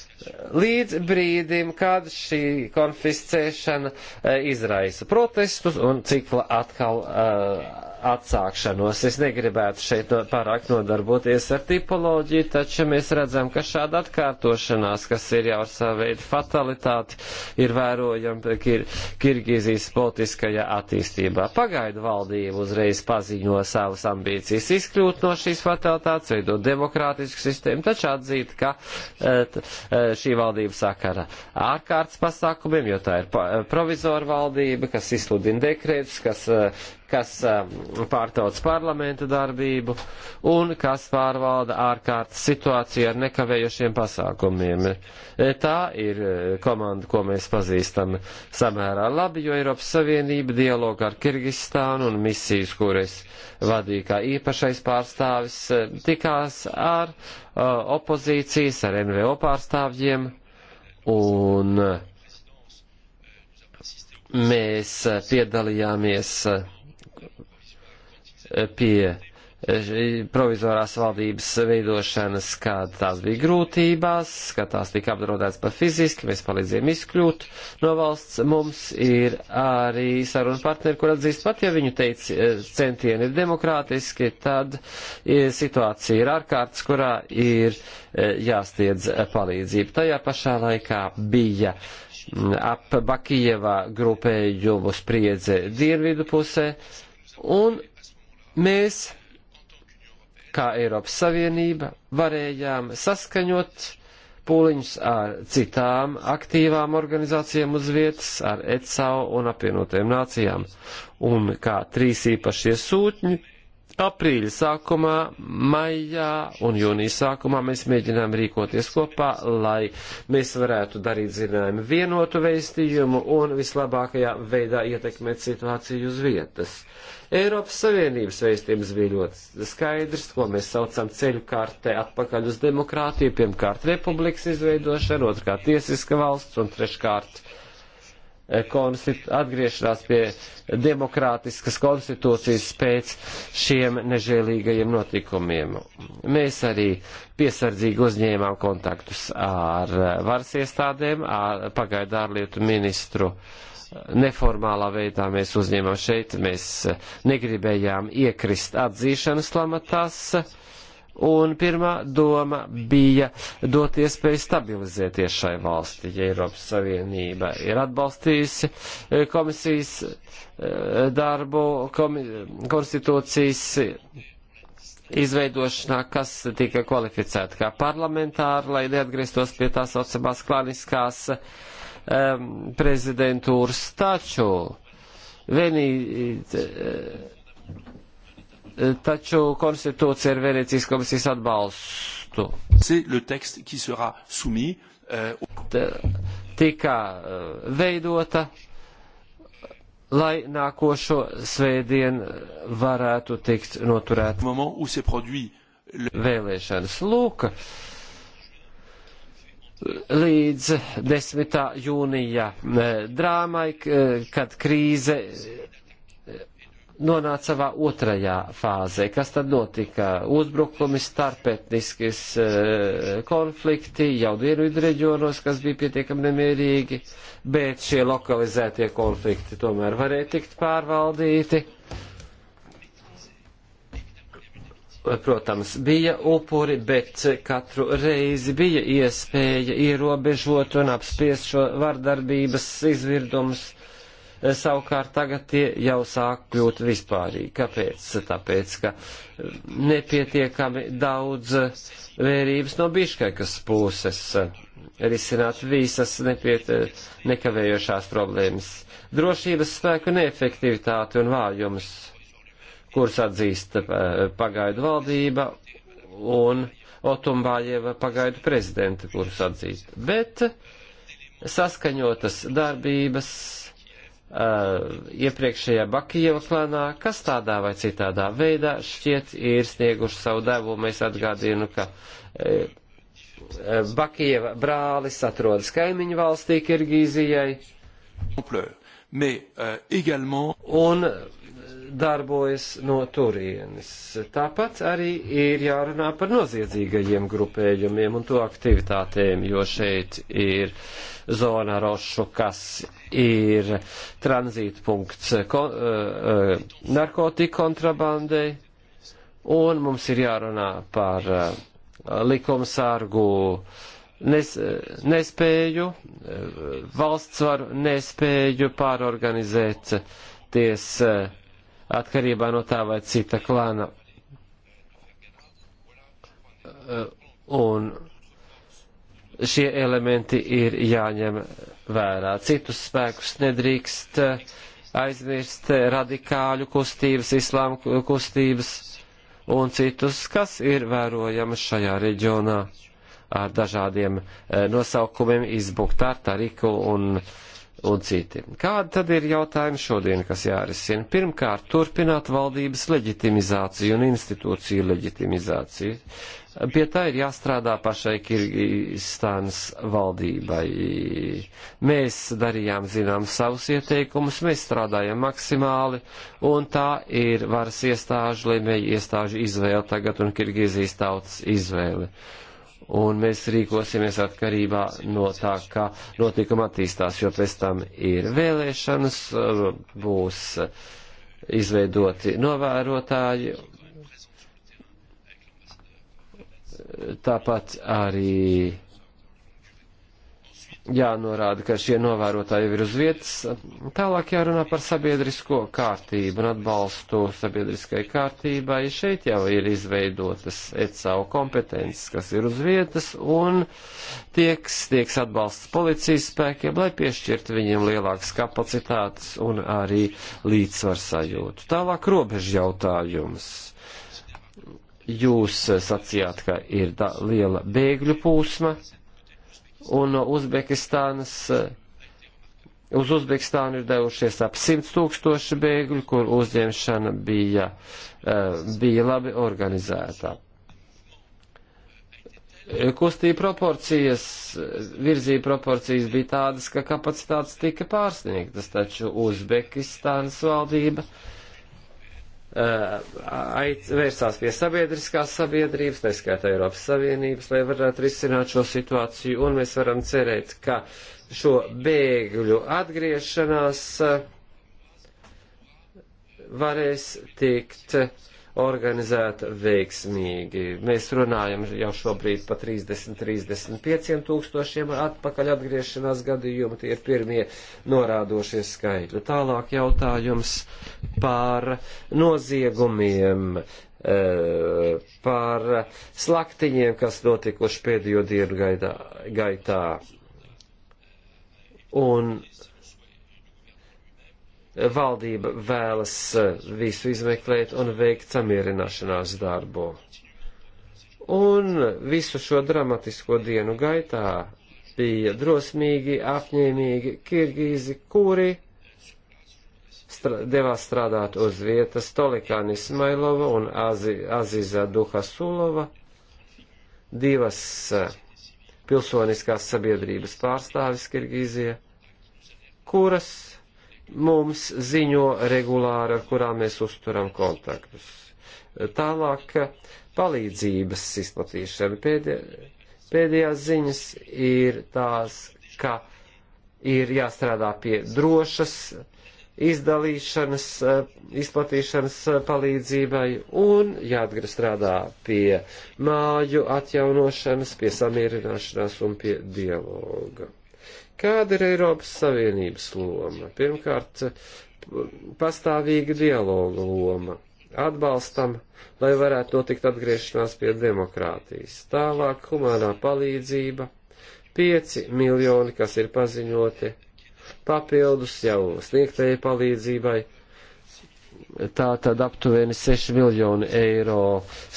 līdz brīdim, kad šī konfiscēšana eh, izraisa protestus un cikla atkal uh, atsākšanos. Es negribētu šeit pārāk nodarboties ar tipoloģiju, taču mēs redzam, ka šāda atkārtošanās, kas ir jau ar savu veidu fatalitāti, ir vērojama Kir Kirgīzijas politiskajā attīstībā. Pagaidu valdība uzreiz paziņo savas ambīcijas izkļūt no šīs fatalitātes, veidot demokrātisku sistēmu, taču atzīt, ka e, e, šī valdība sakara ārkārtas pasākumiem, jo tā ir e, provizora valdība, kas izsludina dekrētus, kas kas eh, pārtauc parlamenta darbību un kas pārvalda ārkārtas situāciju ar nekavējošiem pasākumiem. Eh, tā ir eh, komanda, ko mēs pazīstam samērā labi, jo Eiropas Savienība dialogu ar Kirgistānu un misijas, kuras vadīja kā īpašais pārstāvis, tikās ar opozīcijas, ar NVO pārstāvjiem un mēs piedalījāmies pie e, provizorās valdības veidošanas, kad tās bija grūtībās, kad tās tika apdraudētas par fiziski, mēs palīdzējām izkļūt no valsts. Mums ir arī saruna partneri, kur atzīst pat, ja viņu teica e, centieni ir demokrātiski, tad e, situācija ir ārkārtas, kurā ir jāstiedz palīdzība. Tajā pašā laikā bija ap Bakijevā grupējumu spriedze dienvidu pusē. Un mēs, kā Eiropas Savienība, varējām saskaņot pūliņus ar citām aktīvām organizācijām uz vietas, ar ECAU un apvienotajām nācijām. Un kā trīs īpašie sūtņi, aprīļa sākumā, maijā un jūnija sākumā mēs mēģinām rīkoties kopā, lai mēs varētu darīt zinājumu vienotu veistījumu un vislabākajā veidā ietekmēt situāciju uz vietas. Eiropas Savienības veistījums bija ļoti skaidrs, ko mēs saucam ceļu kārtē atpakaļ uz demokrātiju, pirmkārt republikas izveidošana, otrkārt tiesiska valsts un treškārt e, konstit, atgriešanās pie demokrātiskas konstitūcijas pēc šiem nežēlīgajiem notikumiem. Mēs arī piesardzīgi uzņēmām kontaktus ar varas iestādēm, ar pagaidu ārlietu ministru uh, neformālā veidā mēs uzņēmām šeit, mēs eh, negribējām iekrist atzīšanas lamatās, un pirmā doma bija dot iespēju stabilizēties šai valsti, ja Eiropas Savienība ir atbalstījusi eh, komisijas eh, darbu, komi, konstitūcijas izveidošanā, kas tika kvalificēta kā parlamentāra, lai neatgrieztos pie tā saucamās klaniskās uh, um, prezidentūras, taču vienī, uh, taču konstitūcija ir Venecijas komisijas atbalstu. Uh, tika uh, veidota, lai nākošo svētdienu varētu tikt noturēt vēlēšanas. Lūk, uh, līdz 10. jūnija eh, drāmai, eh, kad krīze eh, nonāca savā otrajā fāzē. Kas tad notika? Uzbrukumi, starpetniskas konflikti jau dienvidu reģionos, kas bija pietiekami nemierīgi, bet šie lokalizētie konflikti tomēr varēja tikt pārvaldīti. Uh, protams, bija upuri, bet katru reizi bija iespēja ierobežot un apspiest šo vardarbības izvirdumus. Savukārt tagad tie jau sāk kļūt vispārīgi. Kāpēc? Tāpēc, ka nepietiekami daudz vērības no biškaikas puses risināt visas nepiet, nekavējošās problēmas. Drošības spēku neefektivitāti un vājums kuras atzīst eh, pagaidu valdība un Otumbāļieva pagaidu prezidenti, kurus atzīst. Bet saskaņotas darbības uh, iepriekšējā Bakijeva klanā, kas tādā vai citādā veidā šķiet ir snieguši savu devumu. Es atgādinu, ka uh, Bakijeva brālis atrodas kaimiņu valstī Kirgīzijai. Euh, un darbojas no turienes. Tāpat arī ir jārunā par noziedzīgajiem grupējumiem un to aktivitātēm, jo šeit ir zona rošu, kas ir tranzītpunkts kon, uh, eh, uh, narkotiku kontrabandai, un mums ir jārunā par uh, eh, likumsārgu uh, nes, nespēju, eh, valsts varu nespēju pārorganizēt ties uh, atkarībā no tā vai cita klāna. Eh, un šie elementi ir jāņem vērā. Citus spēkus nedrīkst eh, aizmirst eh, radikāļu kustības, islāma kustības un citus, kas ir vērojama šajā reģionā ar dažādiem nosaukumiem izbuktā, tariku un uh, un citi. Kādi tad ir jautājumi šodien, kas jārisina? Pirmkārt, turpināt valdības leģitimizāciju un institūciju leģitimizāciju. Pie tā ir jāstrādā pašai Kirgistānas valdībai. Mēs darījām, zinām, savus ieteikumus, mēs strādājam maksimāli, un tā ir varas iestāžu, lēmēju iestāžu izvēle tagad un Kirgizijas tautas izvēle. Uh, un mēs rīkosimies atkarībā no tā, kā notikuma attīstās, jo pēc tam ir vēlēšanas, būs izveidoti novērotāji. Tāpat arī jānorāda, ka šie novērotāji jau ir uz vietas. Tālāk jārunā par sabiedrisko kārtību un atbalstu sabiedriskai kārtībai. Šeit jau ir izveidotas ECAU kompetences, kas ir uz vietas, un tieks, tieks atbalsts policijas spēkiem, lai piešķirt viņiem lielākas kapacitātes un arī līdzsvarsajūtu. Tālāk robežu jautājums jūs sacījāt, ka ir liela bēgļu plūsma, un no Uzbekistānas eh, uz Uzbekistānu ir devušies ap 100 tūkstoši bēgļu, kur uzņemšana bija, eh, bija labi organizēta. Kustīja proporcijas, virzīja proporcijas bija tādas, ka kapacitātes tika pārsniegtas, taču Uzbekistānas valdība uh, Uh, aic, vērsās pie sabiedriskās sabiedrības, neskaitā Eiropas Savienības, lai varētu risināt šo situāciju, un mēs varam cerēt, ka šo bēgļu atgriešanās uh, varēs tikt uh, organizēta veiksmīgi. Mēs runājam jau šobrīd pa 30-35 tūkstošiem atpakaļ atgriešanās gadījumu, tie ir pirmie norādošie skaitļi. Tālāk jautājums par noziegumiem, eh, par slaktiņiem, kas notikuši pēdējo dienu gaidā, gaitā. Un valdība vēlas eh, visu izmeklēt un veikt samierināšanās darbu. Un visu šo dramatisko dienu gaitā bija drosmīgi, apņēmīgi kirgīzi, kuri stra devās strādāt uz vietas Tolikāna Ismailova un Azi Azizā Duhasulova, divas eh, pilsoniskās sabiedrības pārstāvis Kirgīzija, kuras mums ziņo regulāri, ar kurām mēs uzturam kontaktus. Tālāk palīdzības izplatīšana. Pēdē, pēdējās ziņas ir tās, ka ir jāstrādā pie drošas izdalīšanas, izplatīšanas palīdzībai un jāatgriezt strādā pie māju atjaunošanas, pie samierināšanās un pie dialoga. Kāda ir Eiropas Savienības loma? Pirmkārt, pastāvīga dialoga loma. Atbalstam, lai varētu notikt atgriešanās pie demokrātijas. Tālāk humanā palīdzība. 5 miljoni, kas ir paziņoti papildus jau sniegtajai palīdzībai tā tad aptuveni 6 miljoni eiro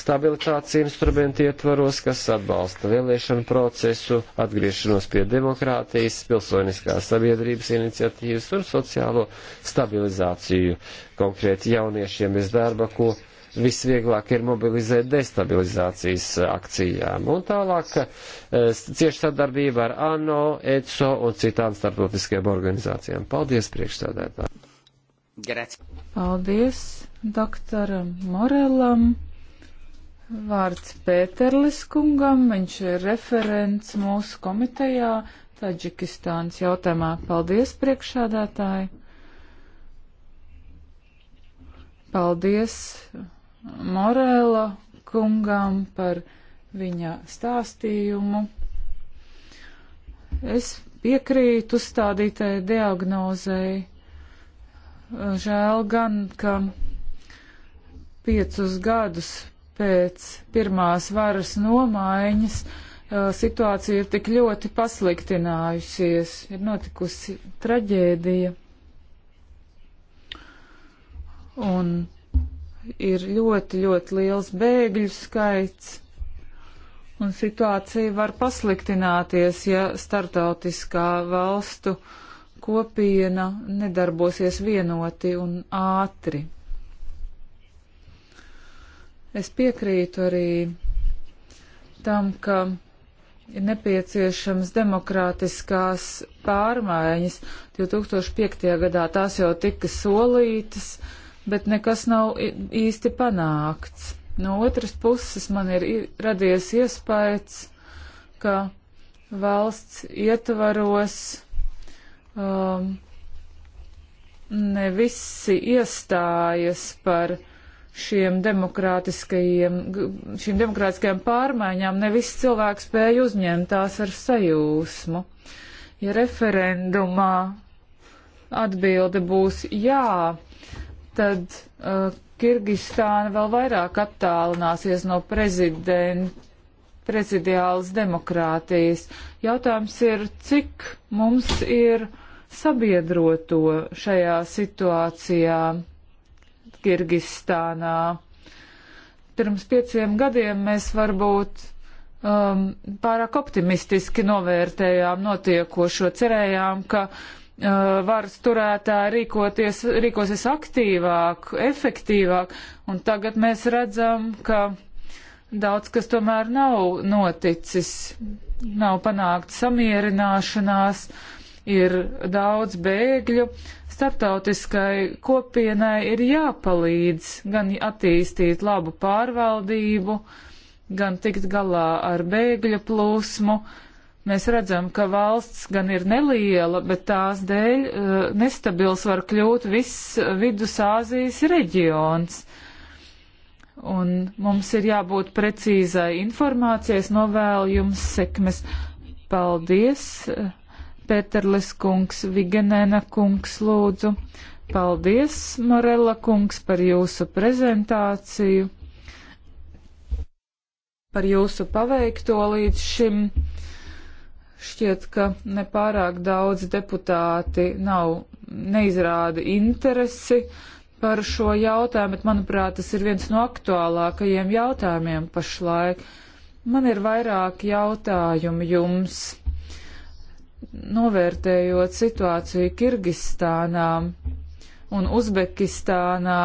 stabilitātes instrumenti ietvaros, kas atbalsta vēlēšanu procesu, atgriešanos pie demokrātijas, pilsoniskās sabiedrības iniciatīvas un sociālo stabilizāciju konkrēti jauniešiem bez darba, ko visvieglāk ir mobilizēt destabilizācijas akcijām. Un tālāk eh, cieši sadarbība ar ANO, ECO un citām starptautiskajām organizācijām. Paldies, priekšstādētāji! Grets. Paldies doktoram Morelam. Vārds Pēterlis kungam, viņš ir referents mūsu komitejā Taģikistānas jautājumā. Paldies priekšādātāji. Paldies Morela kungam par viņa stāstījumu. Es piekrītu uzstādītai diagnozei Žēl gan, ka piecus gadus pēc pirmās varas nomaiņas situācija ir tik ļoti pasliktinājusies, ir notikusi traģēdija. Un ir ļoti, ļoti liels bēgļu skaits, un situācija var pasliktināties, ja startautiskā valstu uh, kopiena nedarbosies vienoti un ātri. Es piekrītu arī tam, ka ir nepieciešams demokrātiskās pārmaiņas. 2005. gadā tās jau tika solītas, bet nekas nav īsti panākts. No otras puses man ir radies iespējas, ka valsts ietvaros um, ne visi iestājas par šiem demokrātiskajiem, šīm demokrātiskajām pārmaiņām, ne viss cilvēks spēja uzņemt tās ar sajūsmu. Ja referendumā atbilde būs jā, tad uh, Kirgistāna vēl vairāk attālināsies no prezidiālas demokrātijas. Jautājums ir, cik mums ir sabiedroto šajā situācijā Kirgistānā. Pirms pieciem gadiem mēs varbūt um, pārāk optimistiski novērtējām notiekošo, cerējām, ka uh, varas turētāji rīkoties, rīkosies aktīvāk, efektīvāk, un tagad mēs redzam, ka daudz kas tomēr nav noticis, nav panākt samierināšanās. Uh, ir daudz bēgļu. Startautiskai kopienai ir jāpalīdz gan attīstīt labu pārvaldību, gan tikt galā ar bēgļu plūsmu. Mēs redzam, ka valsts gan ir neliela, bet tās dēļ uh, nestabils var kļūt viss Vidusāzijas reģions. Un mums ir jābūt precīzai informācijas novēlu jums sekmes. Paldies! Eh, Pēterlis kungs, Vigenēna kungs, lūdzu. Paldies, Morella kungs, par jūsu prezentāciju, par jūsu paveikto līdz šim. Šķiet, ka nepārāk daudz deputāti nav, neizrāda interesi par šo jautājumu, bet, manuprāt, tas ir viens no aktuālākajiem jautājumiem pašlaik. Man ir vairāk jautājumu jums novērtējot situāciju Kirgistānā un Uzbekistānā,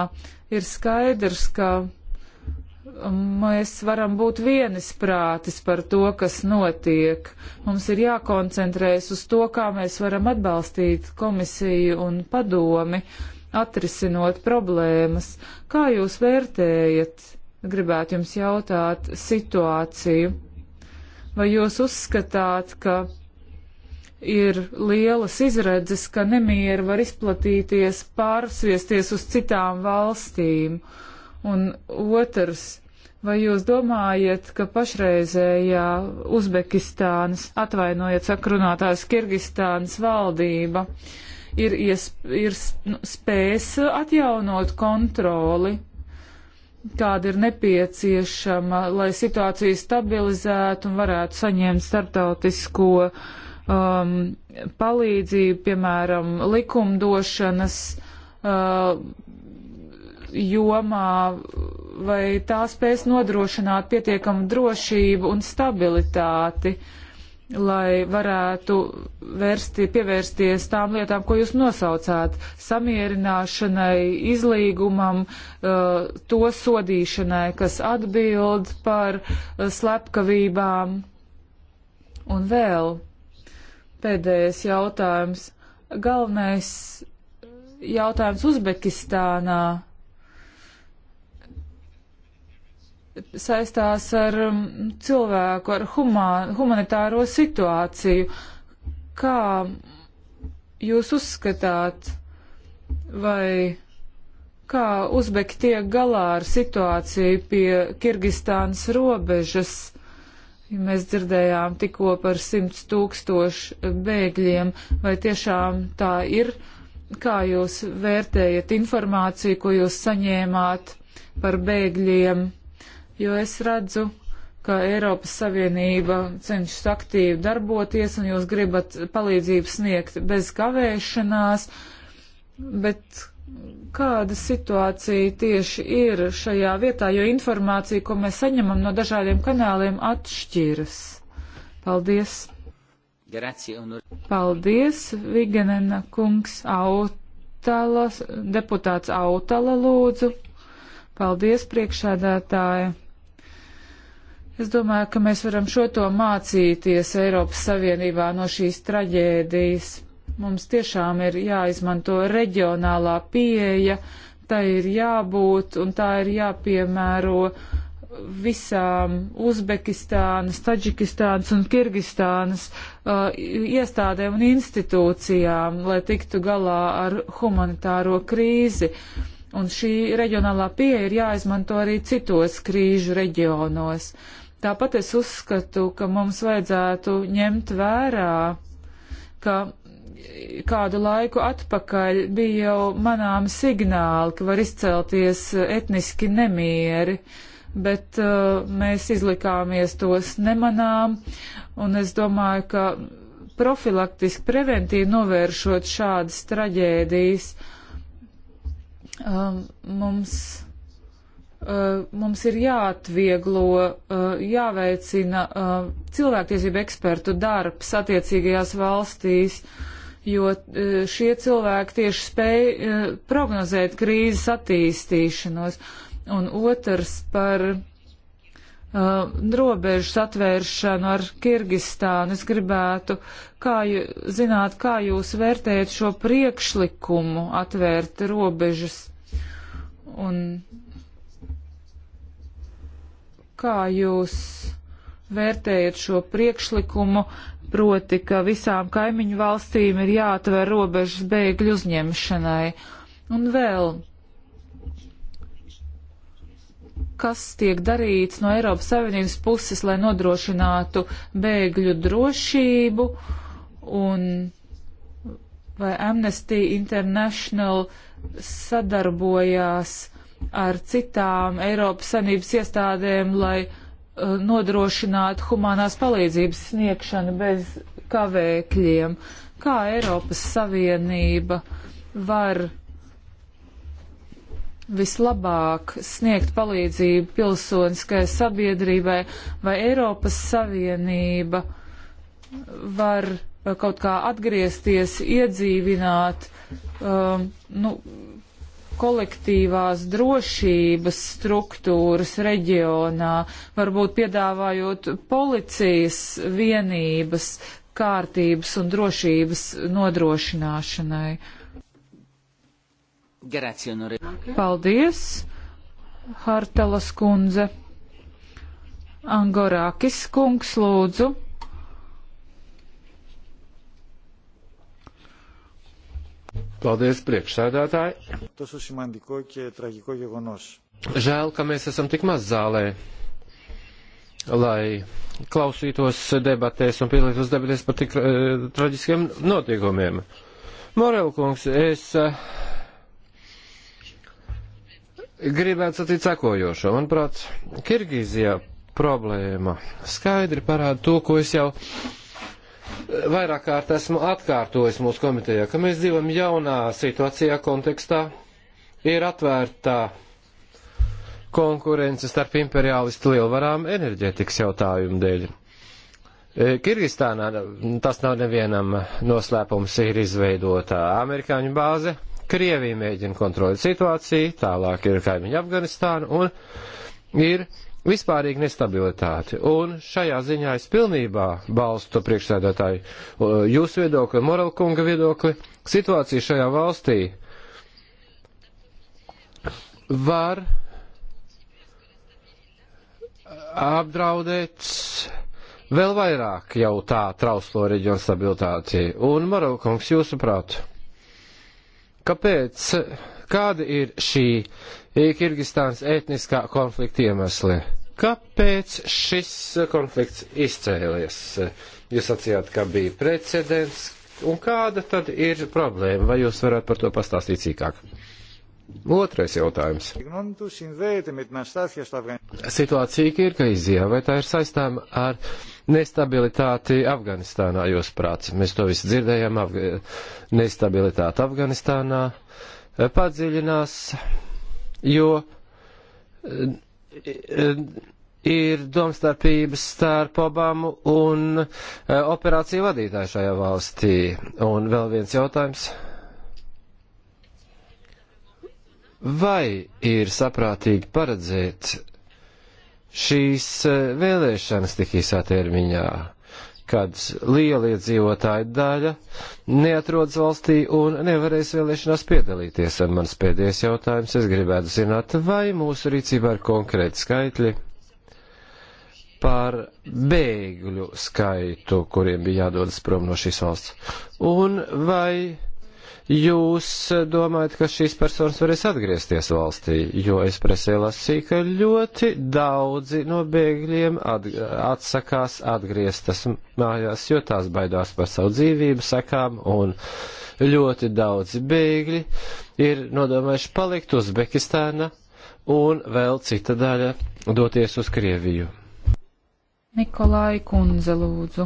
ir skaidrs, ka um, mēs varam būt vienisprātis par to, kas notiek. Mums ir jākoncentrējas uz to, kā mēs varam atbalstīt komisiju un padomi, atrisinot problēmas. Kā jūs vērtējat, gribētu jums jautāt, situāciju? Vai jūs uzskatāt, ka ir lielas izredzes, ka nemieri var izplatīties, pārsviesties uz citām valstīm. Un otrs, vai jūs domājat, ka pašreizējā Uzbekistānas, atvainojiet, sakrunātās Kirgistānas valdība ir, ir nu, spēs atjaunot kontroli kāda ir nepieciešama, lai situāciju stabilizētu un varētu saņemt starptautisko uh, um, palīdzību, piemēram, likumdošanas uh, jomā, vai tā spēs nodrošināt pietiekamu drošību un stabilitāti, lai varētu vērsti, pievērsties tām lietām, ko jūs nosaucāt - samierināšanai, izlīgumam, uh, to sodīšanai, kas atbild par uh, slepkavībām un vēl. Pēdējais jautājums. Galvenais jautājums Uzbekistānā saistās ar um, cilvēku, ar humān, humanitāro situāciju. Kā jūs uzskatāt, vai kā Uzbeki tiek galā ar situāciju pie Kirgistānas robežas? Ja mēs dzirdējām tikko par simts tūkstošu bēgļiem, vai tiešām tā ir? Kā jūs vērtējat informāciju, ko jūs saņēmāt par bēgļiem? Jo es redzu, ka Eiropas Savienība cenšas aktīvi darboties un jūs gribat palīdzību sniegt bez kavēšanās, bet kāda situācija tieši ir šajā vietā, jo informācija, ko mēs saņemam no dažādiem kanāliem, atšķiras. Paldies! Paldies, Vigenena kungs, Autalas, deputāts Autala lūdzu. Paldies, priekšādātāja. Es domāju, ka mēs varam šo to mācīties Eiropas Savienībā no šīs traģēdijas. Mums tiešām ir jāizmanto reģionālā pieeja, tā ir jābūt un tā ir jāpiemēro visām Uzbekistānas, Taģikistānas un Kirgistānas uh, iestādēm un institūcijām, lai tiktu galā ar humanitāro krīzi. Un šī reģionālā pieeja ir jāizmanto arī citos krīžu reģionos. Tāpat es uzskatu, ka mums vajadzētu ņemt vērā, ka kādu laiku atpakaļ bija jau manām signāli, ka var izcelties etniski nemieri, bet uh, mēs izlikāmies tos nemanām, un es domāju, ka profilaktiski, preventīvi novēršot šādas traģēdijas, um, mums, uh, mums ir jāatvieglo, uh, jāveicina uh, cilvēktiesību ekspertu darbs attiecīgajās valstīs. Uh, jo e, šie cilvēki tieši spēj e, prognozēt krīzes attīstīšanos. Un otrs par uh, robežu satvēršanu ar Kirgistānu. Es gribētu kā jū, zināt, kā jūs vērtējat šo priekšlikumu atvērt robežas un kā jūs vērtējat šo priekšlikumu proti, ka visām kaimiņu valstīm ir jāatver robežas bēgļu uzņemšanai. Un vēl, kas tiek darīts no Eiropas Savienības puses, lai nodrošinātu bēgļu drošību un vai Amnesty International sadarbojās ar citām Eiropas Savienības iestādēm, lai Uh, nodrošināt humanās palīdzības sniegšanu bez kavēkļiem. Kā Eiropas Savienība var vislabāk sniegt palīdzību pilsoniskai sabiedrībai, vai Eiropas Savienība var kaut kā atgriezties, iedzīvināt um, nu, kolektīvās drošības struktūras reģionā, varbūt piedāvājot policijas vienības kārtības un drošības nodrošināšanai. Paldies, Hartalas kundze. Angorākis kungs lūdzu. Paldies, priekšsēdētāji. Tas ir simantiko, ka traģiko jēgonos. Žēl, ka mēs esam tik maz zālē, lai klausītos debatēs un piedalītos debatēs par tik uh, traģiskiem notikumiem. Morelkungs, es uh, gribētu sacīt sekojošo. Manuprāt, Kirgīzijā problēma skaidri parāda to, ko es jau vairāk kārt esmu atkārtojis mūsu komitejā, ka mēs dzīvam jaunā situācijā kontekstā, ir atvērtā konkurence starp imperialistu lielvarām enerģētikas jautājumu dēļ. E, Kirgistānā tas nav nevienam noslēpums, ir izveidota amerikāņu bāze, Krievija mēģina kontrolēt situāciju, tālāk ir kaimiņa Afganistāna un ir vispārīga nestabilitāte. Un šajā ziņā es pilnībā balstu priekšsēdētāju jūsu viedokli, Moralkunga viedokli. Situācija šajā valstī var apdraudēt vēl vairāk jau tā trauslo reģionu stabilitāti. Un, Moralkungs, jūsuprāt, kāpēc, kāda ir šī Kirgistānas etniskā konflikta iemesli. Kāpēc šis konflikts izcēlies? Jūs sacījāt, ka bija precedents, un kāda tad ir problēma? Vai jūs varat par to pastāstīt sīkāk? Otrais jautājums. Situācija Kirgizijā, vai tā ir saistām ar nestabilitāti Afganistānā, jūs prāt? Mēs to visu dzirdējām, Afga nestabilitāte Afganistānā padziļinās jo eh, eh, ir domstarpības starp Obamu un eh, operāciju vadītāju šajā valstī. Un vēl viens jautājums. Vai ir saprātīgi paredzēt šīs vēlēšanas tik īsā termiņā? kad liela iedzīvotāja daļa neatrodas valstī un nevarēs vēlēšanās piedalīties. Un mans pēdējais jautājums, es gribētu zināt, vai mūsu rīcībā ir konkrēti skaitļi par bēgļu skaitu, kuriem bija jādodas prom no šīs valsts, un vai jūs domājat, ka šīs personas varēs atgriezties valstī, jo es presē lasīju, ka ļoti daudzi no bēgļiem at, atsakās atgrieztas mājās, jo tās baidās par savu dzīvību sakām, un ļoti daudzi bēgļi ir nodomājuši palikt Uzbekistāna un vēl cita daļa doties uz Krieviju. Nikolai Kunze lūdzu.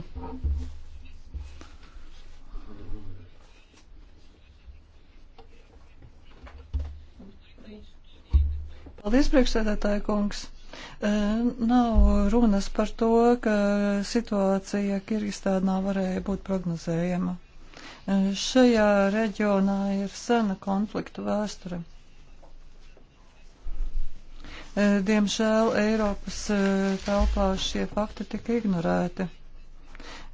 Paldies, priekšsēdētāja kungs! E, nav runas par to, ka situācija Kirgistānā varēja būt prognozējama. E, šajā reģionā ir sena konfliktu vēsture. E, diemžēl Eiropas telpā šie fakti tika ignorēti.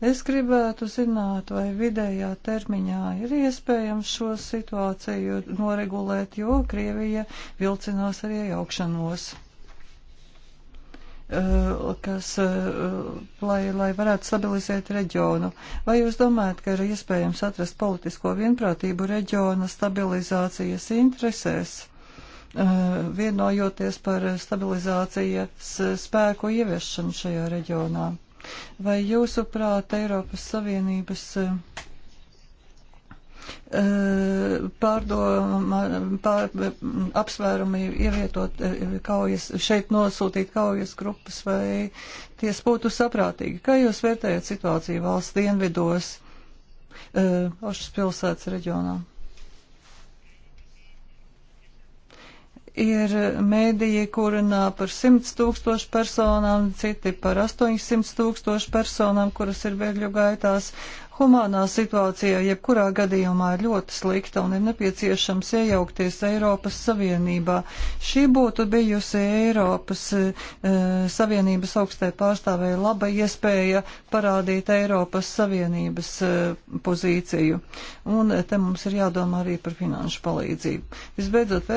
Es gribētu zināt, vai vidējā termiņā ir iespējams šo situāciju noregulēt, jo Krievija vilcinās arī jaukšanos eh, kas, eh, lai, lai varētu stabilizēt reģionu. Vai jūs domājat, ka ir iespējams atrast politisko vienprātību reģiona stabilizācijas interesēs, eh, vienojoties par stabilizācijas spēku ieviešanu šajā reģionā? Vai jūsuprāt Eiropas Savienības eh, pārdomā, pār, apsvērumi ievietot eh, kaujas, šeit nosūtīt kaujas grupas vai ties būtu saprātīgi. Kā jūs vērtējat situāciju valsts dienvidos, Ošas eh, pilsētas reģionā? ir mēdīji, kur runā par 100 tūkstošu personām, citi par 800 tūkstošu personām, kuras ir bēgļu gaitās, Humānā situācija jebkurā gadījumā ir ļoti slikta un ir nepieciešams iejaukties Eiropas Savienībā. Šī būtu bijusi Eiropas e, Savienības augstai pārstāvēja laba iespēja parādīt Eiropas Savienības e, pozīciju. Un eh, te mums ir jādomā arī par finanšu palīdzību. Visbeidzot,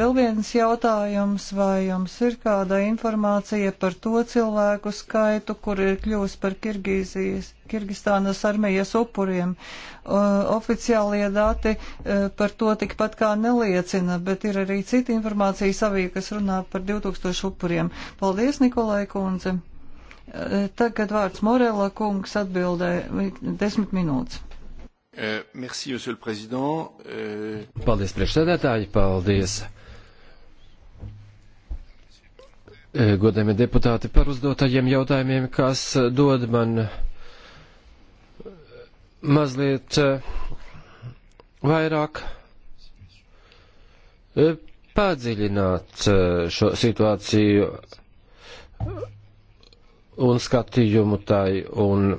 vēl viens jautājums, vai jums ir kāda informācija par to cilvēku skaitu, kur ir kļūst par Kirgīzijas? Kirgistānas armijas upuriem. Oficiālie dati e, par to tikpat kā neliecina, bet ir arī cita informācija savī, kas runā par 2000 upuriem. Paldies, Nikolai Kundze. E, tagad vārds Morela kungs atbildē 10 minūtes. E, merci, monsieur le président. Paldies, priekšsēdētāji, paldies. Godējumie deputāti par uzdotajiem jautājumiem, kas dod man mazliet eh, vairāk eh, padziļināt eh, šo situāciju un skatījumu tai, un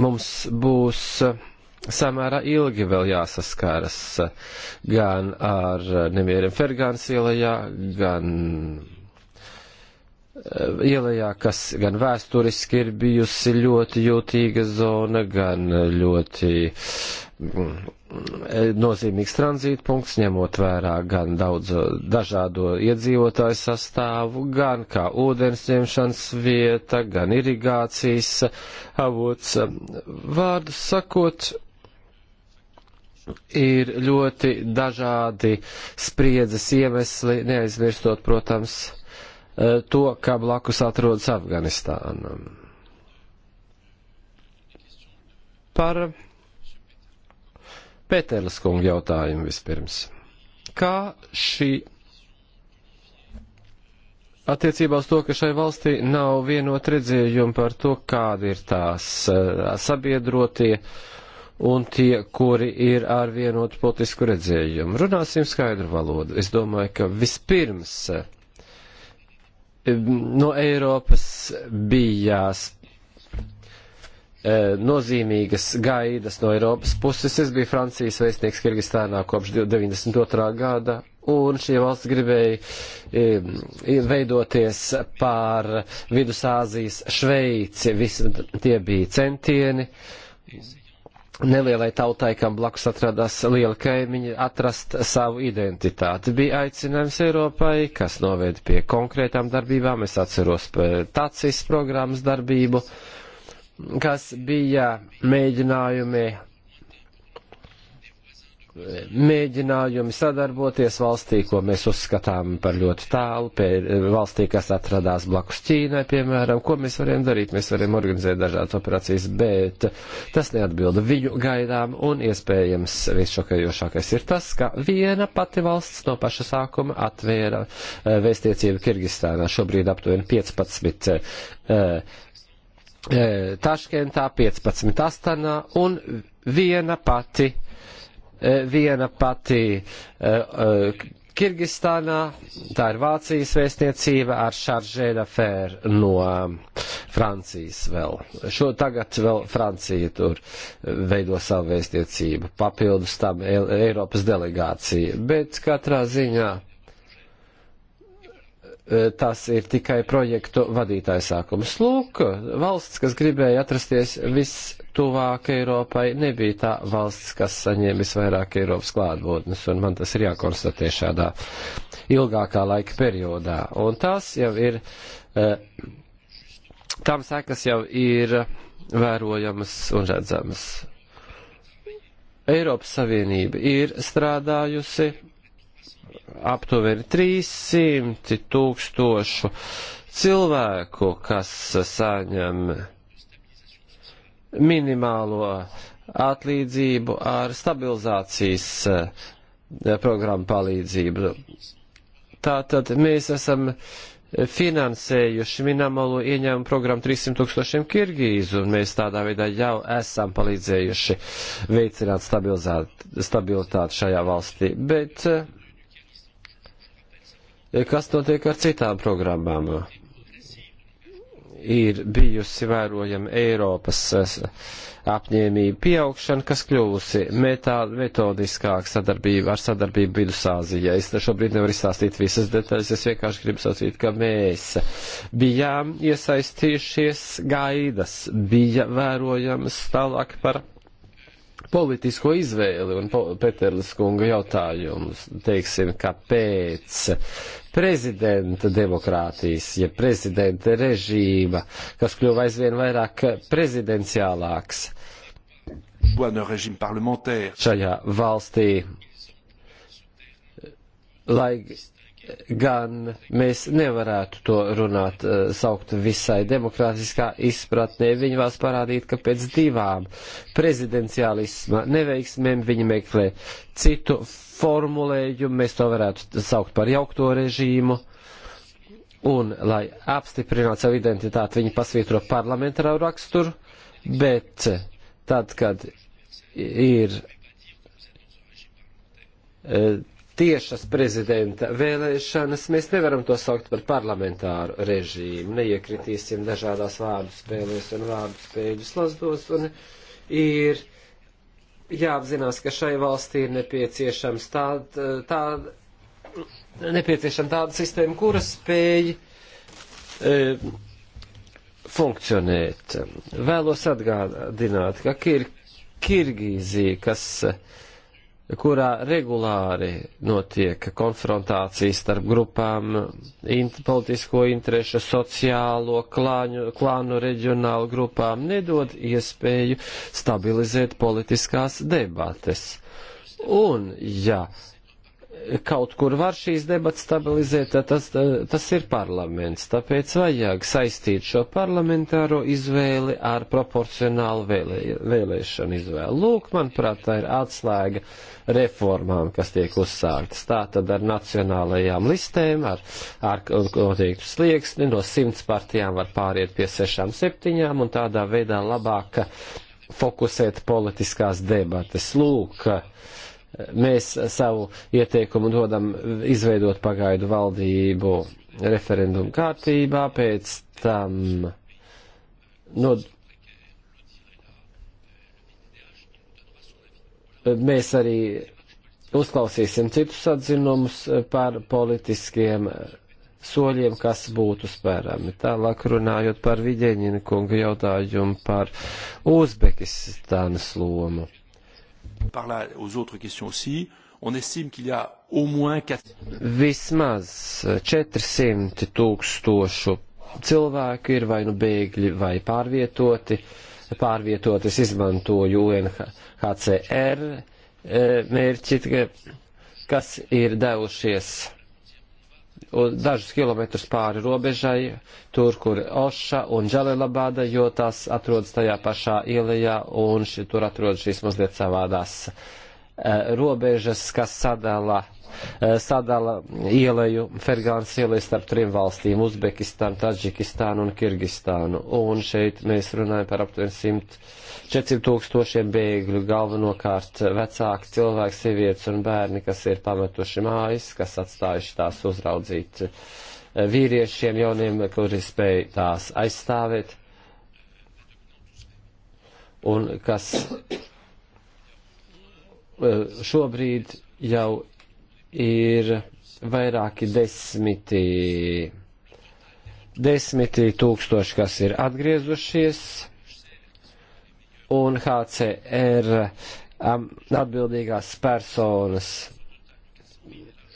mums būs samērā ilgi vēl jāsaskaras gan ar nemieriem Fergāns ielajā, gan Eh, ielajā, kas gan vēsturiski ir bijusi ļoti jūtīga zona, gan ļoti mm, eh, nozīmīgs tranzītpunkts, ņemot vērā gan daudz eh, dažādo iedzīvotāju sastāvu, gan kā ūdens ņemšanas vieta, gan irigācijas avots. Vārdu sakot, ir ļoti dažādi spriedzes iemesli, neaizmirstot, protams, Eh, to, kā blakus atrodas Afganistāna. Par Pēteras kunga jautājumu vispirms. Kā šī attiecībā uz to, ka šai valstī nav vienot redzējumu par to, kādi ir tās eh, sabiedrotie un tie, kuri ir ar vienotu politisku redzējumu. Runāsim skaidru valodu. Es domāju, ka vispirms uh, no Eiropas bijās e, nozīmīgas gaidas no Eiropas puses. Es biju Francijas vēstnieks Kirgistānā kopš 92. gada, un šī valsts gribēja e, veidoties pār Vidusāzijas Šveici. Visi tie bija centieni nelielai tautai, kam blakus atradās liela kaimiņa, atrast savu identitāti. Bija aicinājums Eiropai, kas noveda pie konkrētām darbībām. Es atceros tācijas programmas darbību, kas bija mēģinājumi mēģinājumi sadarboties valstī, ko mēs uzskatām par ļoti tālu, pēr, valstī, kas atradās blakus Ķīnai, piemēram, ko mēs varējām darīt, mēs varējām organizēt dažādas operācijas, bet tas neatbilda viņu gaidām, un iespējams visšokējošākais ir tas, ka viena pati valsts no paša sākuma atvēra eh, vēstiecību Kirgistānā, šobrīd aptuveni 15 eh, eh, Taškentā, 15 Astanā un viena pati E, viena pati e, e, Kirgistānā, tā ir Vācijas vēstniecība ar Chargé d'Affaire no Francijas vēl. Šo tagad vēl Francija tur veido savu vēstniecību, papildus tam Eiropas delegācija, bet katrā ziņā tas ir tikai projektu vadītājs sākums. Lūk, valsts, kas gribēja atrasties viss tuvāk Eiropai nebija tā valsts, kas saņēma visvairāk Eiropas klātbūtnes, un man tas ir jākonstatē šādā ilgākā laika periodā. Un tas jau ir, eh, tam sekas jau ir vērojamas un redzamas. Eiropas Savienība ir strādājusi aptuveni 300 tūkstošu cilvēku, kas saņem minimālo atlīdzību ar stabilizācijas eh, programmu palīdzību. Tātad mēs esam finansējuši minimālo ieņēmumu programmu 300 tūkstošiem Kirgīzu, un mēs tādā veidā jau esam palīdzējuši veicināt stabilitāti šajā valstī. Bet eh, kas notiek ar citām programmām? ir bijusi vērojama Eiropas eh, apņēmība pieaugšana, kas kļuvusi metā, metodiskāk sadarbība ar sadarbību Vidusāzijā. Es šobrīd nevaru izstāstīt visas detaļas, es vienkārši gribu sacīt, ka mēs bijām iesaistījušies gaidas, bija vērojams tālāk par politisko izvēli un Peterlis kunga jautājumus, teiksim, kāpēc prezidenta demokrātijas, ja prezidenta režīma, kas kļuva aizvien vairāk prezidenciālāks šajā valstī, lai gan mēs nevarētu to runāt, eh, saukt visai demokrātiskā izpratnē. Viņi vēlas parādīt, ka pēc divām prezidenciālisma neveiksmēm viņi meklē citu formulējumu, mēs to varētu saukt par jaukto režīmu. Un, lai apstiprinātu savu identitāti, viņi pasvītro parlamentāru raksturu, bet tad, kad ir. E, tiešas prezidenta vēlēšanas, mēs nevaram to saukt par parlamentāru režīmu. Neiekritīsim dažādās vārdu spēlēs un vārdu spēļu slazdos. Un ir jāapzinās, ka šai valstī ir nepieciešams tāda, tāda, nepieciešama tāda sistēma, kura spēj e, funkcionēt. Vēlos atgādināt, ka Kir Kirgīzija, kas e, kurā regulāri notiek konfrontācijas starp grupām, int, politisko interešu, sociālo klāņu, klānu reģionālu grupām, nedod iespēju stabilizēt politiskās debates. Un, ja kaut kur var šīs debats stabilizēt, tad tas, eh, tas ir parlaments. Tāpēc vajag saistīt šo parlamentāro izvēli ar proporcionālu vēlē, vēlēšanu izvēli. Lūk, manuprāt, tā ir atslēga reformām, kas tiek uzsāktas. Tā tad ar nacionālajām listēm, ar, ar noteiktu slieksni, no simts partijām var pāriet pie sešām, septiņām un tādā veidā labāk fokusēt politiskās debates. Lūk, uh, mēs savu ieteikumu dodam izveidot pagaidu valdību referendumu kārtībā, pēc tam no, mēs arī uzklausīsim citus atzinumus par politiskiem soļiem, kas būtu spērami. Tālāk runājot par Viģeņina kunga jautājumu par Uzbekistānas lomu. Par là, aux autres questions aussi. On estime qu'il y a au moins 400. Vismaz 400 tūkstošu cilvēku ir vai nu bēgļi, vai pārvietoti. Pārvietoti es izmantoju UNHCR eh, mērķi, kas ir devušies un dažus kilometrus pāri robežai, tur, kur Oša un Džalelabāda, jo tās atrodas tajā pašā ielajā, un ši, tur atrodas šīs mazliet savādās e, robežas, kas sadala Eh, sadala ieleju, Fergānas ieleju starp trim valstīm - Uzbekistānu, Taģikistānu un Kirgistānu. Un šeit mēs runājam par aptuveni 400 tūkstošiem bēgļu, galvenokārt vecāki cilvēki, sievietes un bērni, kas ir pametuši mājas, kas atstājuši tās uzraudzīt eh, vīriešiem jauniem, kuri spēj tās aizstāvēt un kas eh, šobrīd jau ir vairāki desmiti, desmiti tūkstoši, kas ir atgriezušies, un HCR um, atbildīgās personas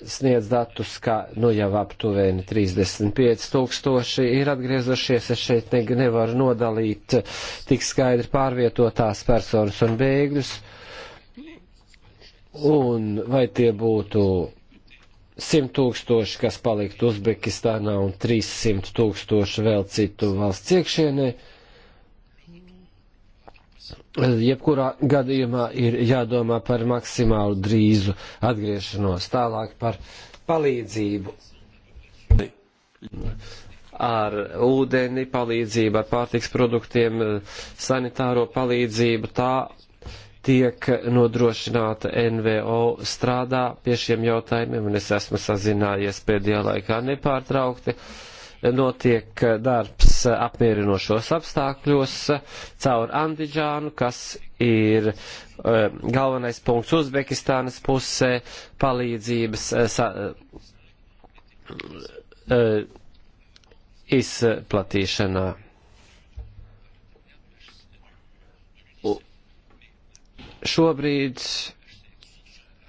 sniedz datus, ka nu jau aptuveni 35 tūkstoši ir atgriezušies. Es šeit ne, nevaru nodalīt tik skaidri pārvietotās personas un bēgļus. Uh, Un vai tie būtu 100 tūkstoši, kas paliktu Uzbekistānā un 300 tūkstoši vēl citu valsts iekšienē. Jebkurā gadījumā ir jādomā par maksimālu drīzu atgriešanos tālāk par palīdzību ar ūdeni, palīdzību ar pārtiks produktiem, sanitāro palīdzību. Tā tiek nodrošināta NVO strādā pie šiem jautājumiem, un es esmu sazinājies pēdējā laikā nepārtraukti. Notiek darbs apmierinošos apstākļos caur Andiģānu, kas ir um, galvenais punkts Uzbekistānas pusē palīdzības eh, sa, uh, uh, izplatīšanā. Šobrīd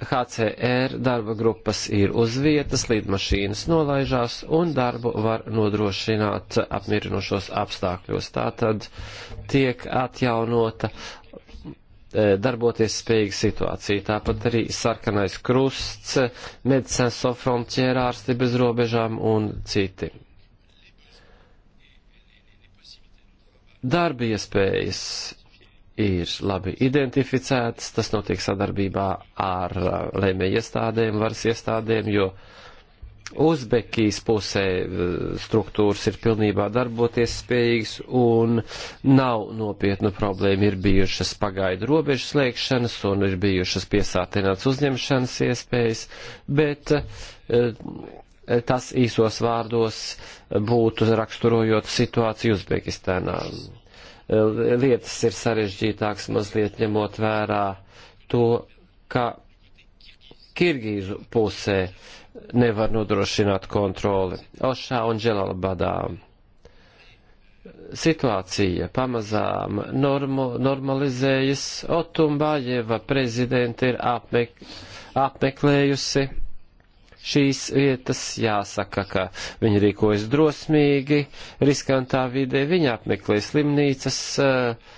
HCR darba grupas ir uz vietas, lidmašīnas nolaižās un darbu var nodrošināt apmierinošos apstākļos. Tātad tiek atjaunota e, darboties spējīga situācija. Tāpat arī sarkanais krusts, medicēns sofrontierā ārsti bez robežām un citi. Darba iespējas ir labi identificēts, tas notiek sadarbībā ar uh, lēmēju iestādēm, varas iestādēm, jo Uzbekijas pusē uh, struktūras ir pilnībā darboties spējīgas un nav nopietnu problēmu. Ir bijušas pagaidu robežu slēgšanas un ir bijušas piesātināts uzņemšanas iespējas, bet uh, tas īsos vārdos būtu raksturojot situāciju Uzbekistānā Eh, lietas ir sarežģītākas mazliet ņemot vērā to, ka Kirgīzu pusē nevar nodrošināt kontroli. Ošā un Dželalabadā situācija pamazām normu, normalizējas. Otumbājeva prezidenta ir apmek, apmeklējusi šīs vietas, jāsaka, ka viņi rīkojas drosmīgi, riskantā vidē, viņi apmeklē slimnīcas eh,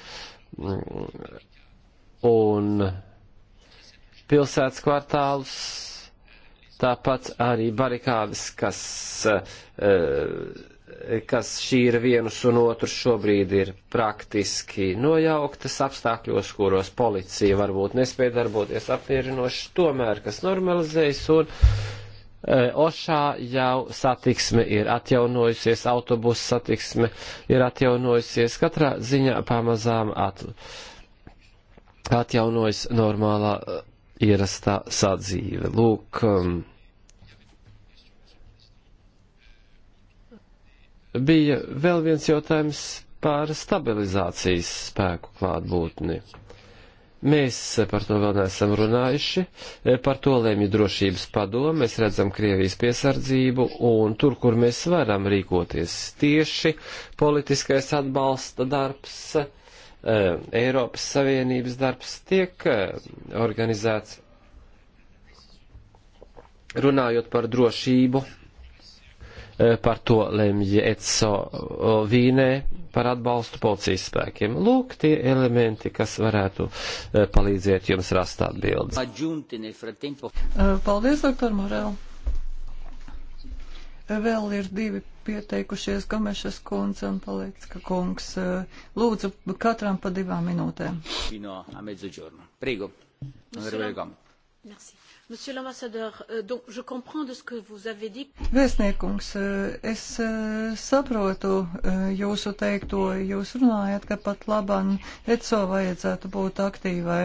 un pilsētas kvartālus, tāpat arī barikādes, kas, eh, kas šīra vienus un otrus šobrīd ir praktiski nojauktas apstākļos, kuros policija varbūt nespēja darboties apmierinoši, tomēr kas normalizējas un E, Ošā jau satiksme ir atjaunojusies, autobusu satiksme ir atjaunojusies, katrā ziņā pamazām at, atjaunojas normālā e, ierastā sadzīve. Lūk, um, bija vēl viens jautājums par stabilizācijas spēku klātbūtni. Mēs par to vēl neesam runājuši. Par to lēmja drošības padomu. Mēs redzam Krievijas piesardzību un tur, kur mēs varam rīkoties tieši politiskais atbalsta darbs, eh, Eiropas Savienības darbs tiek eh, organizēts. Runājot par drošību Eh, par to lemj ECO Vīnē par atbalstu policijas spēkiem. Lūk, tie elementi, kas varētu eh, palīdzēt jums rast atbildes. Eh, paldies, doktor Morel. Vēl ir divi pieteikušies Gomešas kundze un Palecka kungs. Lūdzu, katram pa divām minūtēm. Prīgu. Merci. Monsieur l'ambassadeur, euh, donc je comprends de ce que vous avez dit. Vēstniekums, euh, es euh, saprotu jūsu teikto, jūs runājat, ka pat labam ECO vajadzētu būt aktīvai.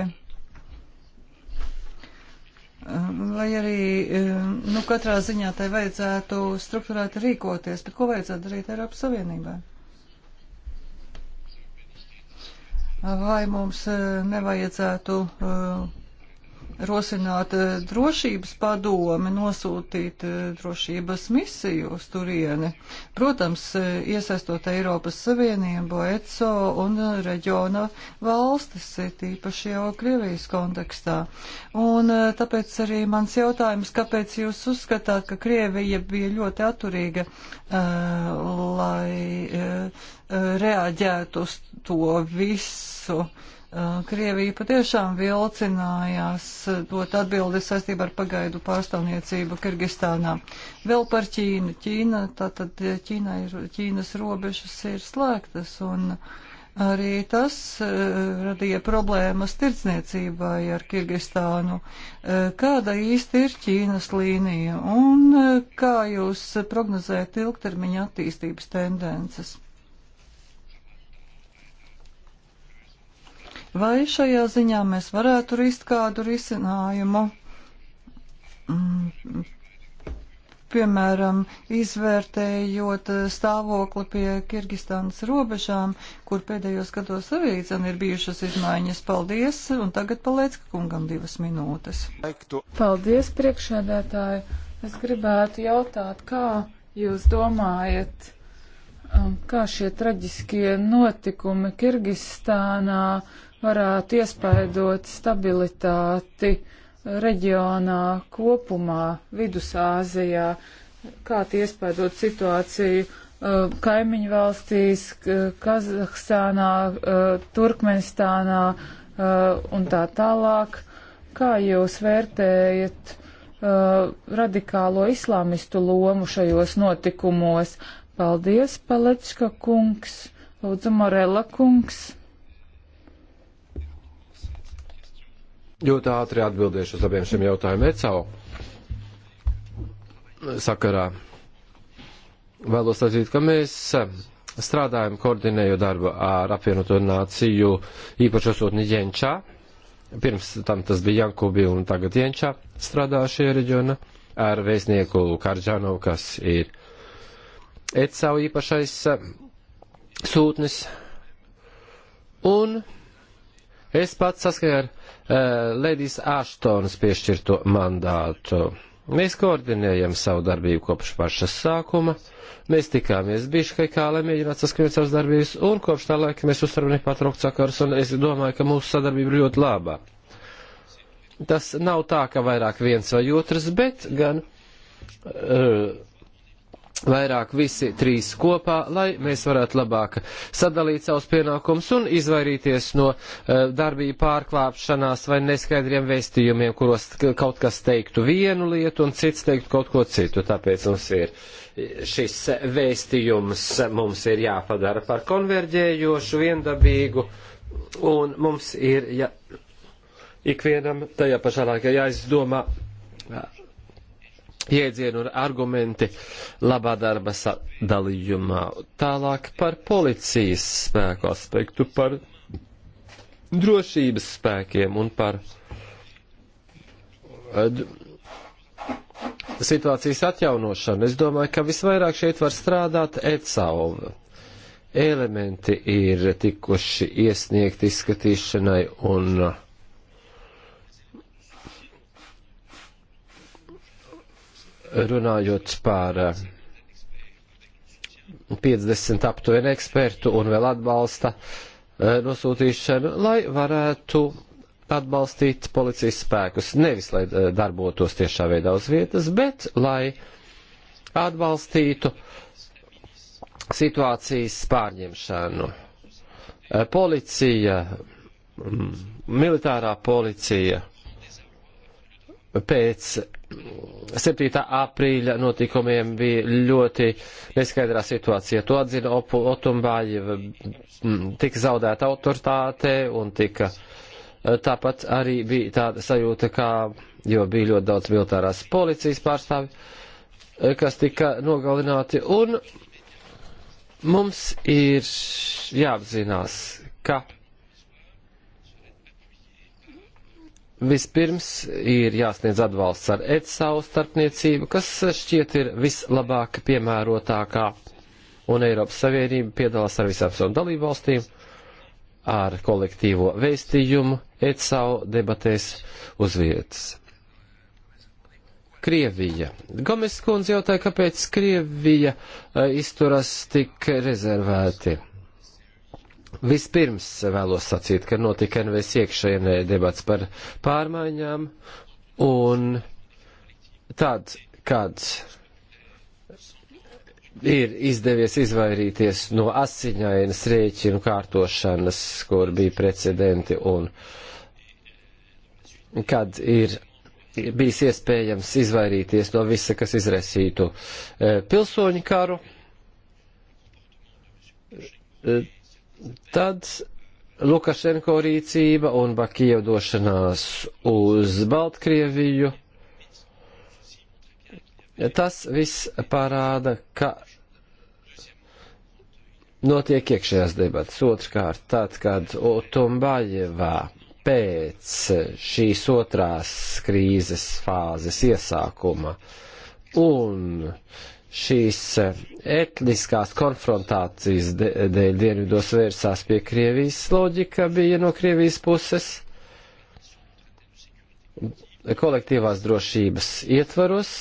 Um, lai arī, um, nu, katrā ziņā tai vajadzētu struktūrēti rīkoties, bet ko vajadzētu darīt Eiropas Savienībai? Vai mums uh, nevajadzētu uh, rosināt eh, drošības padomi, nosūtīt eh, drošības misiju uz turieni. Protams, eh, iesaistot Eiropas Savienību, ECO un reģiona valstis, tīpaši jau Krievijas kontekstā. Un tāpēc arī mans jautājums, kāpēc jūs uzskatāt, ka Krievija bija ļoti atturīga, lai reaģētu uz to visu? Uh, Krievija patiešām vilcinājās dot atbildi saistībā ar pagaidu pārstāvniecību Kirgistānā. Vēl par Ķīnu. Ķīna, tātad eh, Ķīna ir, Ķīnas robežas ir slēgtas un arī tas eh, radīja problēmas tirdzniecībai ar Kirgistānu. Eh, kāda īsti ir Ķīnas līnija un kā jūs prognozējat ilgtermiņa attīstības tendences? Vai šajā ziņā mēs varētu rist kādu risinājumu? Mm. Piemēram, izvērtējot stāvokli pie Kirgistānas robežām, kur pēdējos gados arī zin, ir bijušas izmaiņas. Paldies, un tagad paliec kungam divas minūtes. Paldies, priekšēdētāji. Es gribētu jautāt, kā jūs domājat? Um, kā šie traģiskie notikumi Kirgistānā varētu iespaidot stabilitāti reģionā kopumā, Vidusāzijā, kā tie iespaidot situāciju uh, kaimiņu valstīs, Kazahstānā, uh, Turkmenistānā uh, un tā tālāk. Kā jūs vērtējat uh, radikālo islāmistu lomu šajos notikumos? Paldies, Palečka kungs, Lūdzu, Morela kungs. Ļoti ātri atbildēšu uz abiem šiem jautājumiem ECAU sakarā. Vēlos atzīt, ka mēs eh, strādājam koordinēju darbu ar apvienoto nāciju īpašo sūtni Jenčā. Pirms tam tas bija Jankubi un tagad Jenčā strādā šajā reģiona ar vēstnieku Karģānovu, kas ir ECAU īpašais eh, sūtnis. Un Es pats saskaņā ar uh, eh, Ledijas Aštonas piešķirto mandātu. Mēs koordinējam savu darbību kopš paša sākuma. Mēs tikāmies Biškekā, lai mēģinātu saskaņot savas darbības, un kopš tā laika mēs uztaram nepārtraukt sakars, un es domāju, ka mūsu sadarbība ir ļoti labā. Tas nav tā, ka vairāk viens vai otrs, bet gan uh, vairāk visi trīs kopā, lai mēs varētu labāk sadalīt savus pienākumus un izvairīties no uh, darbību pārklāpšanās vai neskaidriem vēstījumiem, kuros kaut kas teiktu vienu lietu un cits teiktu kaut ko citu. Tāpēc mums ir šis vēstījums mums ir jāpadara par konverģējošu, viendabīgu un mums ir ja, ikvienam tajā pašā laikā jāizdomā jēdzienu un argumenti labā darba sadalījumā. Tālāk par policijas spēku aspektu, par drošības spēkiem un par eh, situācijas atjaunošanu. Es domāju, ka visvairāk šeit var strādāt ECAUV. Elementi ir tikuši iesniegti izskatīšanai un uh, runājot par 50 eh, aptuveni ekspertu un vēl atbalsta eh, nosūtīšanu, lai varētu atbalstīt policijas spēkus. Nevis, lai eh, darbotos tiešā veidā uz vietas, bet lai atbalstītu situācijas pārņemšanu. Policija, mm, militārā policija pēc 7. aprīļa notikumiem bija ļoti neskaidrā situācija. To atzina Otumbāļa, tika zaudēta autoritāte un tika e, tāpat arī bija tāda sajūta, kā, jo bija ļoti daudz militārās policijas pārstāvi, e, kas tika nogalināti un mums ir jāapzinās, ka Vispirms ir jāsniedz atbalsts ar ECAU starpniecību, kas šķiet ir vislabāk piemērotākā, un Eiropas Savienība piedalās ar visām savām dalībvalstīm, ar kolektīvo vēstījumu ECAU debatēs uz vietas. Krievija. Gomes kundze jautāja, kāpēc Krievija eh, izturas tik rezervēti. Vispirms vēlos sacīt, ka notika NVS iekšējienē debats par pārmaiņām, un tad, kad ir izdevies izvairīties no asiņainas rēķinu kārtošanas, kur bija precedenti, un kad ir bijis iespējams izvairīties no visa, kas izraisītu eh, pilsoņu karu Tad Lukašenko rīcība un Bakiev došanās uz Baltkrieviju. Tas viss parāda, ka notiek iekšējās debatas. Otrkārt, tad, kad Otumbājevā pēc šīs otrās krīzes fāzes iesākuma un šīs eh, etniskās konfrontācijas dēļ dienvidos vērsās pie Krievijas loģika bija no Krievijas puses kolektīvās drošības ietvaros,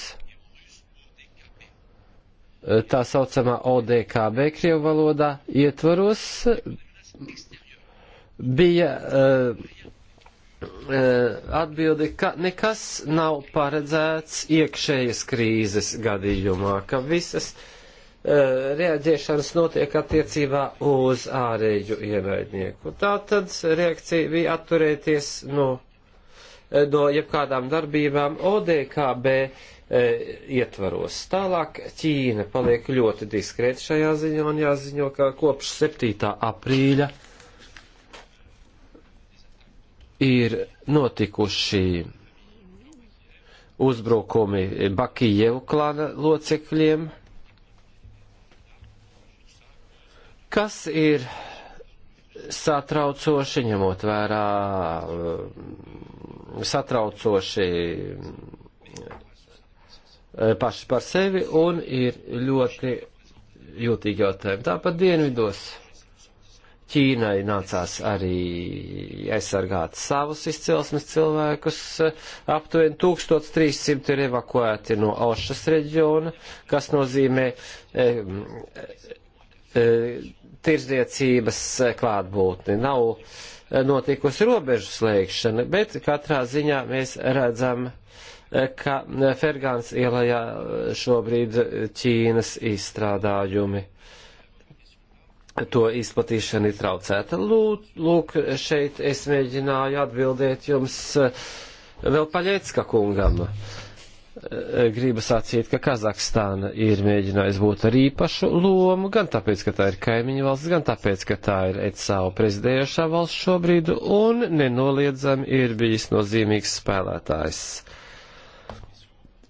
eh, tā saucamā ODKB Krievu valodā ietvaros eh, bija uh, Eh, atbildi, ka nekas nav paredzēts iekšējas krīzes gadījumā, ka visas eh, reaģēšanas notiek attiecībā uz ārēju ienaidnieku. Tā tad reakcija bija atturēties no, eh, no jebkādām darbībām ODKB ietvaros. Tālāk Ķīna paliek ļoti diskrēta šajā ziņā un jāziņo, ka kopš 7. aprīļa ir notikuši uzbrukumi Bakijevu klāna locekļiem, kas ir satraucoši, ņemot vērā um, satraucoši uh, paši par sevi un ir ļoti jūtīgi jautājumi. Tāpat dienvidos Ķīnai nācās arī aizsargāt savus izcelsmes cilvēkus. Aptuveni 1300 ir evakuēti no Ošas reģiona, kas nozīmē e, e, tirdzniecības klātbūtni. Nav notikusi robežu slēgšana, bet katrā ziņā mēs redzam, e, ka Fergāns ielajā šobrīd Ķīnas izstrādājumi to izplatīšana ir traucēta. Lūk, šeit es mēģināju atbildēt jums eh, vēl paļēcka kungam. Eh, gribu sacīt, ka Kazahstāna ir mēģinājusi būt ar īpašu lomu, gan tāpēc, ka tā ir kaimiņu valsts, gan tāpēc, ka tā ir ECAU prezidējošā valsts šobrīd un nenoliedzami ir bijis nozīmīgs spēlētājs.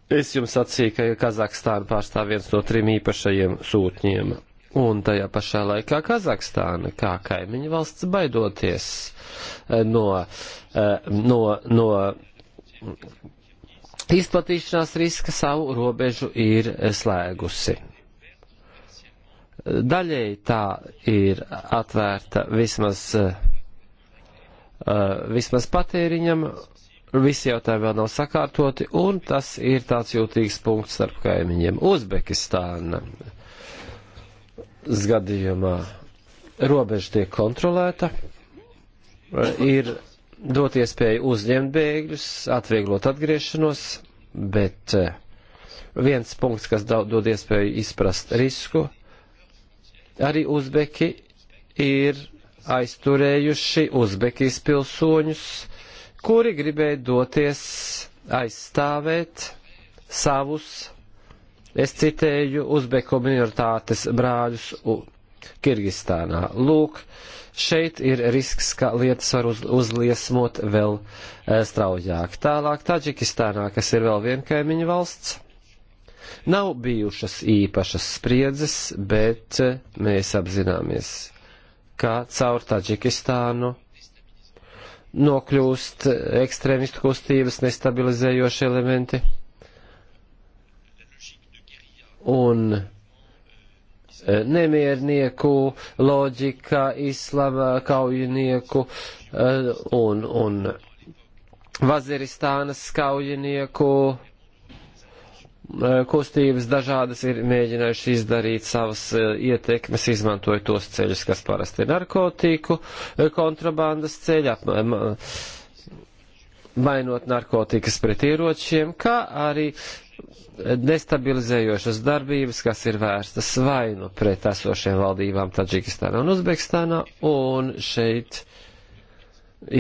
Es jums sacīju, ka Kazahstāna pārstāv viens no trim īpašajiem sūtņiem Un tajā pašā laikā Kazahstāna, kā kaimiņu valsts, baidoties eh, no, eh, no, no izplatīšanās riska savu robežu ir slēgusi. Daļēji tā ir atvērta vismaz, eh, vismaz patēriņam, visi jautājumi vēl nav sakārtoti, un tas ir tāds jūtīgs punkts starp kaimiņiem. Uzbekistāna gadījumā robeža tiek kontrolēta, ir dot iespēju uzņemt bēgļus, atvieglot atgriešanos, bet eh, viens punkts, kas dod iespēju izprast risku, arī uzbeki ir aizturējuši uzbekijas pilsoņus, kuri gribēja doties aizstāvēt savus Es citēju Uzbeku minoritātes brāļus Kirgistānā. Lūk, šeit ir risks, ka lietas var uz, uzliesmot vēl e, straujāk. Tālāk Taģikistānā, kas ir vēl viena kaimiņu valsts, nav bijušas īpašas spriedzes, bet eh, mēs apzināmies, ka caur Taģikistānu nokļūst eh, ekstrēmistu kustības nestabilizējoši elementi un e, nemiernieku loģika, islama kaujinieku e, un, un Vaziristānas kaujinieku e, kustības dažādas ir mēģinājuši izdarīt savas ietekmes, izmantojot tos ceļus, kas parasti ir narkotiku kontrabandas ceļi, mainot narkotikas pret ieročiem, kā arī uh, destabilizējošas darbības, kas ir vērstas vainu pret esošiem valdībām Taģikistānā un Uzbekistānā, un šeit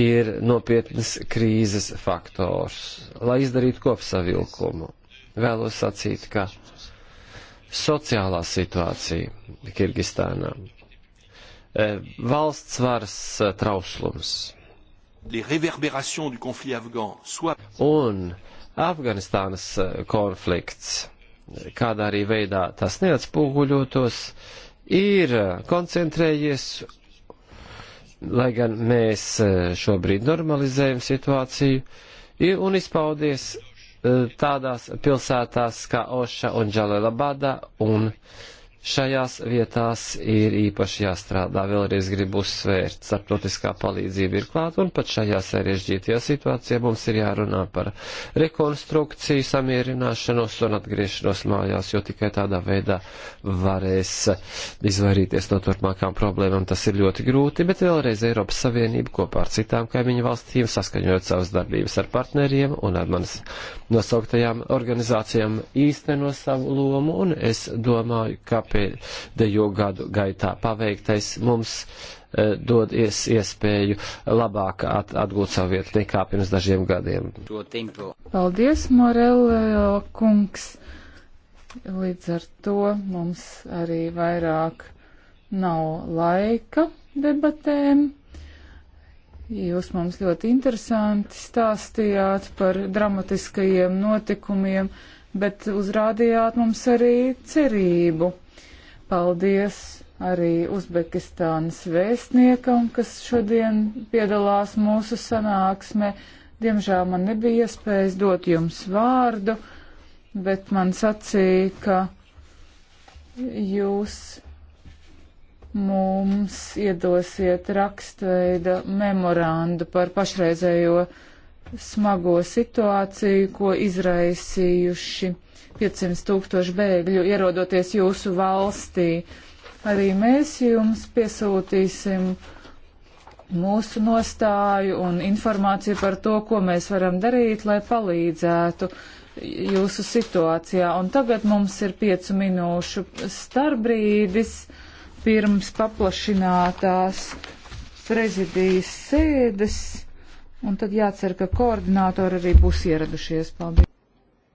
ir nopietnas krīzes faktors, lai izdarītu kopsavilkumu. Vēlos sacīt, ka sociālā situācija Kirgistānā, e, valsts varas trauslums un Afganistānas e, konflikts, kādā arī veidā tas neatspūguļotos, ir koncentrējies, lai gan mēs e, šobrīd normalizējam situāciju, un izpaudies e, tādās pilsētās kā Oša un Džalelabada un šajās vietās ir īpaši jāstrādā. Vēlreiz gribu uzsvērt, starptautiskā palīdzība ir klāt, un pat šajā sarežģītajā situācijā mums ir jārunā par rekonstrukciju, samierināšanos un atgriešanos mājās, jo tikai tādā veidā varēs izvairīties no turpmākām problēmām. Tas ir ļoti grūti, bet vēlreiz Eiropas Savienība kopā ar citām kaimiņu valstīm saskaņojot savas darbības ar partneriem un ar manas nosauktajām organizācijām īsteno savu lomu, un es domāju, ka pēc pēdējo gadu gaitā paveiktais mums e, dod ies, iespēju labāk at, atgūt savu vietu nekā pirms dažiem gadiem. Paldies, Morello e, kungs! Līdz ar to mums arī vairāk nav laika debatēm. Jūs mums ļoti interesanti stāstījāt par dramatiskajiem notikumiem, bet uzrādījāt mums arī cerību. Paldies arī Uzbekistānas vēstniekam, kas šodien piedalās mūsu sanāksmē. Diemžēl man nebija iespējas dot jums vārdu, bet man sacīja, ka jūs mums iedosiet rakstveida memorandu par pašreizējo smago situāciju, ko izraisījuši 500 tūkstoši bēgļu ierodoties jūsu valstī. Arī mēs jums piesūtīsim mūsu nostāju un informāciju par to, ko mēs varam darīt, lai palīdzētu jūsu situācijā. Un tagad mums ir piecu minūšu starbrīdis pirms paplašinātās prezidijas sēdes, un tad jācer, ka koordinātori arī būs ieradušies. Paldies!